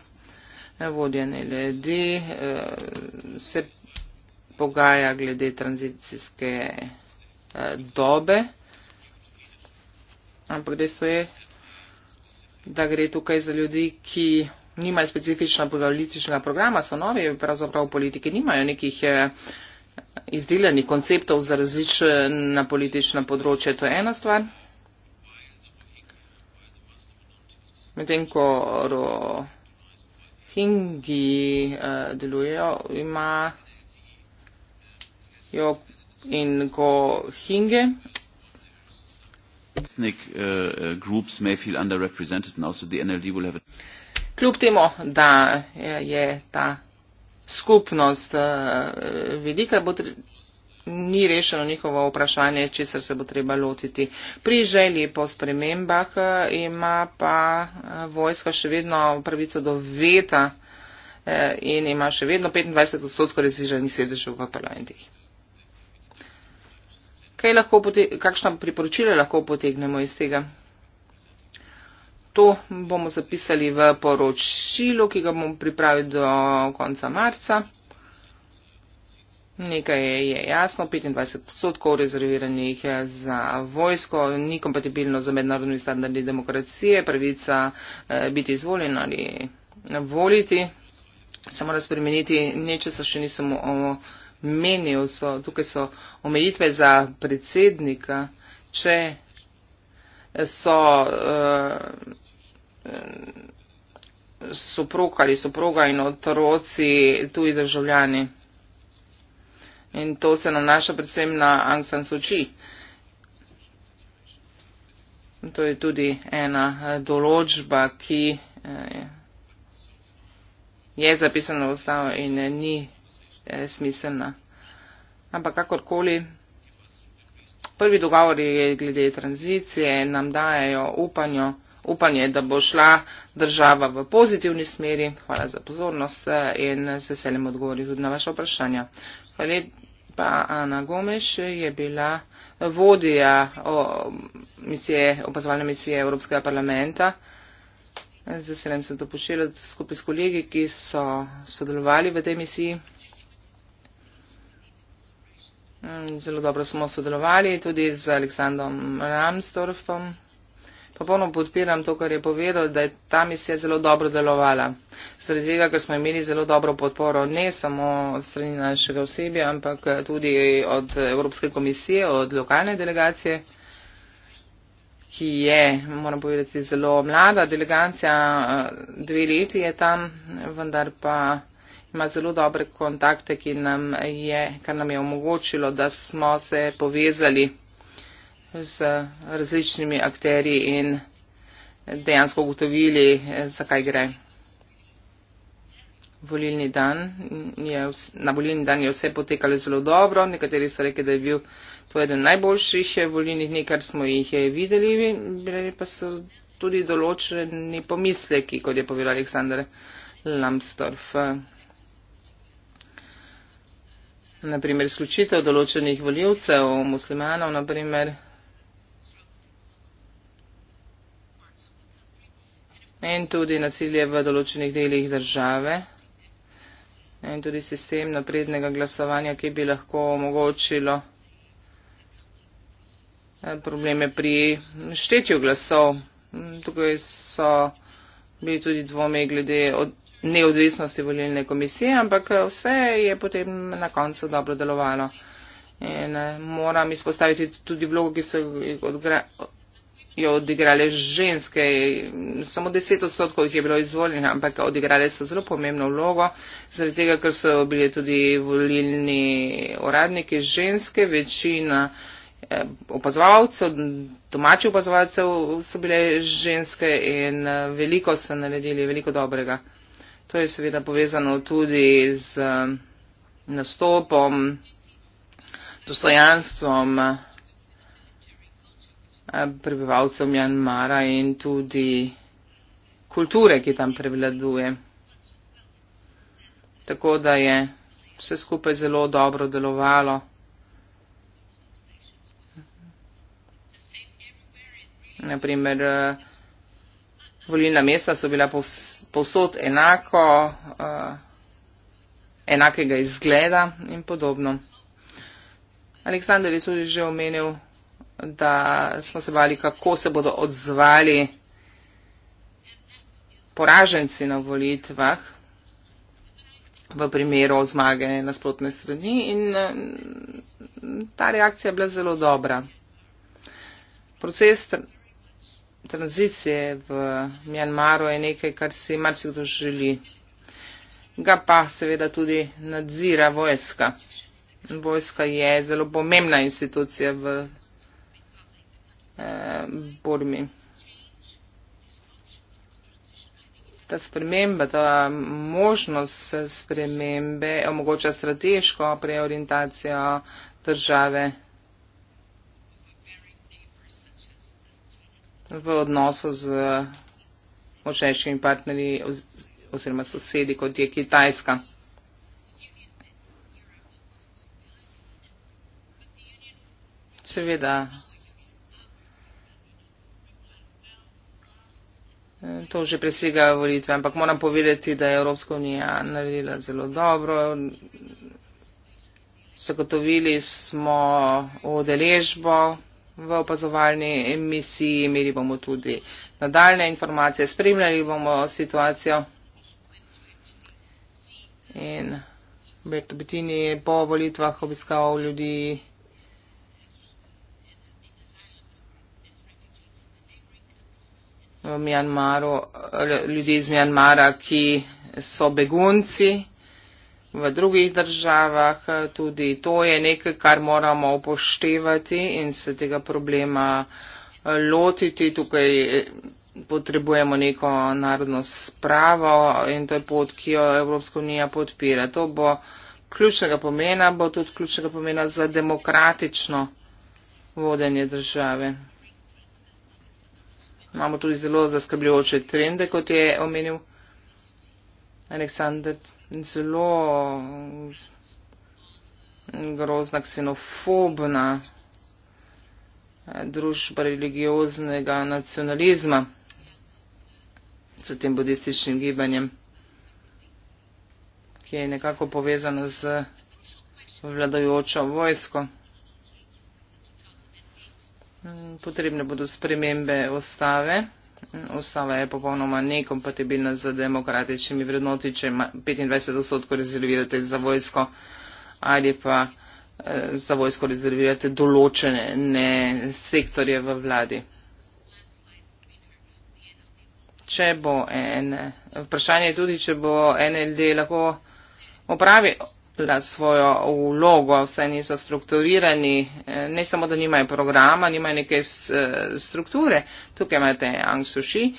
Speaker 1: vodjene ljudi, eh, se pogaja glede tranzicijske eh, dobe, ampak dejstvo je, da gre tukaj za ljudi, ki nimajo specifičnega političnega programa, so novi, pravzaprav politike nimajo nekih eh, izdelanih konceptov za različna politična področja, to je ena stvar. Medtem ko Hingi eh, delujejo, imajo in go
Speaker 2: Hinge. Ethnic, uh, eh, eh, so
Speaker 1: Kljub temu, da je, je ta skupnost uh, velika, bo ni rešeno njihovo vprašanje, česar se bo treba lotiti. Pri želji po spremembah eh, ima pa eh, vojska še vedno pravico do veta eh, in ima še vedno 25 odstotkov reziženih sedežev v parlamentih. Kakšna priporočila lahko potegnemo iz tega? To bomo zapisali v poročilu, ki ga bom pripravil do konca marca. Nekaj je, je jasno, 25 odstotkov rezerviranih je eh, za vojsko, ni kompatibilno za mednarodni standardi demokracije, pravica eh, biti izvoljen ali voliti, samo razpremeniti nečesa, so še nisem omenil, so, tukaj so omejitve za predsednika, če eh, so. Eh, eh, soprog ali soproga in otroci tuji državljani. In to se nanaša predvsem na Aung San Suu Kyi. To je tudi ena eh, določba, ki eh, je zapisana v ustavo in eh, ni smiselna. Ampak kakorkoli, prvi dogovori glede tranzicije nam dajajo upanjo, upanje, da bo šla država v pozitivni smeri. Hvala za pozornost in se veselim odgovoriti tudi na vaše vprašanja. Hvala pa Ana Gomeš je bila vodja misije, opazovalne misije Evropskega parlamenta. Z veseljem sem to počela skupaj s kolegi, ki so sodelovali v tej misiji. Mm, zelo dobro smo sodelovali tudi z Aleksandrom Ramstorfom. Popolno podpiram to, kar je povedal, da je ta misija zelo dobro delovala. Sredi tega, ker smo imeli zelo dobro podporo ne samo strani našega osebja, ampak tudi od Evropske komisije, od lokalne delegacije ki je, moram povedati, zelo mlada delegacija, dve leti je tam, vendar pa ima zelo dobre kontakte, nam je, kar nam je omogočilo, da smo se povezali z različnimi akterji in dejansko ugotovili, zakaj gre. Volilni dan je, na volilni dan je vse potekalo zelo dobro. Nekateri so rekli, da je bil to eden najboljših volilnih dni, kar smo jih eh, videli, bili pa so tudi določeni pomisleki, kot je povedal Aleksandr Lambsdorff. Naprimer, izključitev določenih voljivcev, muslimanov, naprimer, in tudi nasilje v določenih delih države in tudi sistem naprednega glasovanja, ki bi lahko omogočilo eh, probleme pri štetju glasov. Mm, tukaj so bili tudi dvome glede od neodvisnosti volilne komisije, ampak eh, vse je potem na koncu dobro delovalo. In eh, moram izpostaviti tudi vlogo, ki so jih odgrajali jo odigrale ženske. Samo deset odstotkov jih je bilo izvoljenih, ampak odigrale so zelo pomembno vlogo, zaradi tega, ker so bili tudi volilni uradniki ženske, večina eh, opazovalcev, domačih opazovalcev so bile ženske in eh, veliko so naredili, veliko dobrega. To je seveda povezano tudi z eh, nastopom, dostojanstvom, prebivalcev Mjanmara in tudi kulture, ki tam prevladuje. Tako da je vse skupaj zelo dobro delovalo. Naprimer, eh, volilna mesta so bila povsod enako, eh, enakega izgleda in podobno. Aleksandar je tudi že omenil da smo se bali, kako se bodo odzvali poraženci na volitvah v primeru zmage nasprotne strani in mm, ta reakcija je bila zelo dobra. Proces tranzicije v Mjanmaru je nekaj, kar si marsikdo želi. Ga pa seveda tudi nadzira vojska. Vojska je zelo pomembna institucija v Eh, Burmi. Ta sprememba, ta možnost spremembe omogoča strateško preorientacijo države v odnosu z močnejšimi partnerji oziroma sosedi, kot je Kitajska. Seveda, To že presega volitve, ampak moram povedati, da je Evropska unija naredila zelo dobro. Zagotovili smo udeležbo v opazovalni emisiji, imeli bomo tudi nadaljne informacije, spremljali bomo situacijo. In Bertobitini je po volitvah obiskal ljudi. Mjanmaru, eh, ljudi iz Mjanmara, ki so begunci v drugih državah. Tudi to je nekaj, kar moramo upoštevati in se tega problema eh, lotiti. Tukaj eh, potrebujemo neko narodno spravo in to je pot, ki jo Evropska unija podpira. To bo ključnega pomena, bo tudi ključnega pomena za demokratično vodenje države. Imamo tudi zelo zaskrbljujoče trende, kot je omenil Aleksandr. Zelo grozna, ksenofobna eh, družba religioznega nacionalizma s tem budističnim gibanjem, ki je nekako povezano z vladajočo vojsko. Mm, potrebne bodo spremembe ustave. Ustava je popolnoma nekompatibilna z demokratičnimi vrednoti, če 25 odstotkov rezervirate za vojsko ali pa eh, za vojsko rezervirate določene ne sektorje v vladi. Če bo en, vprašanje je tudi, če bo NLD lahko opravil le svojo vlogo, saj niso strukturirani, eh, ne samo, da nimajo programa, nimajo neke eh, strukture. Tukaj imate Aung Suši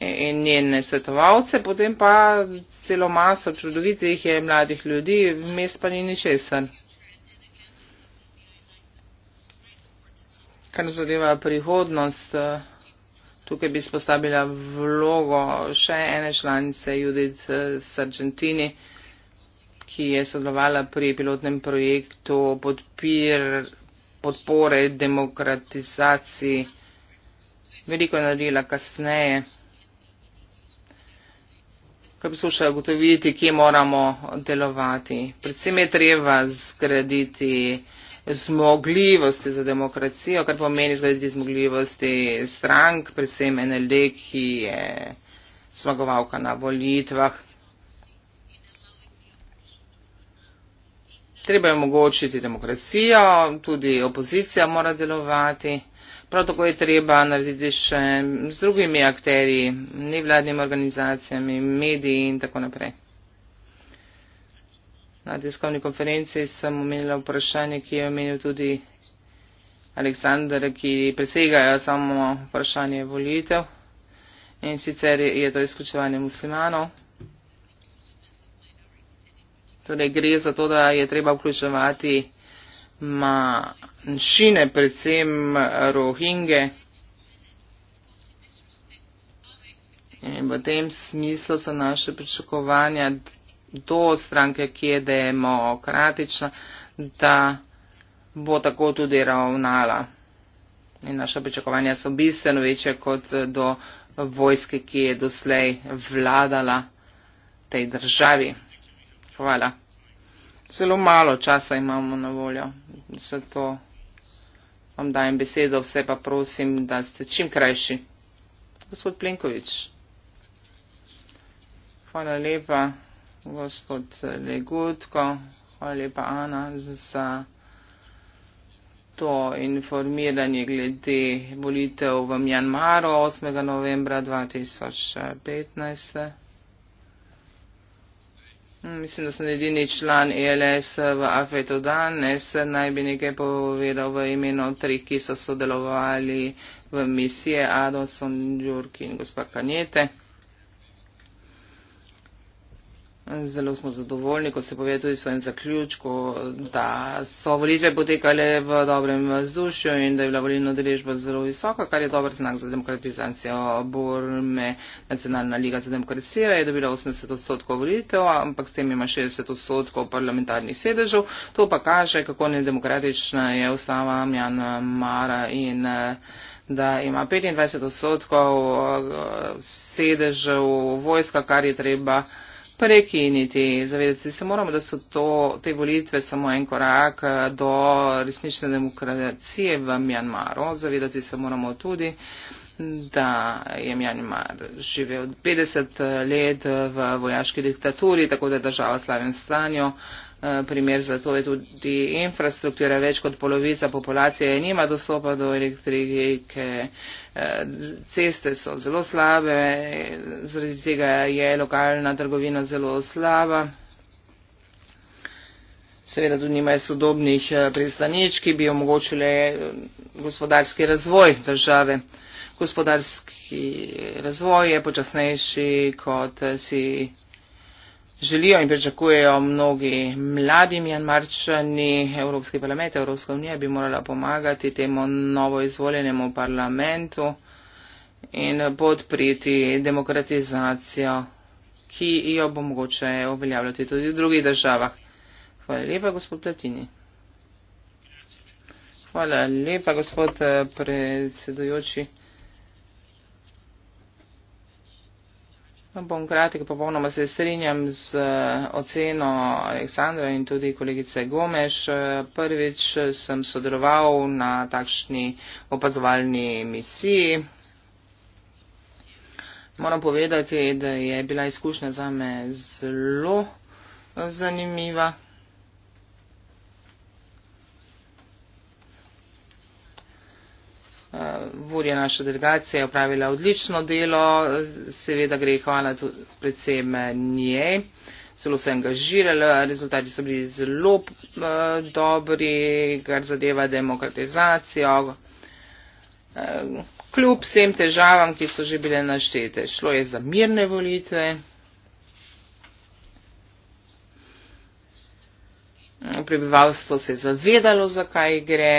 Speaker 1: in njene svetovalce, potem pa celo maso čudovitih je mladih ljudi, vmes pa ni ničesar. Kar zadeva prihodnost, eh, tukaj bi spostavila vlogo še ene članice Judith Sargentini. Uh, ki je sodelovala pri pilotnem projektu podpir, podpore demokratizaciji, veliko je naredila kasneje. Kaj bi slušali ugotoviti, kje moramo delovati? Predvsem je treba zgraditi zmogljivosti za demokracijo, kar pomeni zgraditi zmogljivosti strank, predvsem NLD, ki je smagovalka na volitvah. Treba je omogočiti demokracijo, tudi opozicija mora delovati. Prav tako je treba narediti še z drugimi akteri, nevladnimi organizacijami, mediji in tako naprej. Na tiskovni konferenci sem omenila vprašanje, ki je omenil tudi Aleksandr, ki presegajo samo vprašanje volitev. In sicer je to izključevanje muslimanov. Torej, gre za to, da je treba vključevati manjšine, predvsem rohinge. In v tem smislu so naše pričakovanja do stranke, ki je demokratična, da bo tako tudi ravnala. In naša pričakovanja so bistveno večje kot do vojske, ki je doslej vladala tej državi. Hvala zelo malo časa imamo na voljo. Zato vam dajem besedo, vse pa prosim, da ste čim krajši. Gospod Plinkovič. Hvala lepa, gospod Legutko. Hvala lepa, Ana, za to informiranje glede volitev v Mjanmaru 8. novembra 2015. Hm, mislim, da sem edini član ELS v Afetu danes. Naj bi nekaj povedal v imenu trih, ki so sodelovali v misije Adolfson, Jurki in gospa Kanjete. Zelo smo zadovoljni, ko se pove tudi svojem zaključku, da so volitve potekale v dobrem vzdušju in da je bila volilna deležba zelo visoka, kar je dober znak za demokratizacijo Burme. Nacionalna liga za demokracijo je dobila 80 odstotkov volitev, ampak s tem ima 60 odstotkov parlamentarnih sedežev. To pa kaže, kako nedemokratična je ustava Mjan Mara in da ima 25 odstotkov eh, sedežev vojska, kar je treba prekiniti. Zavedati se moramo, da so to, te volitve samo en korak eh, do resnične demokracije v Mjanmaru. Zavedati se moramo tudi, da je Mjanmar živel 50 eh, let eh, v vojaški diktaturi, tako da je država v slavnem stanju. Uh, Eh, primer za to je tudi infrastruktura. Več kot polovica populacije nima dostopa do elektrike, eh, ceste so zelo slabe, zaradi tega je lokalna trgovina zelo slaba. Seveda tudi nimajo sodobnih eh, pristanič, ki bi omogočile gospodarski razvoj države. Gospodarski razvoj je počasnejši, kot si želijo in pričakujejo mnogi mladi mjanmarčani. Evropski parlament, Evropska unija bi morala pomagati temu novo izvoljenemu parlamentu in podpriti demokratizacijo, ki jo bo mogoče uveljavljati tudi v drugih državah. Hvala lepa, gospod Platini. Hvala lepa, gospod eh, predsedujoči. No, bom kratek, popolnoma se strinjam z eh, oceno Aleksandra in tudi kolegice Gomeš. Eh, prvič eh, sem sodeloval na takšni opazovalni misiji. Moram povedati, da je bila izkušnja za me zelo zanimiva. Eh, vodja naše delegacije je upravila odlično delo, seveda gre hvala tudi predvsem eh, njej, zelo se je angažirala, rezultati so bili zelo eh, dobri, kar zadeva demokratizacijo. Kljub vsem težavam, ki so že bile naštete, šlo je za mirne volitve. Prebivalstvo se je zavedalo, zakaj gre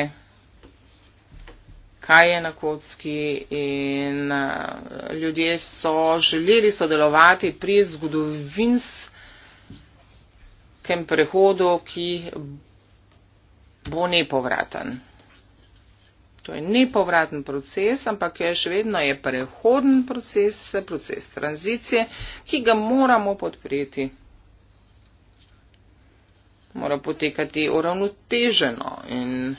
Speaker 1: kaj je na kocki in eh, ljudje so želeli sodelovati pri zgodovinskem prehodu, ki bo nepovraten. To je nepovraten proces, ampak je še vedno je prehoden proces, proces tranzicije, ki ga moramo podpreti. Mora potekati uravnoteženo in.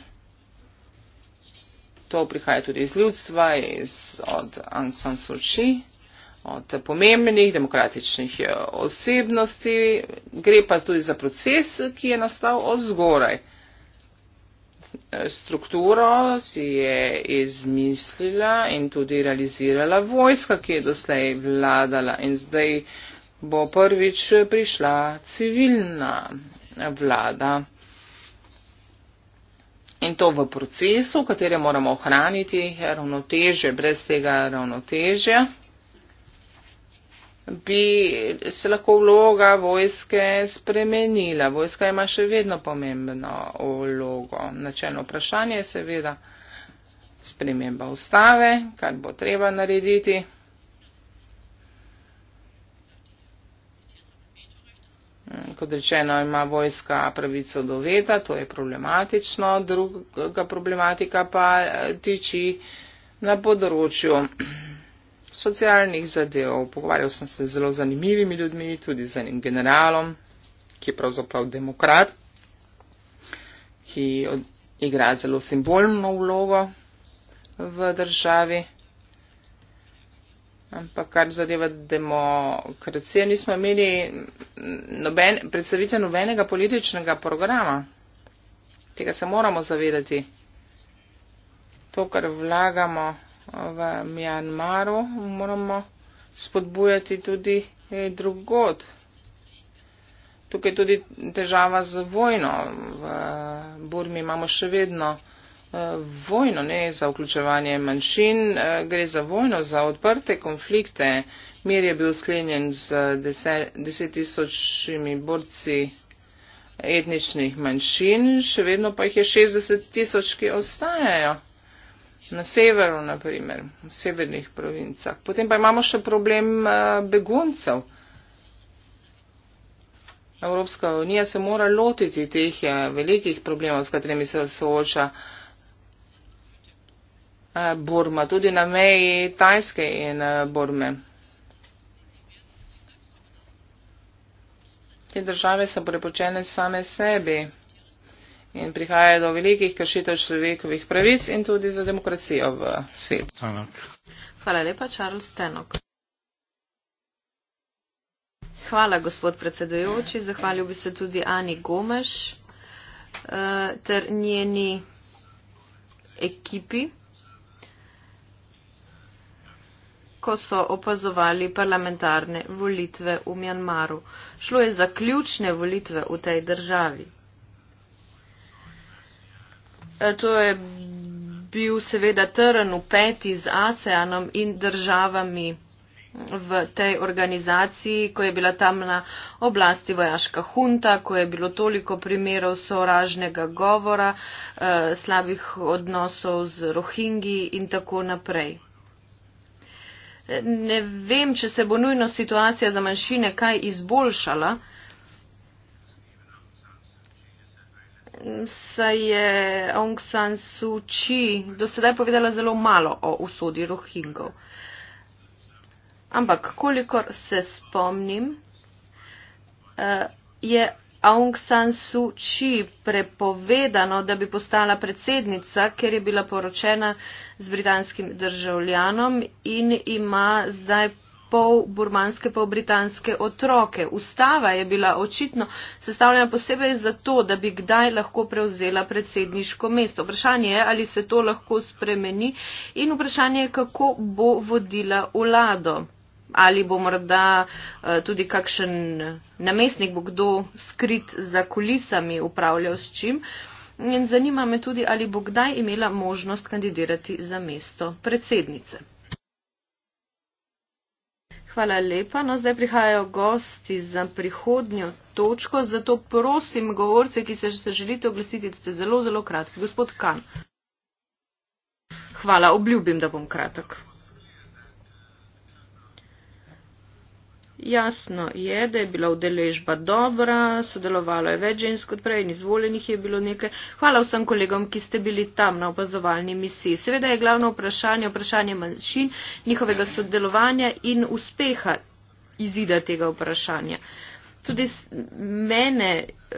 Speaker 1: To prihaja tudi iz ljudstva, iz, od Aung San Suu Kyi, od pomembnih demokratičnih eh, osebnosti. Gre pa tudi za proces, ki je nastal od zgoraj. Strukturo si je izmislila in tudi realizirala vojska, ki je doslej vladala in zdaj bo prvič prišla civilna vlada in to v procesu, v katerem moramo ohraniti ravnoteže, brez tega ravnoteže, bi se lahko vloga vojske spremenila. Vojska ima še vedno pomembno vlogo. Načelno vprašanje je seveda sprememba ustave, kar bo treba narediti. Mm, kot rečeno, ima vojska pravico do veta, to je problematično. Druga problematika pa eh, tiči na področju *clears throat* socialnih zadev. Pogovarjal sem se z zelo zanimivimi ljudmi, tudi z enim generalom, ki je pravzaprav demokrat, ki igra zelo simbolno vlogo v državi. Ampak kar zadeva demokracije, nismo imeli noben, predstavitev nobenega političnega programa. Tega se moramo zavedati. To, kar vlagamo v Mjanmaru, moramo spodbujati tudi eh, drugod. Tukaj je tudi težava z vojno. V Burmi imamo še vedno Eh, vojno, ne za vključevanje manjšin, eh, gre za vojno, za odprte konflikte. Mir je bil sklenjen z deset tisočimi borci etničnih manjšin, še vedno pa jih je 60 tisoč, ki ostajajo na severu, naprimer, v severnih provincah. Potem pa imamo še problem eh, beguncev. Evropska unija se mora lotiti teh velikih problemov, s katerimi se sooča. Eh, Burma, tudi na meji Tajske in eh, Burme. Te države so prepočene same sebi in prihaja do velikih kršitev človekovih pravic in tudi za demokracijo v svetu. Hvala lepa, Charles
Speaker 6: Tenok. Hvala, gospod predsedujoči. Zahvalil bi se tudi Ani Gomeš eh, ter njeni ekipi. ko so opazovali parlamentarne volitve v Mjanmaru. Šlo je za ključne volitve v tej državi. E, to je bil seveda trn v peti z ASEANom in državami v tej organizaciji, ko je bila tam na oblasti vojaška hunta, ko je bilo toliko primerov sovražnega govora, e, slabih odnosov z Rohingi in tako naprej. Ne vem, če se bo nujno situacija za manjšine kaj izboljšala. Saj je Aung San Suu Kyi do sedaj povedala zelo malo o usodi Rohingov. Ampak, kolikor se spomnim, eh, je Aung San Suu Kyi prepovedano, da bi postala predsednica, ker je bila poročena z britanskim državljanom in ima zdaj pol burmanske, pol britanske otroke. Ustava je bila očitno sestavljena posebej zato, da bi kdaj lahko prevzela predsedniško mesto. Vprašanje je, ali se to lahko spremeni in vprašanje je, kako bo vodila vlado ali bo morda eh, tudi kakšen namestnik, bo kdo skrit za kulisami upravljal s čim. In zanima me tudi, ali bo kdaj imela možnost kandidirati za mesto predsednice. Hvala lepa. No, zdaj prihajajo gosti za prihodnjo točko, zato prosim govorce, ki se, se želite oglasiti, da ste zelo, zelo kratki. Gospod Kan. Hvala, obljubim, da bom kratek. Jasno je, da je bila udeležba dobra, sodelovalo je več žensk kot prej in izvoljenih je bilo nekaj. Hvala vsem kolegom, ki ste bili tam na opazovalni misiji. Seveda je glavno vprašanje vprašanje manjšin, njihovega sodelovanja in uspeha izida tega vprašanja. Tudi mene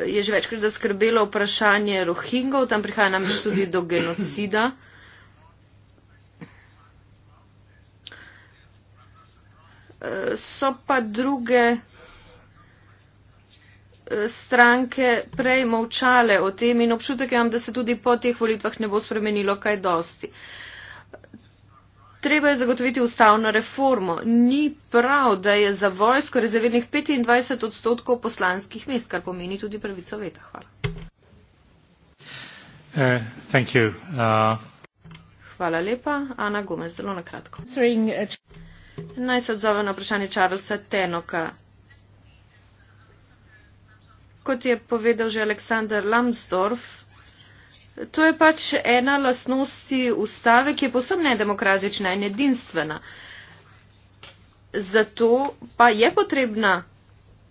Speaker 6: je že večkrat zaskrbelo vprašanje rohingov, tam prihaja namreč tudi do genocida. so pa druge eh, stranke prej molčale o tem in občutek imam, da se tudi po teh volitvah ne bo spremenilo kaj dosti. Treba je zagotoviti ustavno reformo. Ni prav, da je za vojsko rezervirnih 25 odstotkov poslanskih mest, kar pomeni tudi pravico veta. Hvala.
Speaker 3: Uh, uh...
Speaker 6: Hvala lepa. Ana Gomez, zelo na kratko. Naj se odzove na vprašanje Charlesa Tenoka. Kot je povedal že Aleksandar Lambsdorff, to je pač ena lastnosti ustave, ki je posebno nedemokratična in edinstvena. Zato pa je potrebna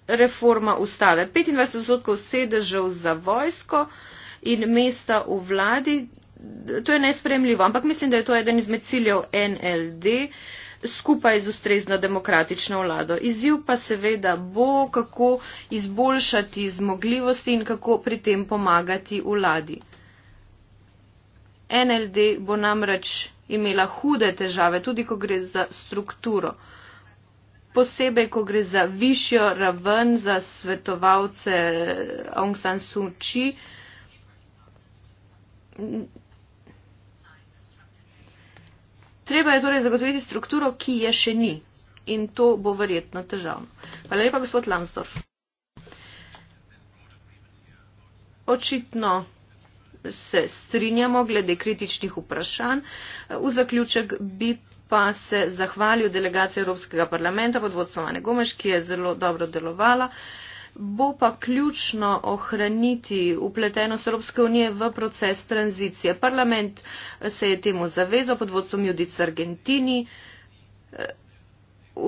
Speaker 6: reforma ustave. 25 odstotkov sedežev za vojsko in mesta v vladi, to je nespremljivo, ampak mislim, da je to eden izmed ciljev NLD. Uh, skupaj z ustrezno demokratično vlado. Izziv pa seveda bo, kako izboljšati zmogljivosti in kako pri tem pomagati vladi. NLD bo namreč imela hude težave, tudi ko gre za strukturo. Posebej, ko gre za višjo raven za svetovalce Aung San Suu Kyi. Treba je torej zagotoviti strukturo, ki je še ni. In to bo verjetno težavno. Hvala lepa, gospod Lansdorf. Očitno se strinjamo glede kritičnih vprašanj. V zaključek bi pa se zahvalil delegacijo Evropskega parlamenta pod vodstvom Ane Gomeš, ki je zelo dobro delovala bo pa ključno ohraniti upletenost Evropske unije v proces tranzicije. Parlament eh, se je temu zavezal pod vodstvom Judic Argentini. Eh,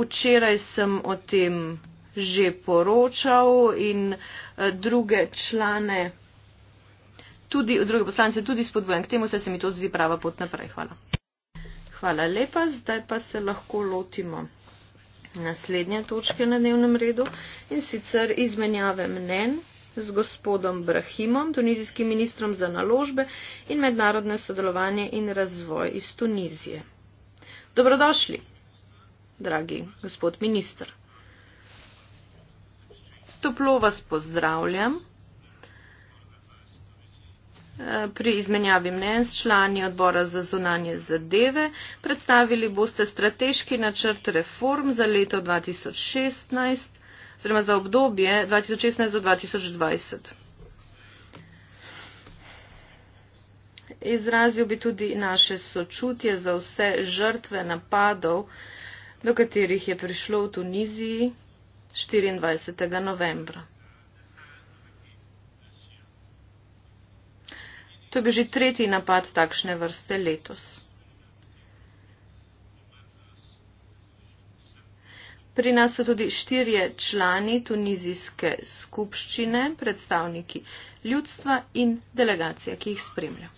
Speaker 6: včeraj sem o tem že poročal in eh, druge člane, tudi druge poslance, tudi spodbujam k temu, saj se mi to zdi prava pot naprej. Hvala. Hvala lepa, zdaj pa se lahko lotimo naslednje točke na dnevnem redu in sicer izmenjave mnen z gospodom Brahimom, tunizijskim ministrom za naložbe in mednarodne sodelovanje in razvoj iz Tunizije. Dobrodošli, dragi gospod minister. Toplo vas pozdravljam. Eh, pri izmenjavi mnen s člani odbora za zunanje zadeve. Predstavili boste strateški načrt reform za leto 2016 oziroma za obdobje 2016 do 2020. Izrazil bi tudi naše sočutje za vse žrtve napadov, do katerih je prišlo v Tuniziji 24. novembra. To je bil že tretji napad takšne vrste letos. Pri nas so tudi štirje člani tunizijske skupščine, predstavniki ljudstva in delegacija, ki jih spremljajo.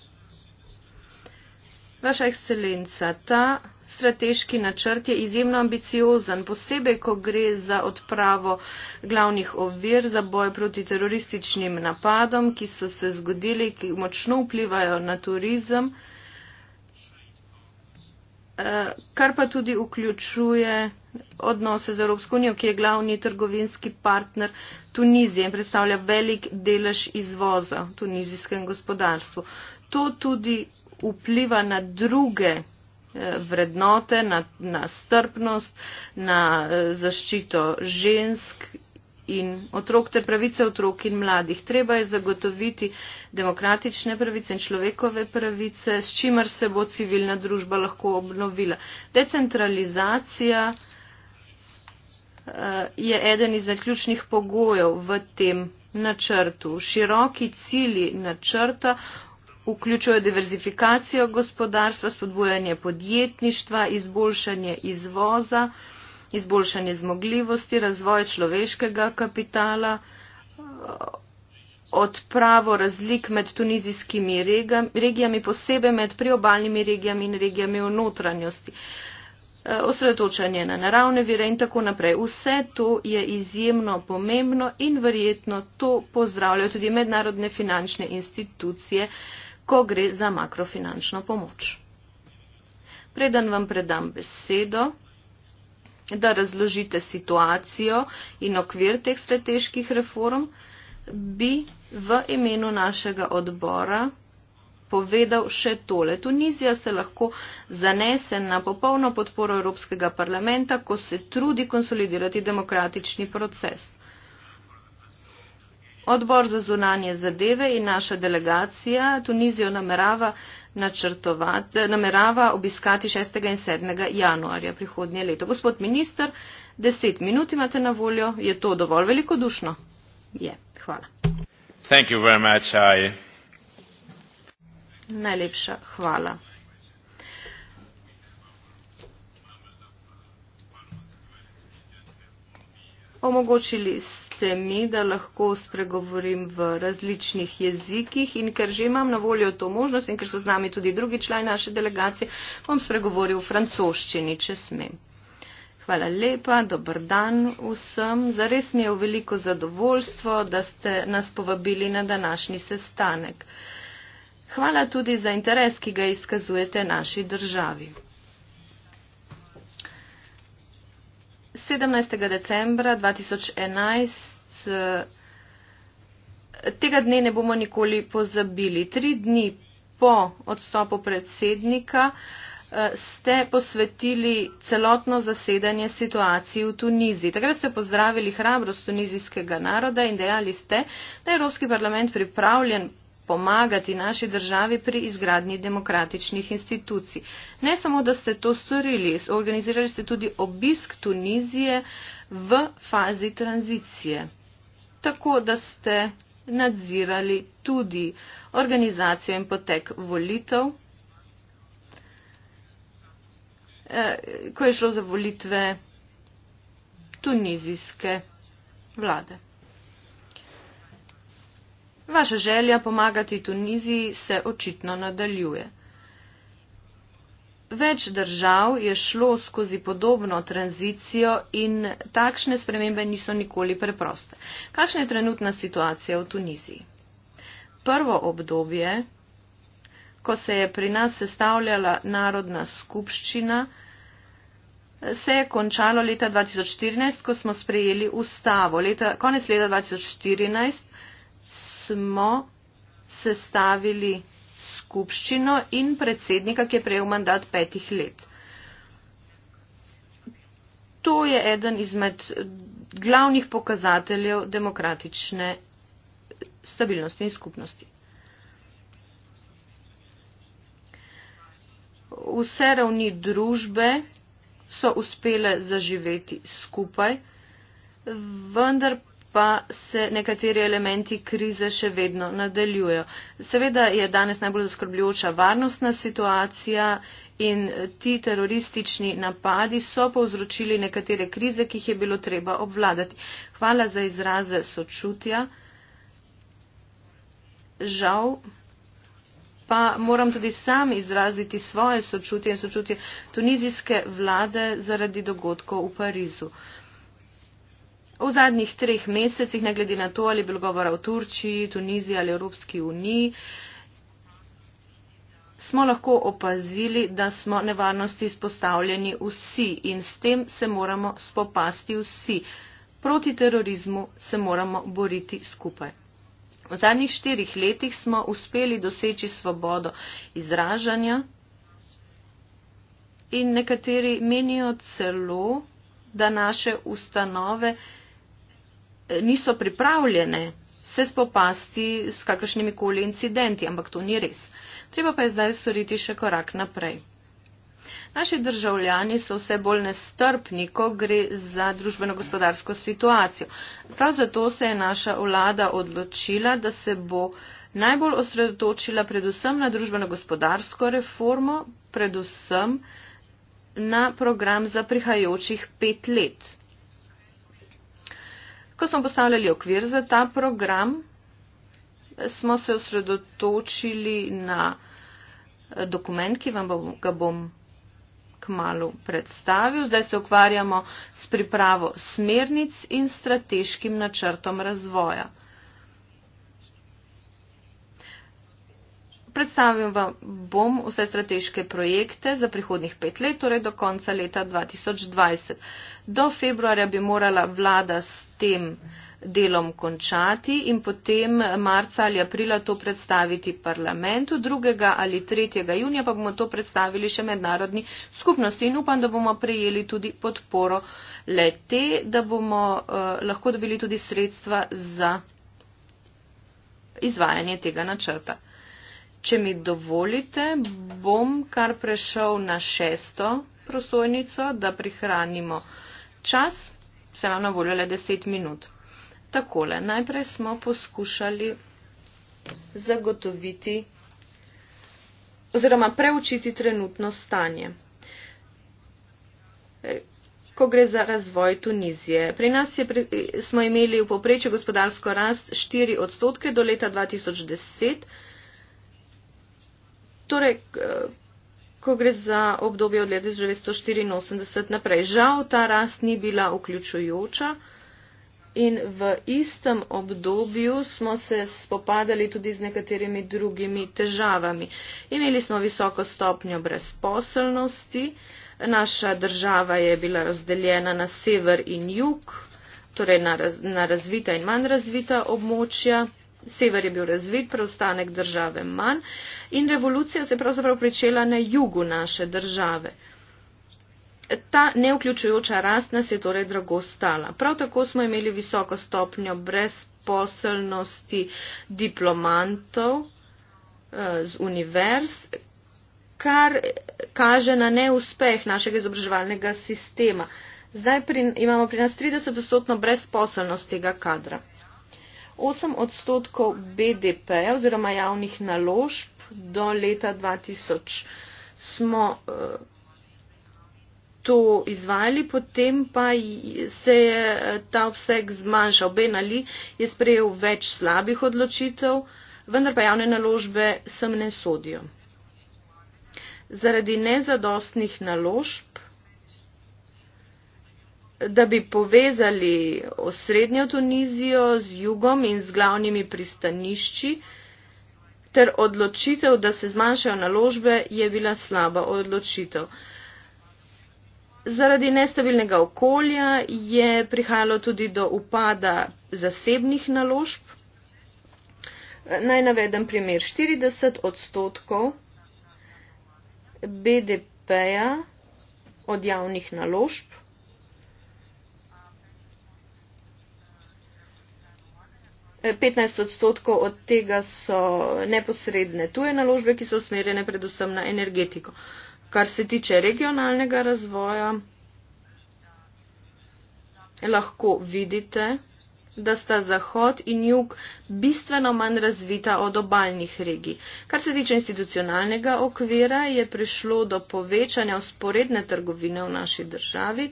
Speaker 6: Vaša ekscelenca, ta strateški načrt je izjemno ambiciozen, posebej, ko gre za odpravo glavnih ovir za boj proti terorističnim napadom, ki so se zgodili, ki močno vplivajo na turizem, eh, kar pa tudi vključuje odnose z Evropsko unijo, ki je glavni trgovinski partner Tunizije in predstavlja velik delež izvoza tunizijskem gospodarstvu. To tudi vpliva na druge eh, vrednote, na, na strpnost, na eh, zaščito žensk in otrok ter pravice otrok in mladih. Treba je zagotoviti demokratične pravice in človekove pravice, s čimer se bo civilna družba lahko obnovila. Decentralizacija eh, je eden izmed ključnih pogojev v tem načrtu. Široki cili načrta vključujejo diverzifikacijo gospodarstva, spodbujanje podjetništva, izboljšanje izvoza, izboljšanje zmogljivosti, razvoj človeškega kapitala, odpravo razlik med tunizijskimi regijami, posebej med priobalnimi regijami in regijami v notranjosti, e, osredotočanje na naravne vire in tako naprej. Vse to je izjemno pomembno in verjetno to pozdravljajo tudi mednarodne finančne institucije ko gre za makrofinančno pomoč. Preden vam predam besedo, da razložite situacijo in okvir teh strateških reform, bi v imenu našega odbora povedal še tole. Tunizija se lahko zanese na popolno podporo Evropskega parlamenta, ko se trudi konsolidirati demokratični proces. Odbor za zunanje zadeve in naša delegacija Tunizijo namerava, namerava obiskati 6. in 7. januarja prihodnje leto. Gospod minister, deset minut imate na voljo. Je to dovolj velikodušno? Je. Hvala.
Speaker 4: Much, I...
Speaker 6: Najlepša hvala. omogočili ste mi, da lahko spregovorim v različnih jezikih in ker že imam na voljo to možnost in ker so z nami tudi drugi člani naše delegacije, bom spregovoril v francoščini, če smem. Hvala lepa, dober dan vsem. Zares mi je v veliko zadovoljstvo, da ste nas povabili na današnji sestanek. Hvala tudi za interes, ki ga izkazujete naši državi. 17. decembra 2011. Eh, tega dne ne bomo nikoli pozabili. Tri dni po odstopu predsednika eh, ste posvetili celotno zasedanje situaciji v Tuniziji. Takrat ste pozdravili hrabrost tunizijskega naroda in dejali ste, da je Evropski parlament pripravljen pomagati naši državi pri izgradnji demokratičnih institucij. Ne samo, da ste to storili, organizirali ste tudi obisk Tunizije v fazi tranzicije. Tako, da ste nadzirali tudi organizacijo in potek volitev. Eh, ko je šlo za volitve tunizijske vlade. Vaša želja pomagati Tuniziji se očitno nadaljuje. Več držav je šlo skozi podobno tranzicijo in takšne spremembe niso nikoli preproste. Kakšna je trenutna situacija v Tuniziji? Prvo obdobje, ko se je pri nas sestavljala narodna skupščina, se je končalo leta 2014, ko smo sprejeli ustavo. Leta, konec leta 2014 smo sestavili skupščino in predsednika, ki je prejel mandat petih let. To je eden izmed glavnih pokazateljev demokratične stabilnosti in skupnosti. Vse ravni družbe so uspele zaživeti skupaj, vendar pa se nekateri elementi krize še vedno nadaljujejo. Seveda je danes najbolj zaskrbljujoča varnostna situacija in ti teroristični napadi so povzročili nekatere krize, ki jih je bilo treba obvladati. Hvala za izraze sočutja. Žal. Pa moram tudi sam izraziti svoje sočutje in sočutje tunizijske vlade zaradi dogodkov v Parizu. V zadnjih treh mesecih, ne glede na to, ali je bilo govora o Turčiji, Tuniziji ali Evropski uniji, smo lahko opazili, da smo nevarnosti izpostavljeni vsi in s tem se moramo spopasti vsi. Proti terorizmu se moramo boriti skupaj. V zadnjih štirih letih smo uspeli doseči svobodo izražanja in nekateri menijo celo, da naše ustanove niso pripravljene se spopasti s kakršnimi koli incidenti, ampak to ni res. Treba pa je zdaj storiti še korak naprej. Naši državljani so vse bolj nestrpni, ko gre za družbeno-gospodarsko situacijo. Prav zato se je naša vlada odločila, da se bo najbolj osredotočila predvsem na družbeno-gospodarsko reformo, predvsem na program za prihajajočih pet let. Ko smo postavljali okvir za ta program, smo se osredotočili na eh, dokument, ki vam ga bom kmalo predstavil. Zdaj se ukvarjamo s pripravo smernic in strateškim načrtom razvoja. predstavil vam bom vse strateške projekte za prihodnih pet let, torej do konca leta 2020. Do februarja bi morala vlada s tem delom končati in potem marca ali aprila to predstaviti parlamentu, 2. ali 3. junija pa bomo to predstavili še mednarodni skupnosti in upam, da bomo prejeli tudi podporo lete, da bomo uh, lahko dobili tudi sredstva za izvajanje tega načrta. Če mi dovolite, bom kar prešel na šesto prosojnico, da prihranimo čas, se vam na voljo le deset minut. Takole, najprej smo poskušali zagotoviti oziroma preučiti trenutno stanje. Ko gre za razvoj Tunizije. Pri nas je, smo imeli v poprečju gospodarsko rast 4 odstotke do leta 2010 torej, ko gre za obdobje od leta 1984 naprej. Žal ta rast ni bila vključujoča in v istem obdobju smo se spopadali tudi z nekaterimi drugimi težavami. Imeli smo visoko stopnjo brezposelnosti, naša država je bila razdeljena na sever in jug, torej na, raz, na razvita in manj razvita območja. Sever je bil razvit, preostanek države manj in revolucija se je pravzaprav pričela na jugu naše države. Ta neuključujoča rast nas je torej drago stala. Prav tako smo imeli visoko stopnjo brezposelnosti diplomantov eh, z univerz, kar kaže na neuspeh našega izobraževalnega sistema. Zdaj pri, imamo pri nas 30-odstotno brezposelnost tega kadra osem odstotkov BDP oziroma javnih naložb do leta 2000 smo eh, to izvajali, potem pa se je eh, ta obseg zmanjšal. Ben Ali je sprejel več slabih odločitev, vendar pa javne naložbe sem ne sodijo. Zaradi nezadostnih naložb da bi povezali osrednjo Tunizijo z jugom in z glavnimi pristanišči, ter odločitev, da se zmanjšajo naložbe, je bila slaba odločitev. Zaradi nestabilnega okolja je prihajalo tudi do upada zasebnih naložb. Naj navedem primer. 40 odstotkov BDP-ja od javnih naložb 15 odstotkov od tega so neposredne tuje naložbe, ki so usmerjene predvsem na energetiko. Kar se tiče regionalnega razvoja, lahko vidite, da sta zahod in jug bistveno manj razvita od obaljnih regij. Kar se tiče institucionalnega okvira, je prišlo do povečanja usporedne trgovine v naši državi.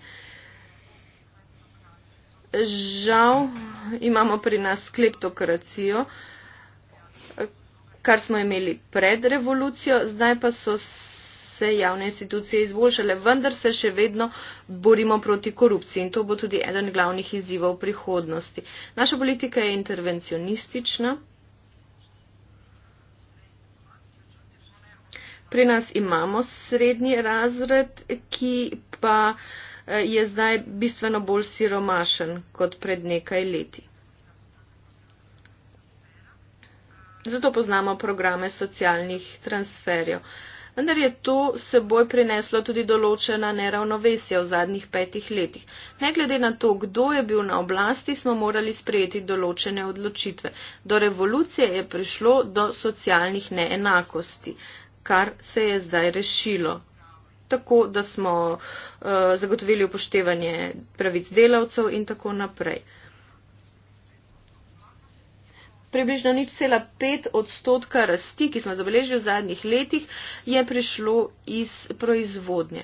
Speaker 6: Žal imamo pri nas kleptokracijo, kar smo imeli pred revolucijo, zdaj pa so se javne institucije izboljšale, vendar se še vedno borimo proti korupciji in to bo tudi eden glavnih izzivov prihodnosti. Naša politika je intervencionistična. Pri nas imamo srednji razred, ki pa. Eh, je zdaj bistveno bolj siromašen kot pred nekaj leti. Zato poznamo programe socialnih transferjev. Vendar je to seboj prineslo tudi določena neravnovesja v zadnjih petih letih. Ne glede na to, kdo je bil na oblasti, smo morali sprejeti določene odločitve. Do revolucije je prišlo do socialnih neenakosti, kar se je zdaj rešilo tako, da smo eh, zagotovili upoštevanje pravic delavcev in tako naprej. Približno nič cela pet odstotka rasti, ki smo zabeležili v zadnjih letih, je prišlo iz proizvodnje.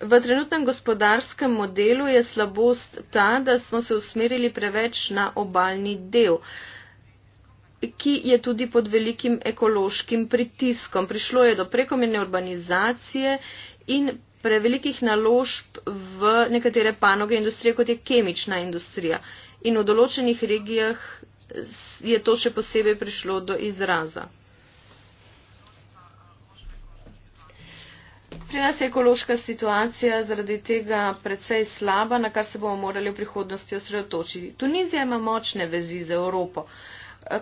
Speaker 6: V trenutnem gospodarskem modelu je slabost ta, da smo se usmerili preveč na obaljni del. Uh, ki je tudi pod velikim ekološkim pritiskom. Prišlo je do prekomerne urbanizacije in prevelikih naložb v nekatere panoge industrije, kot je kemična industrija. In v določenih regijah je to še posebej prišlo do izraza. Pri nas je ekološka situacija zaradi tega precej slaba, na kar se bomo morali v prihodnosti osredotočiti. Tunizija ima močne vezi z Evropo. Uh,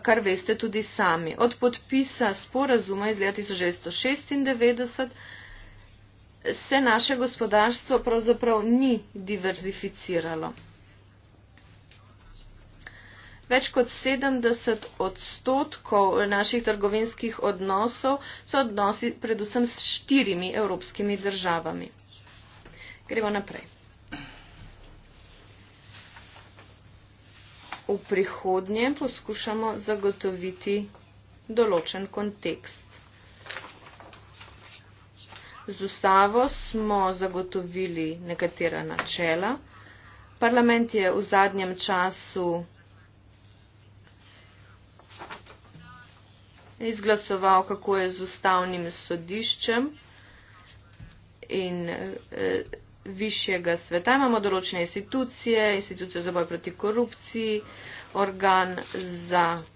Speaker 6: kar veste tudi sami. Od podpisa sporazuma iz leta 1996 se naše gospodarstvo pravzaprav ni diverzificiralo. Več kot 70 odstotkov naših trgovinskih odnosov so odnosi predvsem s štirimi evropskimi državami. Gremo naprej. v prihodnje poskušamo zagotoviti določen kontekst. Z ustavo smo zagotovili nekatera načela. Parlament je v zadnjem času izglasoval, kako je z ustavnim sodiščem in. Eh, višjega sveta. Imamo določene institucije, institucijo za boj proti korupciji, organ za uh,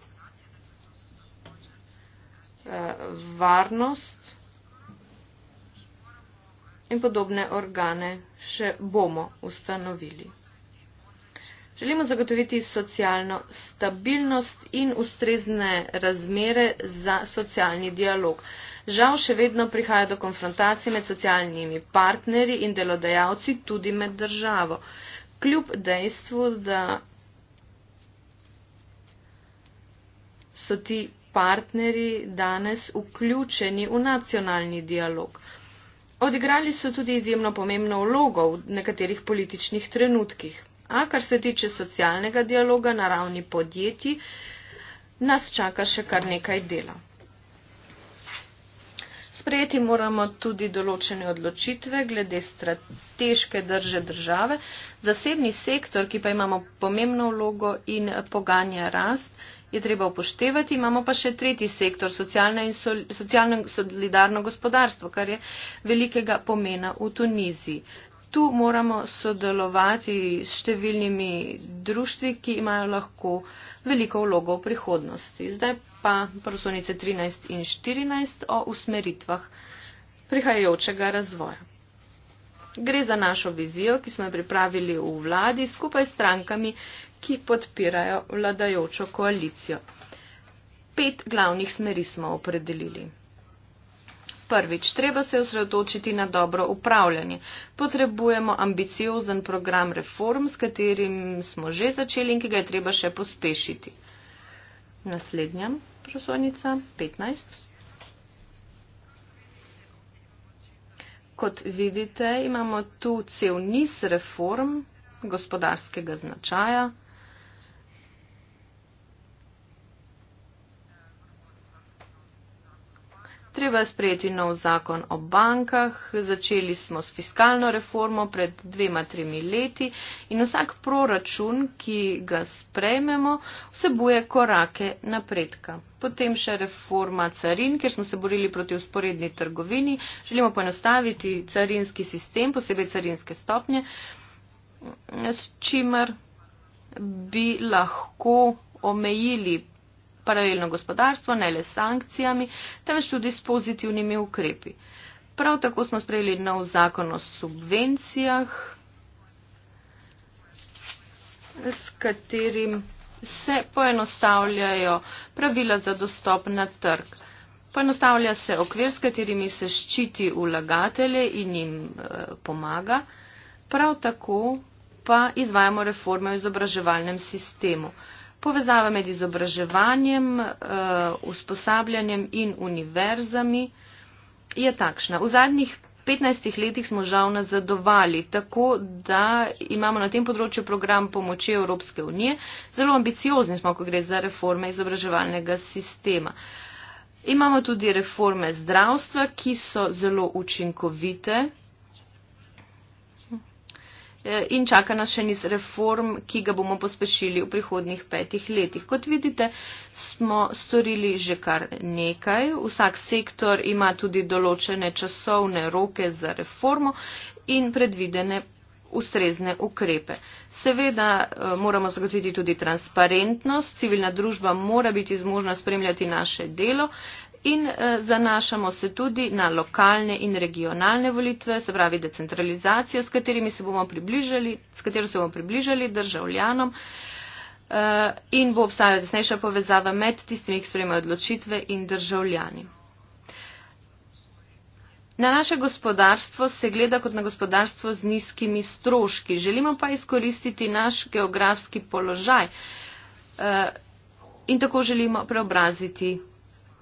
Speaker 6: varnost in podobne organe še bomo ustanovili. Želimo zagotoviti socialno stabilnost in ustrezne razmere za socialni dialog. Uh, Žal še vedno prihaja do konfrontacij med socialnimi partnerji in delodajalci, tudi med državo. Kljub dejstvu, da so ti partnerji danes vključeni v nacionalni dialog. Odigrali so tudi izjemno pomembno vlogo v nekaterih političnih trenutkih. A kar se tiče socialnega dialoga na ravni podjetij, nas čaka še kar nekaj dela. Sprejeti moramo tudi določene odločitve glede strateške drže države, zasebni sektor, ki pa imamo pomembno vlogo in poganja rast. Je treba upoštevati, imamo pa še tretji sektor, socialno in sol, socialno solidarno gospodarstvo, kar je velikega pomena v Tuniziji. Tu moramo sodelovati s številnimi društvi, ki imajo lahko veliko vlogo v prihodnosti. Zdaj pa prosonice 13 in 14 o usmeritvah prihajajočega razvoja. Gre za našo vizijo, ki smo jo pripravili v vladi skupaj s strankami, ki podpirajo vladajočo koalicijo. Pet glavnih smeri smo opredelili. Prvič, treba se osredotočiti na dobro upravljanje. Potrebujemo ambiciozen program reform, s katerim smo že začeli in ki ga je treba še pospešiti. Naslednja prosojnica, 15. Kot vidite, imamo tu cel niz reform gospodarskega značaja. treba je sprejeti nov zakon o bankah, začeli smo s fiskalno reformo pred dvema, tremi leti in vsak proračun, ki ga sprejmemo, vsebuje korake napredka. Potem še reforma carin, kjer smo se borili proti usporedni trgovini, želimo poenostaviti carinski sistem, posebej carinske stopnje, s čimer bi lahko omejili paralelno gospodarstvo, ne le s sankcijami, temveč tudi s pozitivnimi ukrepi. Prav tako smo sprejeli nov zakon o subvencijah, s katerim se poenostavljajo pravila za dostop na trg. Poenostavlja se okvir, s katerimi se ščiti vlagatelje in jim e, pomaga. Prav tako pa izvajamo reforme v izobraževalnem sistemu povezava med izobraževanjem, eh, usposabljanjem in univerzami je takšna. V zadnjih 15 letih smo žal nazadovali, tako da imamo na tem področju program pomoči Evropske unije. Zelo ambiciozni smo, ko gre za reforme izobraževalnega sistema. Imamo tudi reforme zdravstva, ki so zelo učinkovite, Eh, in čaka nas še niz reform, ki ga bomo pospešili v prihodnih petih letih. Kot vidite, smo storili že kar nekaj. Vsak sektor ima tudi določene časovne roke za reformo in predvidene ustrezne ukrepe. Seveda eh, moramo zagotoviti tudi transparentnost, civilna družba mora biti zmožna spremljati naše delo, in eh, zanašamo se tudi na lokalne in regionalne volitve, se pravi decentralizacijo, s, se s katero se bomo približali državljanom eh, in bo obstajala tesnejša povezava med tistimi, ki sprejemajo odločitve in državljani. Na naše gospodarstvo se gleda kot na gospodarstvo z nizkimi stroški. Želimo pa izkoristiti naš geografski položaj eh, in tako želimo preobraziti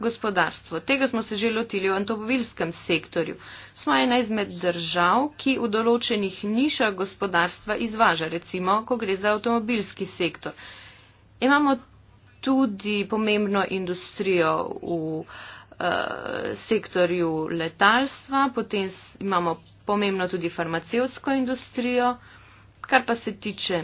Speaker 6: gospodarstvo. Tega smo se že lotili v antovovilskem sektorju. Smo ena izmed držav, ki v določenih nišah gospodarstva izvaža, recimo, ko gre za avtomobilski sektor. Imamo tudi pomembno industrijo v eh, sektorju letalstva, potem imamo pomembno tudi farmacevsko industrijo, kar pa se tiče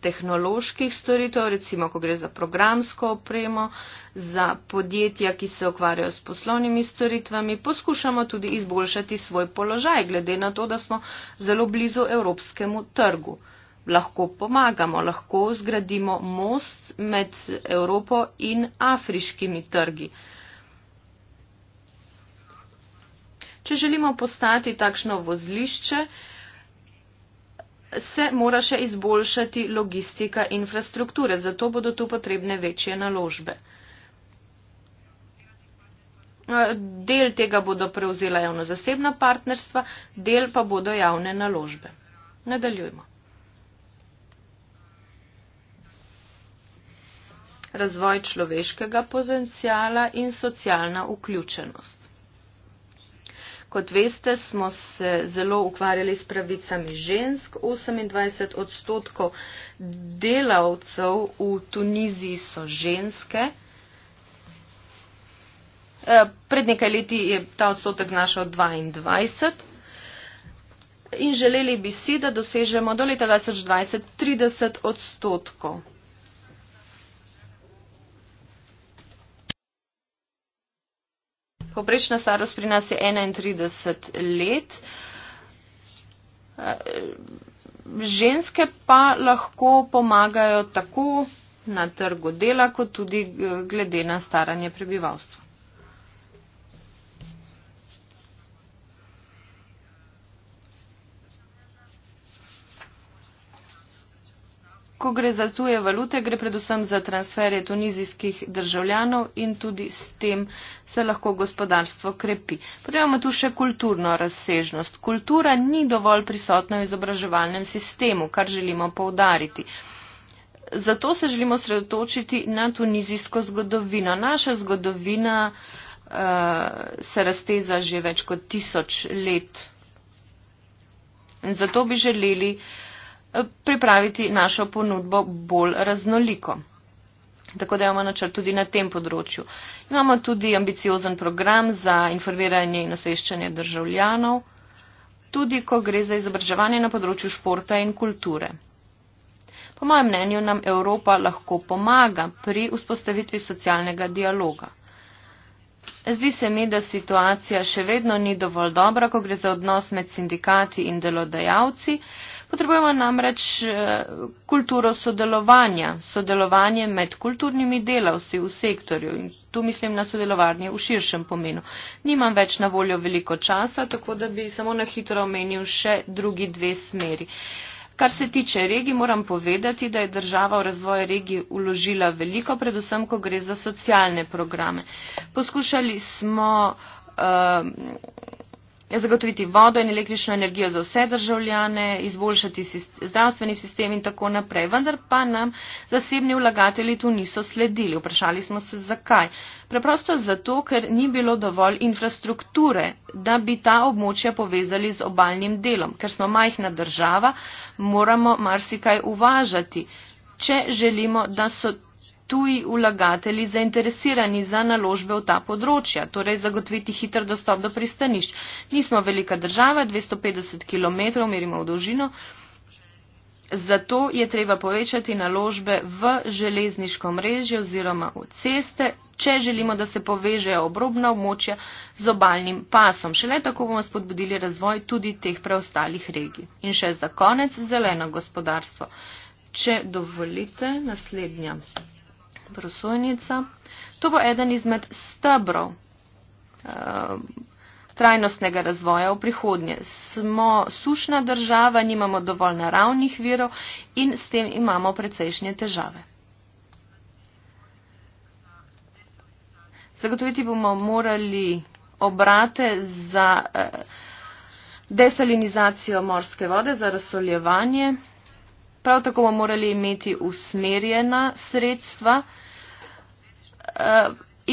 Speaker 6: tehnoloških storitev, recimo ko gre za programsko opremo, za podjetja, ki se ukvarjajo s poslovnimi storitvami, poskušamo tudi izboljšati svoj položaj, glede na to, da smo zelo blizu evropskemu trgu. Lahko pomagamo, lahko zgradimo most med Evropo in afriškimi trgi. Če želimo postati takšno vozlišče, se mora še izboljšati logistika infrastrukture, zato bodo tu potrebne večje naložbe. E, del tega bodo prevzela javno-zasebna partnerstva, del pa bodo javne naložbe. Nadaljujmo. Razvoj človeškega potencijala in socialna vključenost. Kot veste, smo se zelo ukvarjali s pravicami žensk. 28 odstotkov delavcev v Tuniziji so ženske. Eh, pred nekaj leti je ta odstotek znašal 22 in želeli bi si, da dosežemo do leta 2020 30 odstotkov Poprečna starost pri nas je 31 let. Ženske pa lahko pomagajo tako na trgu dela, kot tudi eh, glede na staranje prebivalstva. Ko gre za tuje valute, gre predvsem za transferje tunizijskih državljanov in tudi s tem se lahko gospodarstvo krepi. Potem imamo tu še kulturno razsežnost. Kultura ni dovolj prisotna v izobraževalnem sistemu, kar želimo poudariti. Zato se želimo sredotočiti na tunizijsko zgodovino. Naša zgodovina uh, se razteza že več kot tisoč let. In zato bi želeli. Uh, pripraviti našo ponudbo bolj raznoliko. Tako da imamo načrt tudi na tem področju. Imamo tudi ambiciozen program za informiranje in osveščanje državljanov, tudi ko gre za izobraževanje na področju športa in kulture. Po mojem mnenju nam Evropa lahko pomaga pri vzpostavitvi socialnega dialoga. Zdi se mi, da situacija še vedno ni dovolj dobra, ko gre za odnos med sindikati in delodajalci, Potrebujemo namreč eh, kulturo sodelovanja, sodelovanje med kulturnimi delavci v sektorju in tu mislim na sodelovanje v širšem pomenu. Nimam več na voljo veliko časa, tako da bi samo na hitro omenil še drugi dve smeri. Kar se tiče regij, moram povedati, da je država v razvoj regij uložila veliko, predvsem, ko gre za socialne programe. Poskušali smo. Uh, zagotoviti vodo in električno energijo za vse državljane, izboljšati sist zdravstveni sistem in tako naprej. Vendar pa nam zasebni vlagatelji tu niso sledili. Vprašali smo se zakaj. Preprosto zato, ker ni bilo dovolj infrastrukture, da bi ta območja povezali z obaljnim delom. Ker smo majhna država, moramo marsikaj uvažati. Če želimo, da so tuji ulagatelji zainteresirani za naložbe v ta področja, torej zagotoviti hiter dostop do pristanišč. Nismo velika država, 250 km merimo v dolžino, zato je treba povečati naložbe v železniško mrežje oziroma v ceste, če želimo, da se povežejo obrobna območja z obaljnim pasom. Šele tako bomo spodbudili razvoj tudi teh preostalih regij. In še za konec zeleno gospodarstvo. Če dovolite, naslednja prosojnica. To bo eden izmed stebrov eh, trajnostnega razvoja v prihodnje. Smo sušna država, nimamo dovolj naravnih virov in s tem imamo precejšnje težave. Zagotoviti bomo morali obrate za eh, desalinizacijo morske vode, za razsoljevanje. Prav tako bomo morali imeti usmerjena sredstva eh,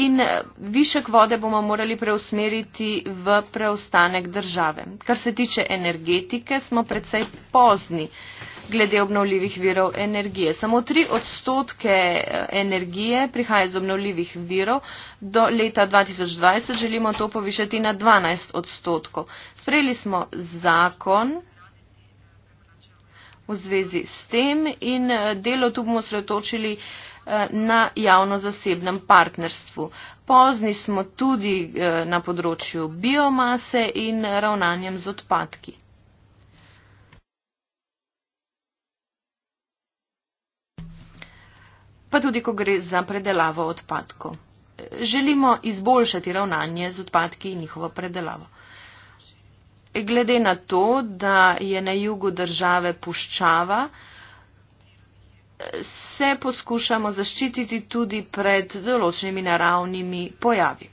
Speaker 6: in višek vode bomo morali preusmeriti v preostanek države. Kar se tiče energetike, smo predvsej pozni glede obnovljivih virov energije. Samo tri odstotke eh, energije prihaja iz obnovljivih virov. Do leta 2020 želimo to povišati na 12 odstotkov. Sprejeli smo zakon v zvezi s tem in eh, delo tu bomo sretočili eh, na javno-zasebnem partnerstvu. Pozni smo tudi eh, na področju biomase in ravnanjem z odpadki. Pa tudi, ko gre za predelavo odpadkov. Želimo izboljšati ravnanje z odpadki in njihovo predelavo glede na to, da je na jugu države puščava, se poskušamo zaščititi tudi pred določenimi naravnimi pojavi.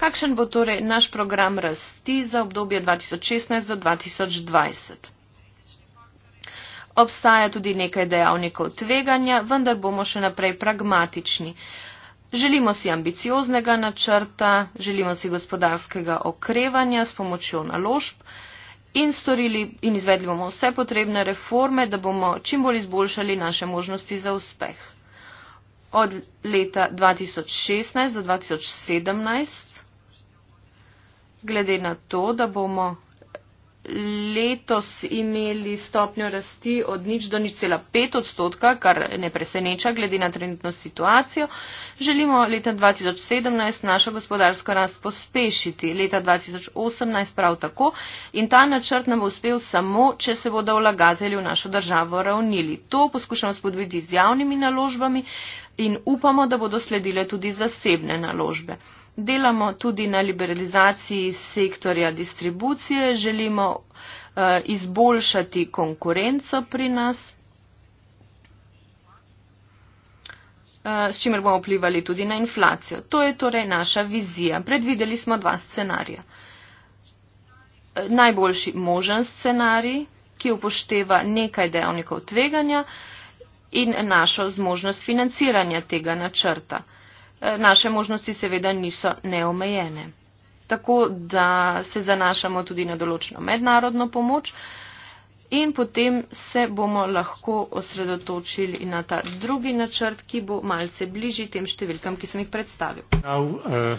Speaker 6: Kakšen bo torej naš program rasti za obdobje 2016 do 2020? Obstaja tudi nekaj dejavnikov tveganja, vendar bomo še naprej pragmatični. Želimo si ambicioznega načrta, želimo si gospodarskega okrevanja s pomočjo naložb in, storili, in izvedli bomo vse potrebne reforme, da bomo čim bolj izboljšali naše možnosti za uspeh. Od leta 2016 do 2017, glede na to, da bomo letos imeli stopnjo rasti od nič do nič cela pet odstotka, kar ne preseneča glede na trenutno situacijo. Želimo leta 2017 našo gospodarsko rast pospešiti, leta 2018 prav tako in ta načrt nam bo uspel samo, če se bodo vlagatelji v našo državo ravnili. To poskušamo spodbiti z javnimi naložbami in upamo, da bodo sledile tudi zasebne naložbe. Delamo tudi na liberalizaciji sektorja distribucije, želimo uh, izboljšati konkurenco pri nas, uh, s čimer bomo vplivali tudi na inflacijo. To je torej naša vizija. Predvideli smo dva scenarija. Eh, najboljši možen scenarij, ki upošteva nekaj dejavnikov tveganja in našo zmožnost financiranja tega načrta. Eh, naše možnosti seveda niso neomejene. Tako da se zanašamo tudi na določeno mednarodno pomoč in potem se bomo lahko osredotočili na ta drugi načrt, ki bo malce bližji tem številkam, ki sem jih predstavil.
Speaker 3: Now, uh,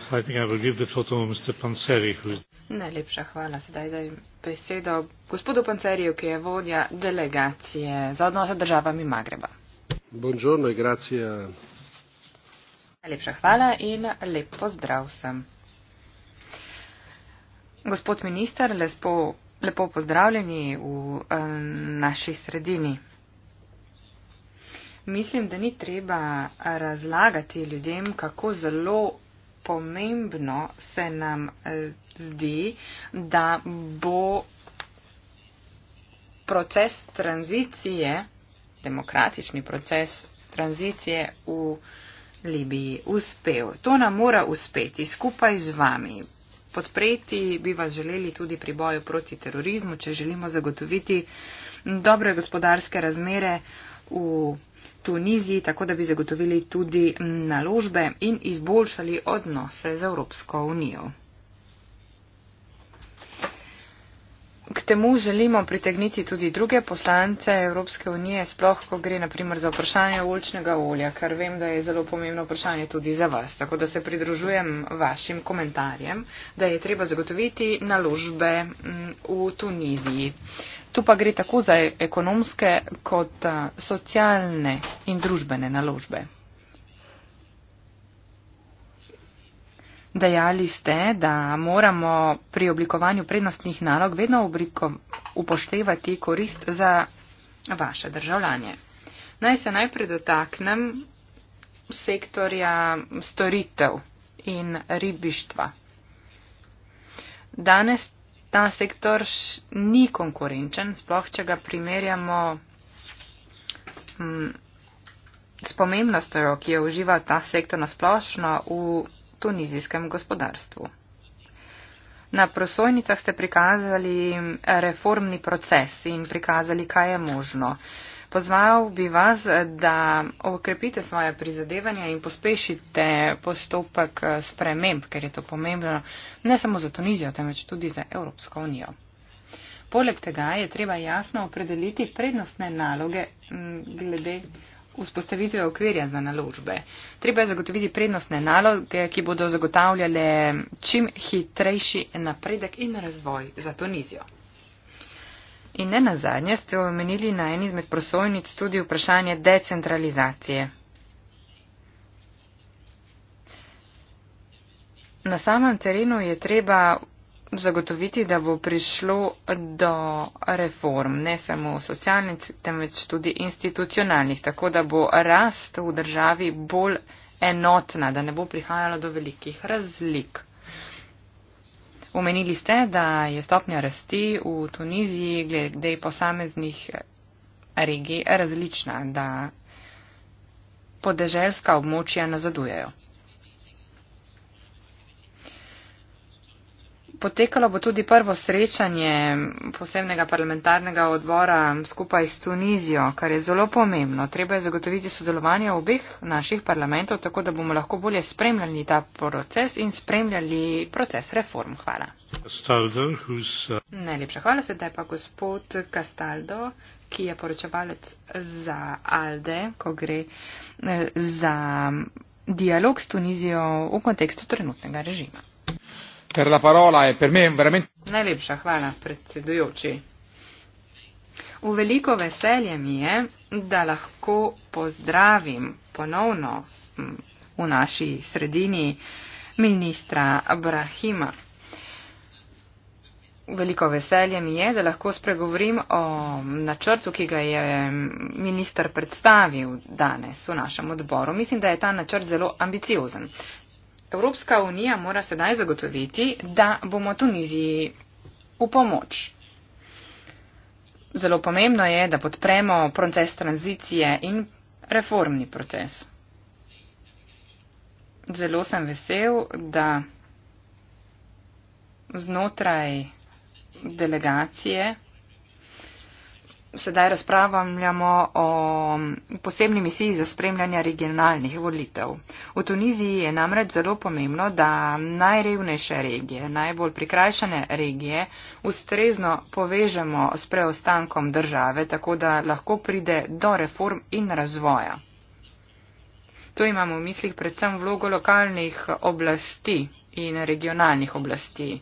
Speaker 7: Najlepša hvala sedaj za besedo gospodu Panceriju, ki je vodja delegacije za odnose državami Magreba.
Speaker 2: Buongiorno, e grazie Najlepša hvala
Speaker 7: in lep pozdrav vsem. Gospod minister, lepo, lepo pozdravljeni v eh, naši sredini. Mislim, da ni treba razlagati ljudem, kako zelo pomembno se nam eh, zdi, da bo proces tranzicije, demokratični proces tranzicije v Libiji uspel. To nam mora uspeti skupaj z vami. Podpreti bi vas želeli tudi pri boju proti terorizmu, če želimo zagotoviti dobre gospodarske razmere v Tuniziji, tako da bi zagotovili tudi naložbe in izboljšali odnose z Evropsko unijo. K temu želimo pritegniti tudi druge poslance Evropske unije, sploh ko gre naprimer za vprašanje ulčnega olja, kar vem, da je zelo pomembno vprašanje tudi za vas. Tako da se pridružujem vašim komentarjem, da je treba zagotoviti naložbe v Tuniziji. Tu pa gre tako za ekonomske kot socialne in družbene naložbe. Dejali ste, da moramo pri oblikovanju prednostnih nalog vedno obliko, upoštevati korist za vaše državljanje. Naj se najprej dotaknem sektorja storitev in ribištva. Danes ta sektor ni konkurenčen, sploh če ga primerjamo mm, s pomembnostjo, ki jo uživa ta sektor na splošno v tunizijskem gospodarstvu. Na prosojnicah ste prikazali reformni proces in prikazali, kaj je možno. Pozval bi vas, da okrepite svoje prizadevanja in pospešite postopek sprememb, ker je to pomembno ne samo za Tunizijo, temveč tudi za Evropsko unijo. Poleg tega je treba jasno opredeliti prednostne naloge glede vzpostavitve okvirja za naložbe. Treba je zagotoviti prednostne naloge, ki bodo zagotavljale čim hitrejši napredek in razvoj za Tunizijo. In ne nazadnje ste omenili na en izmed prosojnic tudi vprašanje decentralizacije. Na samem terenu je treba zagotoviti, da bo prišlo do reform, ne samo socialnih, temveč tudi institucionalnih, tako da bo rast v državi bolj enotna, da ne bo prihajalo do velikih razlik. Omenili ste, da je stopnja rasti v Tuniziji glede posameznih regij različna, da podeželska območja nazadujejo. Potekalo bo tudi prvo srečanje posebnega parlamentarnega odbora skupaj s Tunizijo, kar je zelo pomembno. Treba je zagotoviti sodelovanje obeh naših parlamentov, tako da bomo lahko bolje spremljali ta proces in spremljali proces reform. Hvala.
Speaker 3: Kastaldo, uh...
Speaker 7: Najlepša hvala sedaj pa gospod Castaldo, ki je poročevalec za Alde, ko gre eh, za dialog s Tunizijo v kontekstu trenutnega režima
Speaker 3: per la parola e per me è veramente.
Speaker 7: Najlepša hvala, predsedujoči. V veliko veselje mi je, da lahko pozdravim ponovno v naši sredini ministra Brahima. Veliko veselje mi je, da lahko spregovorim o načrtu, ki ga je minister predstavil danes v našem odboru. Mislim, da je ta načrt zelo ambiciozen. Evropska unija mora sedaj zagotoviti, da bomo Tuniziji v pomoč. Zelo pomembno je, da podpremo proces tranzicije in reformni proces. Zelo sem vesel, da znotraj delegacije sedaj razpravljamo o posebni misiji za spremljanje regionalnih volitev. V Tuniziji je namreč zelo pomembno, da najrevnejše regije, najbolj prikrajšane regije, ustrezno povežemo s preostankom države, tako da lahko pride do reform in razvoja. To imamo v mislih predvsem vlogo lokalnih oblasti in regionalnih oblasti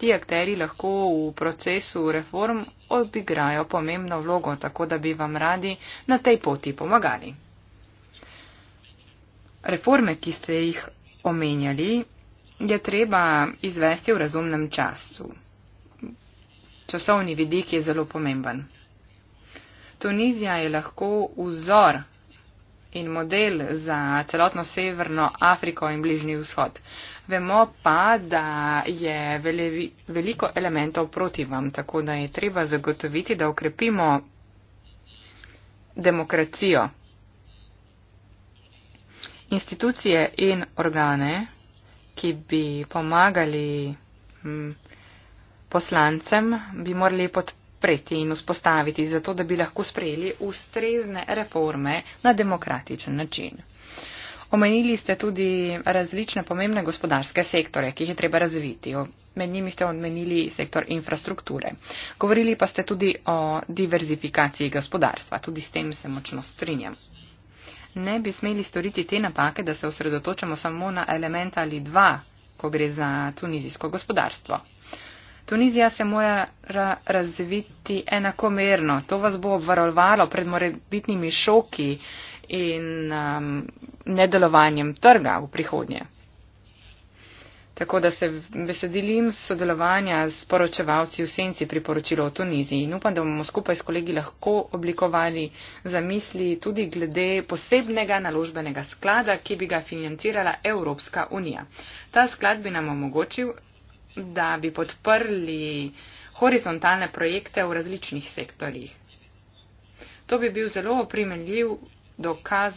Speaker 7: ti akteri lahko v procesu reform odigrajo pomembno vlogo, tako da bi vam radi na tej poti pomagali. Reforme, ki ste jih omenjali, je treba izvesti v razumnem času. Časovni vidik je zelo pomemben. Tunizija je lahko vzor in model za celotno Severno Afriko in Bližnji vzhod. Vemo pa, da je veliko elementov proti vam, tako da je treba zagotoviti, da ukrepimo demokracijo, institucije in organe, ki bi pomagali mm, poslancem, bi morali podpreti in uspostaviti, zato da bi lahko sprejeli ustrezne reforme na demokratičen način. Omenili ste tudi različne pomembne gospodarske sektore, ki jih je treba razviti. Med njimi ste omenili sektor infrastrukture. Govorili pa ste tudi o diverzifikaciji gospodarstva. Tudi s tem se močno strinjam. Ne bi smeli storiti te napake, da se osredotočamo samo na element ali dva, ko gre za tunizijsko gospodarstvo. Tunizija se mora ra razviti enakomerno. To vas bo obvarovalo pred morebitnimi šoki, eh, in um, nedelovanjem trga v prihodnje. Tako da se veselim sodelovanja s poročevalci v senci priporočilo o Tuniziji in upam, da bomo skupaj s kolegi lahko oblikovali zamisli tudi glede posebnega naložbenega sklada, ki bi ga financirala Evropska unija. Ta sklad bi nam omogočil, da bi podprli horizontalne projekte v različnih sektorjih. To bi bil zelo primenljiv dokaz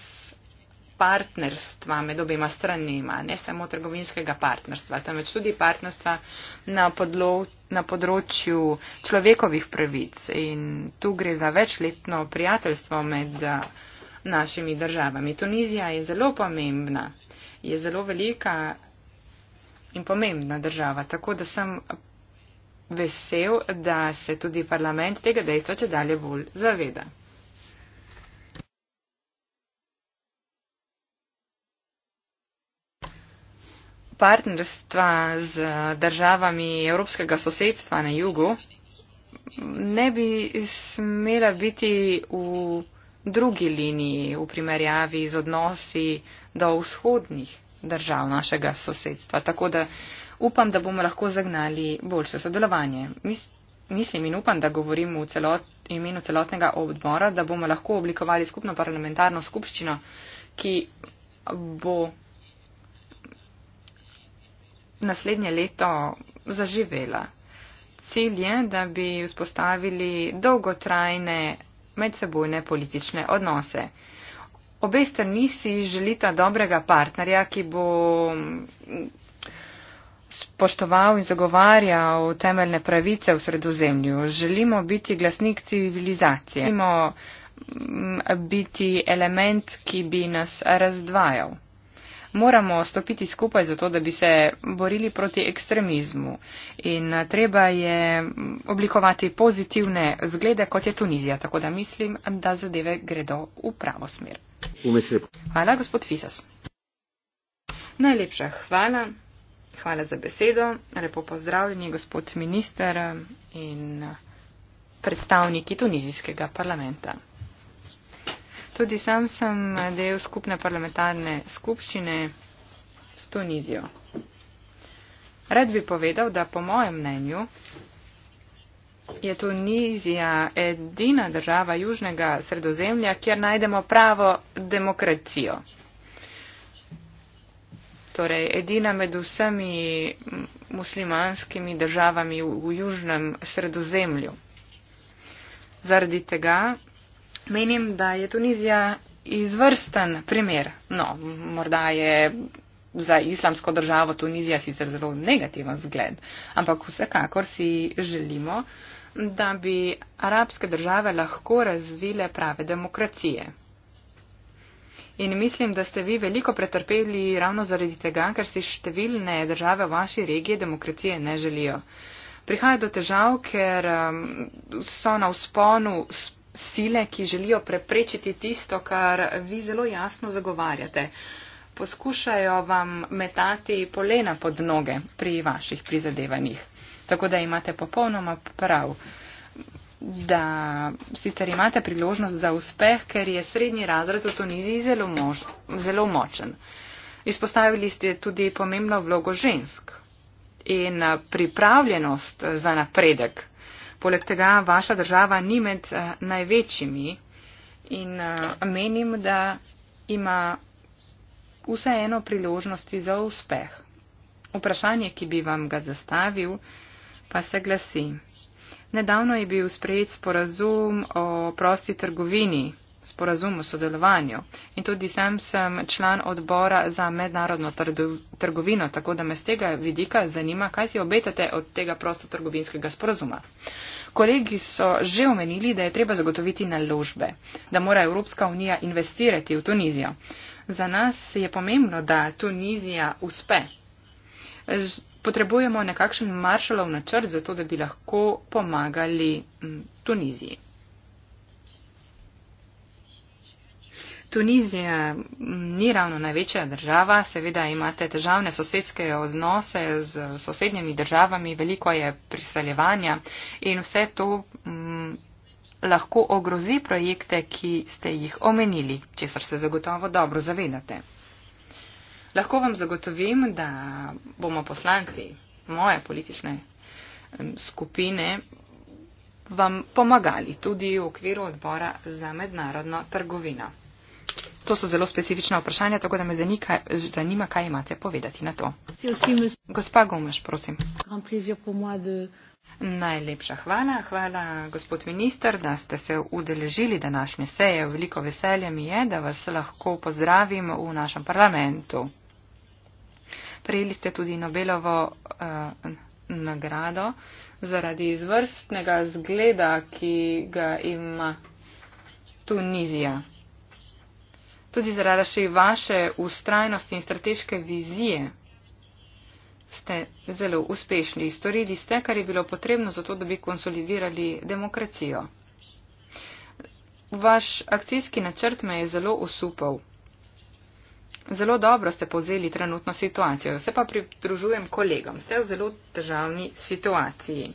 Speaker 7: partnerstva med obima stranima, ne samo trgovinskega partnerstva, temveč tudi partnerstva na, podlo, na področju človekovih pravic. In tu gre za večletno prijateljstvo med našimi državami. Tunizija je zelo pomembna, je zelo velika in pomembna država, tako da sem vesel, da se tudi parlament tega dejstva če dalje bolj zaveda. partnerstva z državami evropskega sosedstva na jugu ne bi smela biti v drugi liniji v primerjavi z odnosi do vzhodnih držav našega sosedstva. Tako da upam, da bomo lahko zagnali boljše sodelovanje. Mis, mislim in upam, da govorim v celot, imenu celotnega odbora, da bomo lahko oblikovali skupno parlamentarno skupščino, ki bo naslednje leto zaživela. Cilj je, da bi vzpostavili dolgotrajne medsebojne politične odnose. Obe strani si želita dobrega partnerja, ki bo spoštoval in zagovarjal temeljne pravice v sredozemlju. Želimo biti glasnik civilizacije. Želimo mm, biti element, ki bi nas razdvajal moramo stopiti skupaj zato, da bi se borili proti ekstremizmu. In eh, treba je mm, oblikovati pozitivne zglede, kot je Tunizija. Tako da mislim, da zadeve gredo v pravo smer. Hvala, gospod Fisas. Najlepša hvala. Hvala za besedo. Lepo pozdravljeni, gospod minister eh, in eh, predstavniki tunizijskega parlamenta. Tudi sam sem del skupne parlamentarne skupščine s Tunizijo. Rad bi povedal, da po mojem mnenju je Tunizija edina država južnega sredozemlja, kjer najdemo pravo demokracijo. Torej, edina med vsemi muslimanskimi državami v, v južnem sredozemlju. Zaradi tega Menim, da je Tunizija izvrsten primer. No, morda je za islamsko državo Tunizija sicer zelo negativen zgled, ampak vsekakor si želimo, da bi arabske države lahko razvile prave demokracije. In mislim, da ste vi veliko pretrpeli ravno zaradi tega, ker si številne države v vaši regiji demokracije ne želijo. Prihaja do težav, ker um, so na usponu spolu sile, ki želijo preprečiti tisto, kar vi zelo jasno zagovarjate. Poskušajo vam metati polena pod noge pri vaših prizadevanjih. Tako da imate popolnoma prav, da sicer imate priložnost za uspeh, ker je srednji razred v Tuniziji zelo, mož, zelo močen. Izpostavili ste tudi pomembno vlogo žensk in pripravljenost za napredek Poleg tega vaša država ni med eh, največjimi in eh, menim, da ima vseeno priložnosti za uspeh. Vprašanje, ki bi vam ga zastavil, pa se glasi. Nedavno je bil sprejet sporazum o prosti trgovini sporazum o sodelovanju. In tudi sem, sem član odbora za mednarodno trgovino, tako da me z tega vidika zanima, kaj si obetate od tega prostotrgovinskega sporazuma. Kolegi so že omenili, da je treba zagotoviti naložbe, da mora Evropska unija investirati v Tunizijo. Za nas je pomembno, da Tunizija uspe. Potrebujemo nekakšen maršalov načrt, zato da bi lahko pomagali Tuniziji. Tunizija mm, ni ravno največja država, seveda imate državne sosedske odnose z sosednjimi državami, veliko je priseljevanja in vse to m, mm, lahko ogrozi projekte, ki ste jih omenili, česar se zagotovo dobro zavedate. Lahko vam zagotovim, da bomo poslanci moje politične mm, skupine vam pomagali tudi v okviru odbora za mednarodno trgovino. To so zelo specifična vprašanja, tako da me zanima, kaj imate povedati na to. Gospa Gomes, prosim. Najlepša hvala. Hvala, gospod minister, da ste se udeležili današnje seje. Veliko veselje mi je, da vas lahko pozdravim v našem parlamentu. Prejeli ste tudi Nobelovo uh, nagrado zaradi izvrstnega zgleda, ki ga ima Tunizija tudi zaradi vaše ustrajnosti in strateške vizije ste zelo uspešni. Storili ste, kar je bilo potrebno za to, da bi konsolidirali demokracijo. Vaš akcijski načrt me je zelo usupal. Zelo dobro ste povzeli trenutno situacijo. Se pa pridružujem kolegom. Ste v zelo državni situaciji.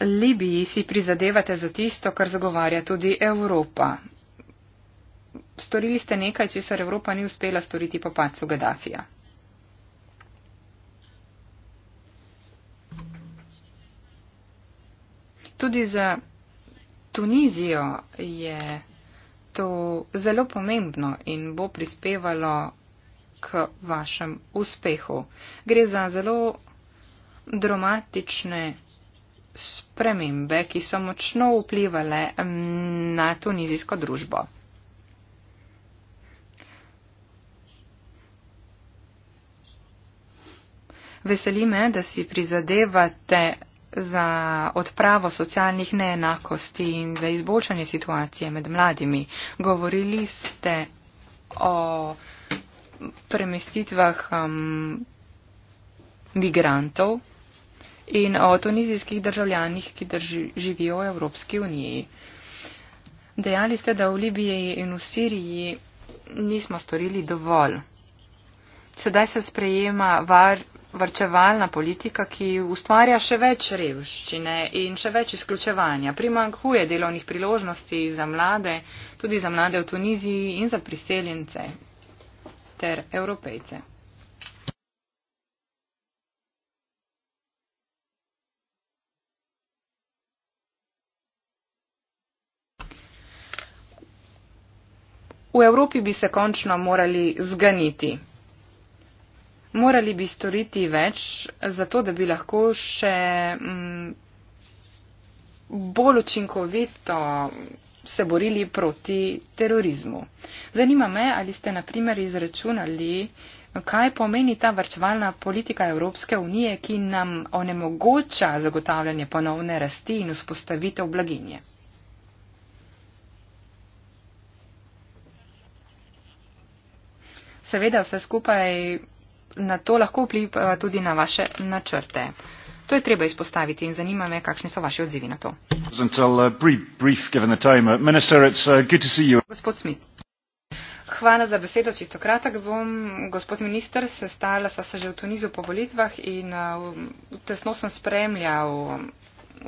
Speaker 7: Libiji si prizadevate za tisto, kar zagovarja tudi Evropa. Storili ste nekaj, česar Evropa ni uspela storiti po pacu Gaddafija. Tudi za Tunizijo je to zelo pomembno in bo prispevalo k vašem uspehu. Gre za zelo dramatične spremembe, ki so močno vplivali na tunizijsko družbo. Veseli me, da si prizadevate za odpravo socialnih neenakosti in za izboljšanje situacije med mladimi. Govorili ste o premestitvah um, migrantov in o tunizijskih državljanih, ki živijo v Evropski uniji. Dejali ste, da v Libiji in v Siriji nismo storili dovolj. Sedaj se sprejema var, varčevalna politika, ki ustvarja še več revščine in še več izključevanja. Primankuje delovnih priložnosti za mlade, tudi za mlade v Tuniziji in za priseljence ter evropejce. V Evropi bi se končno morali zganiti. Morali bi storiti več, zato da bi lahko še mm, bolj učinkovito se borili proti terorizmu. Zanima me, ali ste na primer izračunali, kaj pomeni ta vrčevalna politika Evropske unije, ki nam onemogoča zagotavljanje ponovne rasti in vzpostavitev blaginje. Seveda vse skupaj na to lahko vpliva tudi na vaše načrte. To je treba izpostaviti in zanima me, kakšni so vaši odzivi na to.
Speaker 3: Uh, uh, uh, Gospod
Speaker 7: Smith. Hvala za besedo, čisto kratek bom. Gospod minister, sestala sva se že v Tunizu po volitvah in tesno sem spremljal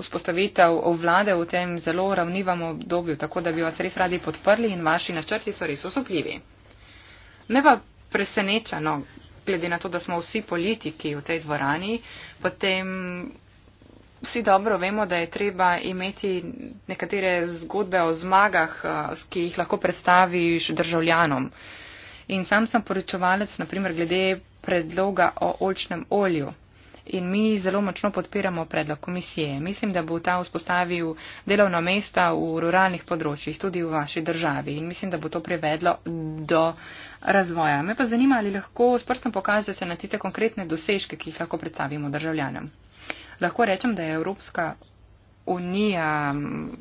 Speaker 7: vzpostavitev vlade v tem zelo ravnivam obdobju, tako da bi vas res radi podprli in vaši načrti so res osupljivi. Me pa presenečeno, glede na to, da smo vsi politiki v tej dvorani, potem vsi dobro vemo, da je treba imeti nekatere zgodbe o zmagah, eh, ki jih lahko predstaviš državljanom. In sam sem poročevalec, naprimer, glede predloga o olčnem olju in mi zelo močno podpiramo predlog komisije. Mislim, da bo ta vzpostavil delovna mesta v ruralnih področjih, tudi v vaši državi in mislim, da bo to privedlo do razvoja. Me pa zanima, ali lahko s prstom pokažete na tiste konkretne dosežke, ki jih lahko predstavimo državljanom. Lahko rečem, da je Evropska unija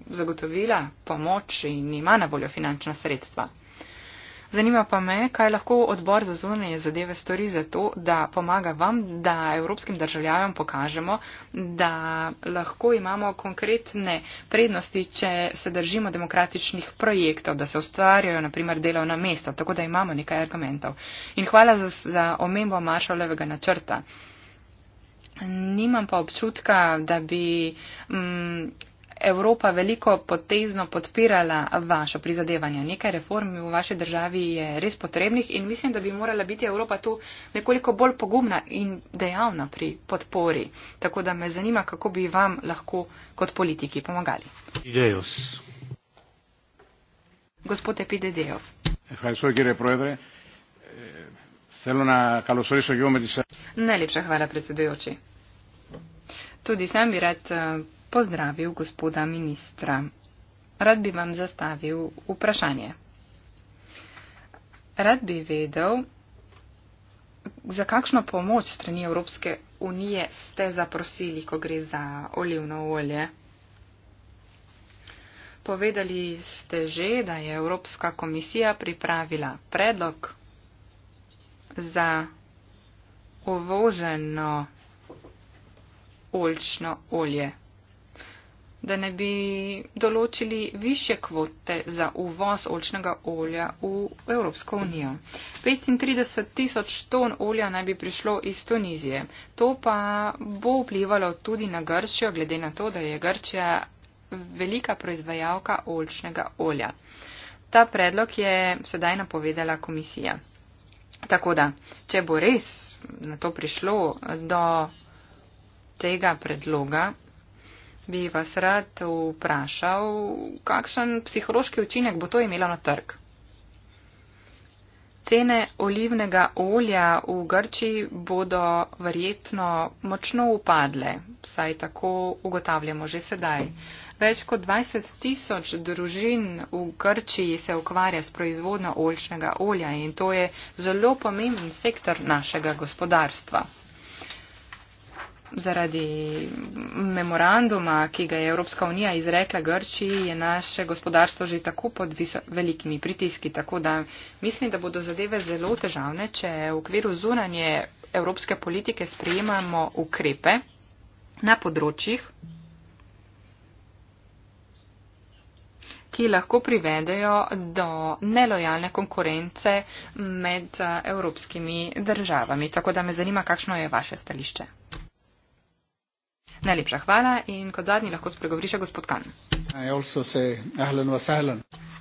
Speaker 7: zagotovila pomoč in ima na voljo finančna sredstva. Zanima pa me, kaj lahko odbor za zunanje zadeve stori za to, da pomaga vam, da evropskim državljanom pokažemo, da lahko imamo konkretne prednosti, če se držimo demokratičnih projektov, da se ustvarjajo naprimer delovna mesta, tako da imamo nekaj argumentov. In hvala za, za omembo Maršalovega načrta. Nimam pa občutka, da bi m, mm, Evropa veliko potezno podpirala vaše prizadevanje. Nekaj reform v vaši državi je res potrebnih in mislim, da bi morala biti Evropa tu nekoliko bolj pogumna in dejavna pri podpori. Tako da me zanima, kako bi vam lahko kot politiki pomagali.
Speaker 3: Ideos.
Speaker 7: Gospod Epidedeos. Najlepša hvala, predsedujoči. Tudi sem bi rad eh, pozdravil gospoda ministra. Rad bi vam zastavil vprašanje. Rad bi vedel, za kakšno pomoč strani Evropske unije ste zaprosili, ko gre za olivno olje. Povedali ste že, da je Evropska komisija pripravila predlog za uvoženo oljčno olje da ne bi določili više kvote za uvoz olčnega olja v Evropsko unijo. 35 tisoč ton olja naj bi prišlo iz Tunizije. To pa bo vplivalo tudi na Grčijo, glede na to, da je Grčija velika proizvajalka olčnega olja. Ta predlog je sedaj napovedala komisija. Tako da, če bo res na to prišlo do tega predloga, bi vas rad vprašal, kakšen psihološki učinek bo to imelo na trg. Cene olivnega olja v Grčiji bodo verjetno močno upadle, saj tako ugotavljamo že sedaj. Več kot 20 tisoč družin v Grčiji se ukvarja s proizvodno olčnega olja in to je zelo pomemben sektor našega gospodarstva zaradi memoranduma, ki ga je Evropska unija izrekla Grčiji, je naše gospodarstvo že tako pod velikimi pritiski. Tako da mislim, da bodo zadeve zelo težavne, če v okviru zunanje evropske politike sprejemamo ukrepe na področjih, ki lahko privedejo do nelojalne konkurence med eh, evropskimi državami. Tako da me zanima, kakšno je vaše stališče. Najlepša hvala in kot zadnji lahko spregovori še gospod Kan.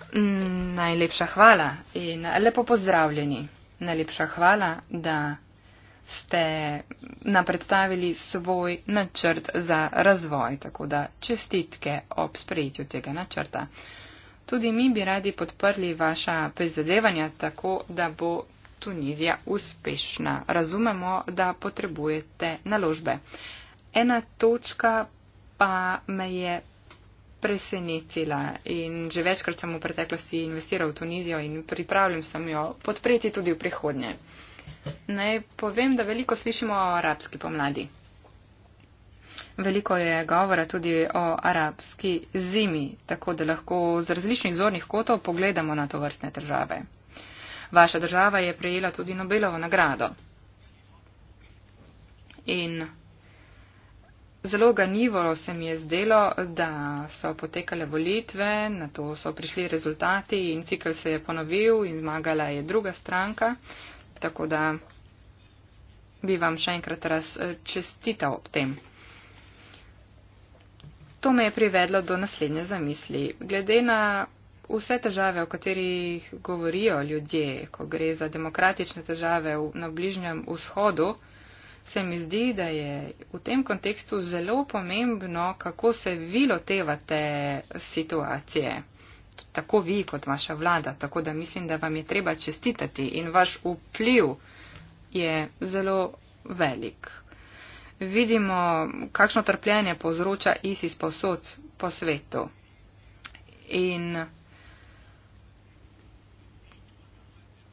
Speaker 7: Mm, najlepša hvala in lepo pozdravljeni. Najlepša hvala, da ste nam predstavili svoj načrt za razvoj, tako da čestitke ob sprejetju tega načrta. Tudi mi bi radi podprli vaša prizadevanja, tako da bo Tunizija uspešna. Razumemo, da potrebujete naložbe ena točka pa me je presenetila in že večkrat sem v preteklosti investiral v Tunizijo in pripravljam sem jo podpreti tudi v prihodnje. Naj povem, da veliko slišimo o arabski pomladi. Veliko je govora tudi o arabski zimi, tako da lahko z različnih zornih kotov pogledamo na to vrstne države. Vaša država je prejela tudi Nobelovo nagrado. In Zelo ganivo se mi je zdelo, da so potekale volitve, na to so prišli rezultati in cikl se je ponovil in zmagala je druga stranka. Tako da bi vam še enkrat raz eh, čestital ob tem. To me je privedlo do naslednje zamisli. Glede na vse težave, o katerih govorijo ljudje, ko gre za demokratične težave na Bližnjem vzhodu, se mi zdi, da je v tem kontekstu zelo pomembno, kako se vi lotevate situacije. Tako vi kot vaša vlada. Tako da mislim, da vam je treba čestitati in vaš vpliv je zelo velik. Vidimo, kakšno trpljenje povzroča ISIS povsod po svetu. In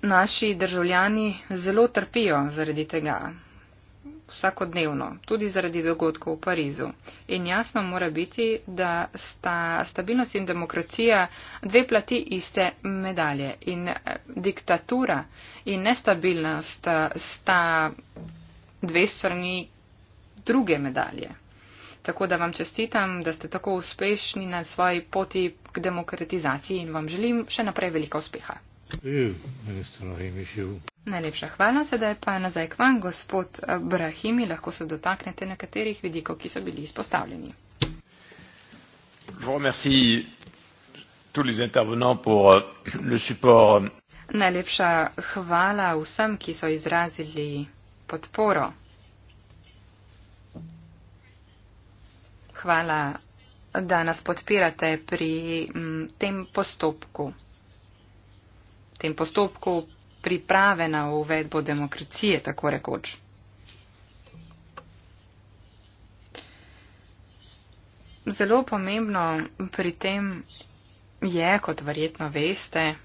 Speaker 7: naši državljani zelo trpijo zaradi tega vsakodnevno, tudi zaradi dogodkov v Parizu. In jasno mora biti, da sta stabilnost in demokracija dve plati iste medalje. In eh, diktatura in nestabilnost eh, sta dve strani druge medalje. Tako da vam čestitam, da ste tako uspešni na svoji poti k demokratizaciji in vam želim še naprej veliko uspeha. Najlepša hvala, sedaj pa nazaj k vam, gospod Brahimi, lahko se dotaknete nekaterih vidikov, ki so bili izpostavljeni. Euh, Najlepša hvala vsem, ki so izrazili podporo. Hvala, da nas podpirate pri mm, tem postopku tem postopku priprave na uvedbo demokracije, tako rekoč. Zelo pomembno pri tem je, kot verjetno veste,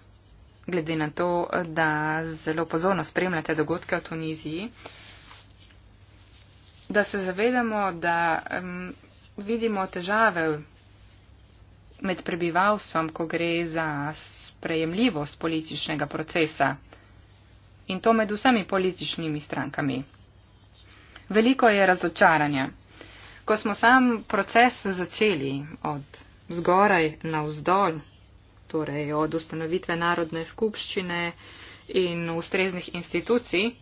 Speaker 7: glede na to, da zelo pozorno spremljate dogodke v Tuniziji, da se zavedamo, da um, vidimo težave med prebivalstvom, ko gre za sprejemljivost političnega procesa in to med vsemi političnimi strankami. Veliko je razočaranja. Ko smo sam proces začeli od zgoraj navzdolj, torej od ustanovitve Narodne skupščine in ustreznih institucij,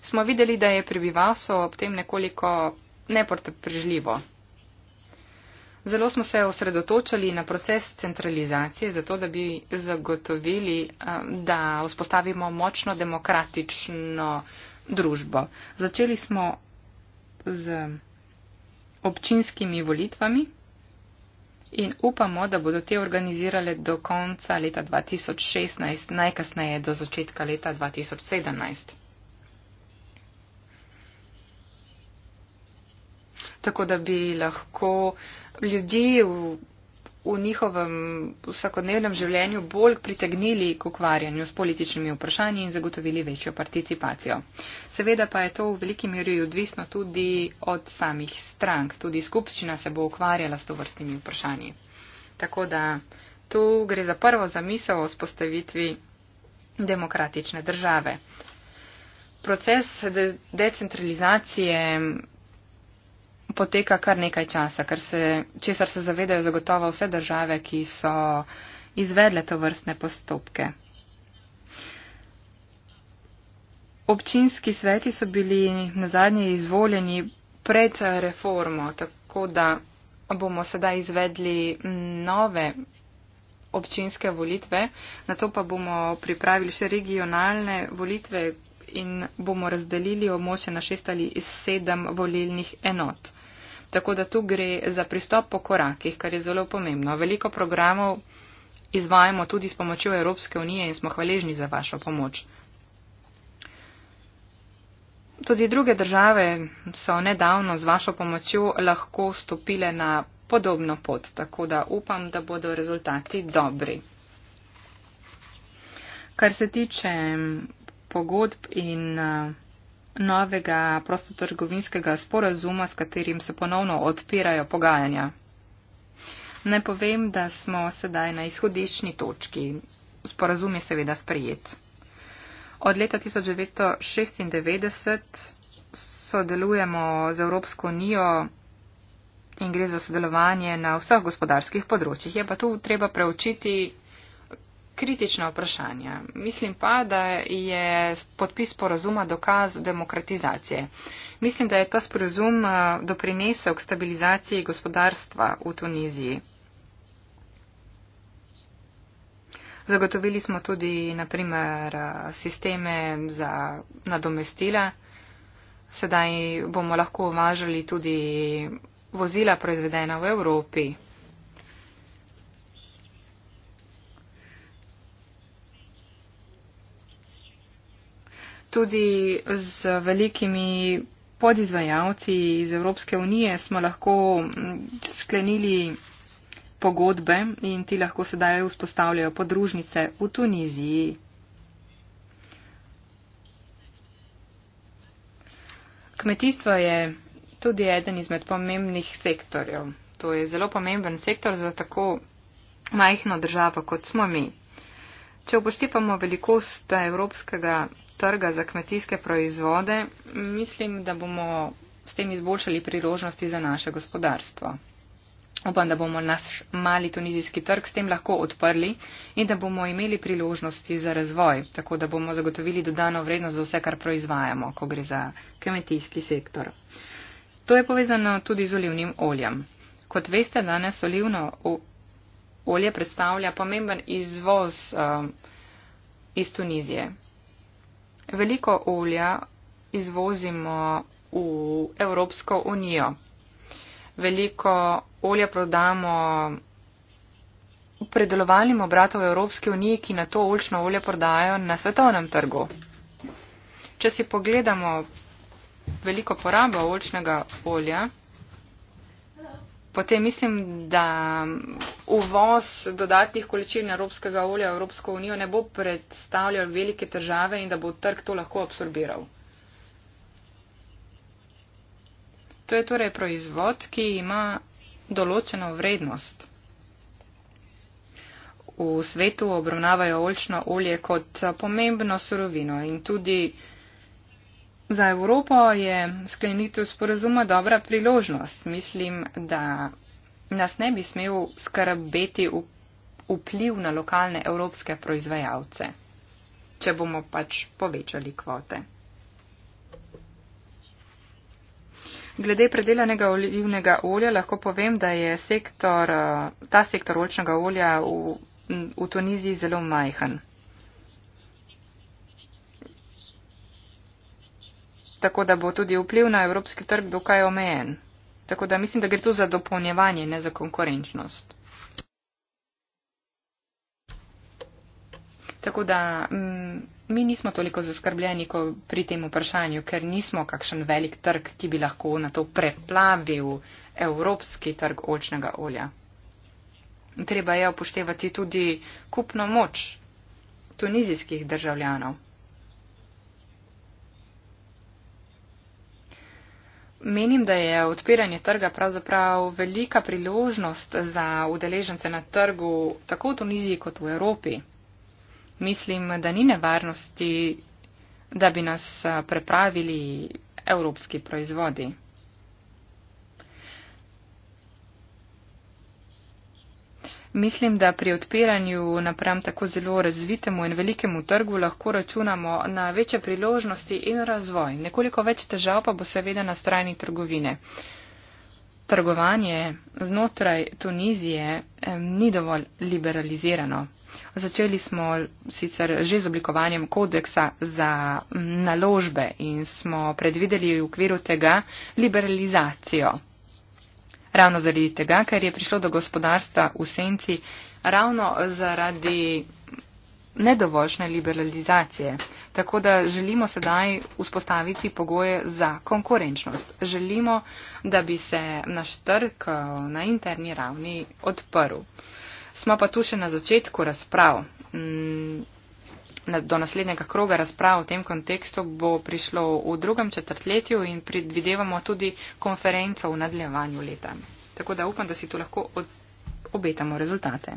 Speaker 7: smo videli, da je prebivalstvo ob tem nekoliko neportepržljivo. Zelo smo se osredotočili na proces centralizacije, zato da bi zagotovili, eh, da vzpostavimo močno demokratično družbo. Začeli smo z občinskimi volitvami in upamo, da bodo te organizirale do konca leta 2016, najkasneje do začetka leta 2017. tako da bi lahko ljudi v, v njihovem vsakodnevnem življenju bolj pritegnili k ukvarjanju s političnimi vprašanji in zagotovili večjo participacijo. Seveda pa je to v veliki meri odvisno tudi od samih strank. Tudi skupščina se bo ukvarjala s to vrstnimi vprašanji. Tako da tu gre za prvo zamisel o spostavitvi demokratične države. Proces decentralizacije poteka kar nekaj časa, kar se, česar se zavedajo zagotovo vse države, ki so izvedle to vrstne postopke. Občinski sveti so bili na zadnje izvoljeni pred reformo, tako da bomo sedaj izvedli nove občinske volitve, na to pa bomo pripravili še regionalne volitve in bomo razdelili območje na šest ali sedem volilnih enot. Tako da tu gre za pristop po korakih, kar je zelo pomembno. Veliko programov izvajamo tudi s pomočjo Evropske unije in smo hvaležni za vašo pomoč. Tudi druge države so nedavno z vašo pomočjo lahko stopile na podobno pot, tako da upam, da bodo rezultati dobri. Kar se tiče pogodb in uh, novega prostotrgovinskega sporazuma, s katerim se ponovno odpirajo pogajanja. Ne povem, da smo sedaj na izhodišnji točki. Sporazum je seveda sprejet. Od leta 1996 sodelujemo z Evropsko unijo in gre za sodelovanje na vseh gospodarskih področjih. Je pa tu treba preučiti kritična vprašanja. Mislim pa, da je podpis porazuma dokaz demokratizacije. Mislim, da je ta sporazum eh, doprinesel k stabilizaciji gospodarstva v Tuniziji. Zagotovili smo tudi, naprimer, eh, sisteme za nadomestila. Sedaj bomo lahko uvažali tudi vozila proizvedena v Evropi. tudi z velikimi podizvajalci iz Evropske unije smo lahko mm, sklenili pogodbe in ti lahko sedaj vzpostavljajo podružnice v Tuniziji. Kmetijstvo je tudi eden izmed pomembnih sektorjev. To je zelo pomemben sektor za tako majhno državo, kot smo mi. Če upoštevamo velikost evropskega trga za kmetijske proizvode, mislim, da bomo s tem izboljšali priložnosti za naše gospodarstvo. Upam, da bomo naš mali tunizijski trg s tem lahko odprli in da bomo imeli priložnosti za razvoj, tako da bomo zagotovili dodano vrednost za vse, kar proizvajamo, ko gre za kmetijski sektor. To je povezano tudi z olivnim oljem. Kot veste, danes olivno olje predstavlja pomemben izvoz um, iz Tunizije. Veliko olja izvozimo v Evropsko unijo. Veliko olja prodamo predelovalnim obratom Evropske unije, ki na to olčno olje prodajo na svetovnem trgu. Če si pogledamo veliko porabo olčnega olja, potem mislim, da uvoz dodatnih količin evropskega olja v Evropsko unijo ne bo predstavljal velike težave in da bo trg to lahko absorbiral. To je torej proizvod, ki ima določeno vrednost. V svetu obravnavajo olčno olje kot pomembno surovino in tudi Za Evropo je sklenitev sporazuma dobra priložnost. Mislim, da nas ne bi smel skrbeti vpliv na lokalne evropske proizvajalce, če bomo pač povečali kvote. Glede predelanega olivnega olja lahko povem, da je sektor, eh, ta sektor olčnega olja v, v Tuniziji zelo majhen. tako da bo tudi vpliv na evropski trg dokaj omejen. Tako da mislim, da gre tu za dopolnjevanje, ne za konkurenčnost. Tako da m, mm, mi nismo toliko zaskrbljeni pri tem vprašanju, ker nismo kakšen velik trg, ki bi lahko na to preplavil evropski trg očnega olja. Treba je upoštevati tudi kupno moč tunizijskih državljanov. menim, da je odpiranje trga pravzaprav velika priložnost za udeležence na trgu tako v Tuniziji kot v Evropi. Mislim, da ni nevarnosti, da bi nas eh, prepravili evropski proizvodi. Mislim, da pri odpiranju napram tako zelo razvitemu in velikemu trgu lahko računamo na večje priložnosti in razvoj. Nekoliko več težav pa bo seveda na strani trgovine. Trgovanje znotraj Tunizije ni dovolj liberalizirano. Začeli smo sicer že z oblikovanjem kodeksa za naložbe in smo predvideli v okviru tega liberalizacijo. Ravno zaradi tega, ker je prišlo do gospodarstva v senci, ravno zaradi nedovoljšne liberalizacije. Tako da želimo sedaj vzpostaviti pogoje za konkurenčnost. Želimo, da bi se naš trg eh, na interni ravni odprl. Smo pa tu še na začetku razprav. Mm do naslednjega kroga razprav v tem kontekstu bo prišlo v drugem četrtletju in predvidevamo tudi konferenco v nadaljevanju leta. Tako da upam, da si tu lahko obetamo rezultate.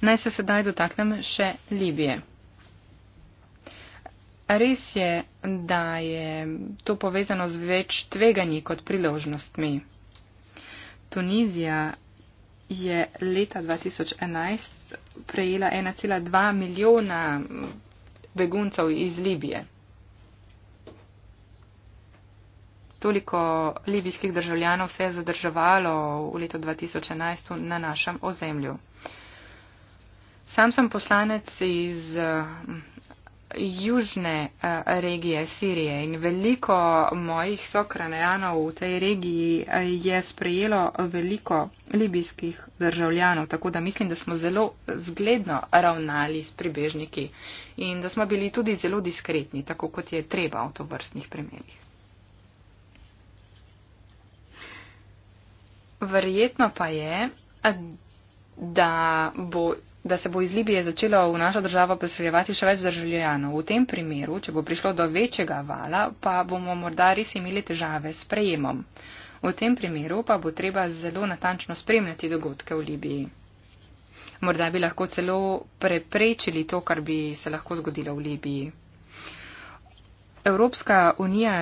Speaker 7: Naj se sedaj dotaknem še Libije. Res je, da je to povezano z več tveganji kot priložnostmi. Tunizija je leta 2011 prejela 1,2 milijona beguncev iz Libije. Toliko libijskih državljanov se je zadrževalo v letu 2011 na našem ozemlju. Sam sem poslanec iz južne uh, regije Sirije in veliko mojih sokranejanov v tej regiji eh, je sprejelo veliko libijskih državljanov, tako da mislim, da smo zelo zgledno ravnali s pribežniki in da smo bili tudi zelo diskretni, tako kot je treba v tovrstnih primerjih. Verjetno pa je, da bo da se bo iz Libije začelo v našo državo preseljevati še več državljanov. V tem primeru, če bo prišlo do večjega vala, pa bomo morda res imeli težave s prejemom. V tem primeru pa bo treba zelo natančno spremljati dogodke v Libiji. Morda bi lahko celo preprečili to, kar bi se lahko zgodilo v Libiji. Evropska unija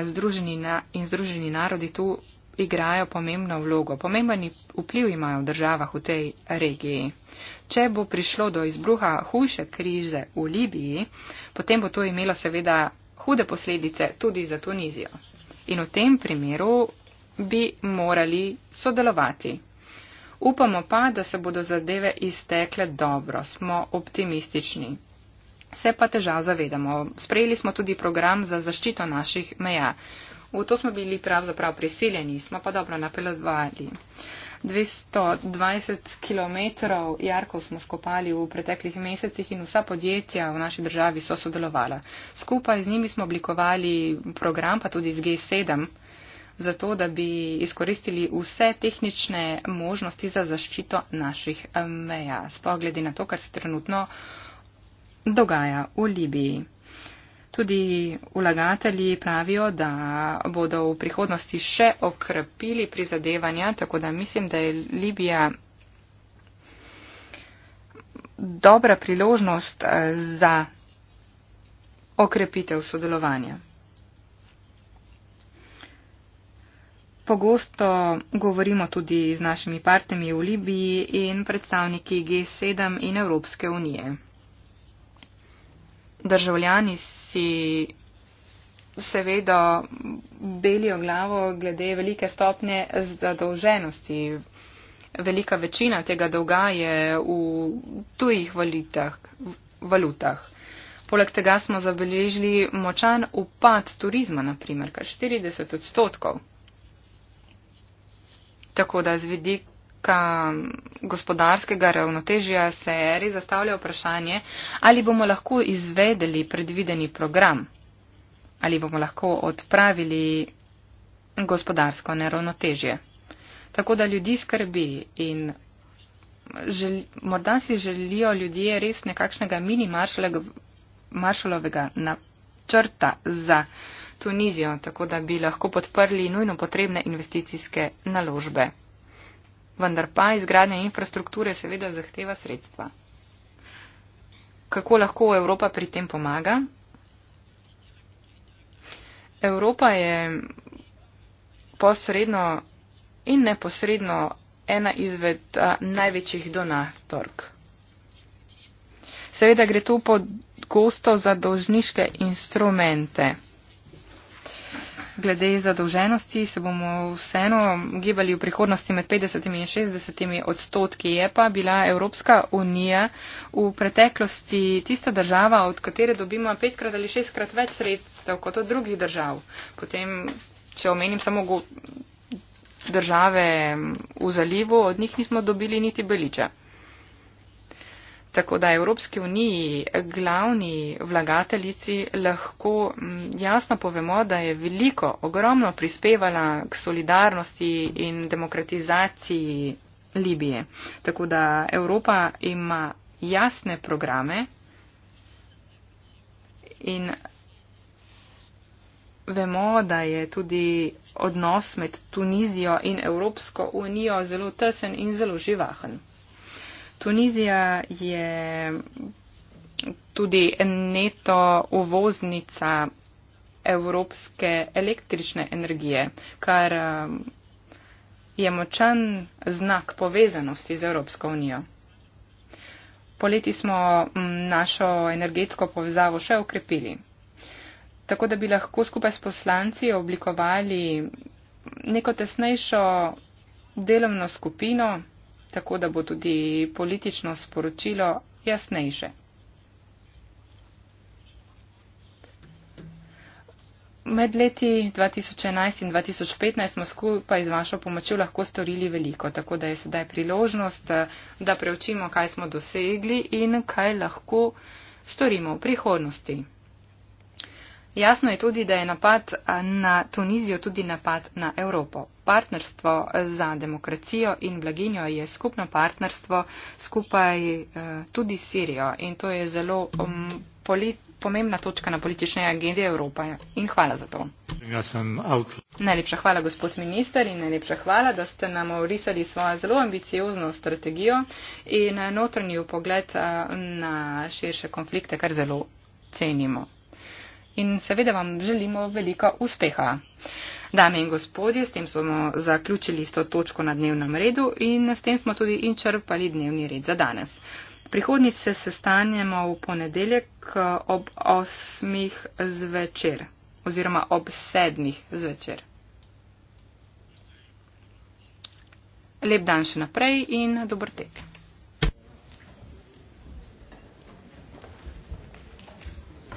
Speaker 7: in združeni narodi tu igrajo pomembno vlogo, pomembni vpliv imajo v državah v tej regiji. Če bo prišlo do izbruha hujše krize v Libiji, potem bo to imelo seveda hude posledice tudi za Tunizijo. In v tem primeru bi morali sodelovati. Upamo pa, da se bodo zadeve iztekle dobro, smo optimistični. Se pa težav zavedamo. Sprejeli smo tudi program za zaščito naših meja. V to smo bili pravzaprav prisiljeni, smo pa dobro napelodvali. 220 km jarko smo skopali v preteklih mesecih in vsa podjetja v naši državi so sodelovala. Skupaj z njimi smo oblikovali program, pa tudi z G7, zato da bi izkoristili vse tehnične možnosti za zaščito naših meja, spogledi na to, kar se trenutno dogaja v Libiji. Tudi vlagatelji pravijo, da bodo v prihodnosti še okrepili prizadevanja, tako da mislim, da je Libija dobra priložnost eh, za okrepitev sodelovanja. Pogosto govorimo tudi z našimi partnerji v Libiji in predstavniki G7 in Evropske unije državljani si seveda belijo glavo glede velike stopnje zadolženosti. Velika večina tega dolga je v tujih valitah, valutah. Poleg tega smo zabeležili močan upad turizma, naprimer kar 40 odstotkov. Tako da z vidik vidika gospodarskega ravnotežja se eri zastavlja vprašanje, ali bomo lahko izvedeli predvideni program, ali bomo lahko odpravili gospodarsko neravnotežje. Tako da ljudi skrbi in žel, morda si želijo ljudje res nekakšnega mini maršalovega načrta za Tunizijo, tako da bi lahko podprli nujno potrebne investicijske naložbe vendar pa izgradnja infrastrukture seveda zahteva sredstva. Kako lahko Evropa pri tem pomaga? Evropa je posredno in neposredno ena izved največjih donatork. Seveda gre tu pogosto za dolžniške instrumente glede zadolženosti se bomo vseeno gibali v prihodnosti med 50 in 60 odstotki. Je pa bila Evropska unija v preteklosti tista država, od katere dobimo petkrat ali šestkrat več sredstev kot od drugih držav. Potem, če omenim samo države v zalivu, od njih nismo dobili niti beliča. Tako da Evropski uniji, glavni vlagateljici, lahko jasno povemo, da je veliko, ogromno prispevala k solidarnosti in demokratizaciji Libije. Tako da Evropa ima jasne programe in vemo, da je tudi odnos med Tunizijo in Evropsko unijo zelo tesen in zelo živahen. Tunizija je tudi neto uvoznica evropske električne energije, kar um, je močan znak povezanosti z Evropsko unijo. Poleti smo našo energetsko povezavo še okrepili, tako da bi lahko skupaj s poslanci oblikovali neko tesnejšo delovno skupino, tako da bo tudi politično sporočilo jasnejše. Med leti 2011 in 2015 smo skupaj z vašo pomočjo lahko storili veliko, tako da je sedaj priložnost, da preučimo, kaj smo dosegli in kaj lahko storimo v prihodnosti. Jasno je tudi, da je napad na Tunizijo tudi napad na Evropo. Partnerstvo eh, za demokracijo in blaginjo je skupno partnerstvo skupaj eh, tudi s Sirijo in to je zelo um, pomembna točka na politične agende Evropa in hvala za to. Ja najlepša hvala, gospod minister, in najlepša hvala, da ste nam orisali svojo zelo ambiciozno strategijo in eh, notranji pogled na širše konflikte, kar zelo cenimo in seveda vam želimo veliko uspeha. Dame in gospodje, s tem smo zaključili isto točko na dnevnem redu in s tem smo tudi inčrpali dnevni red za danes. Prihodnji se sestanjamo v ponedeljek ob osmih zvečer oziroma ob sedmih zvečer. Lep dan še naprej in dober tek.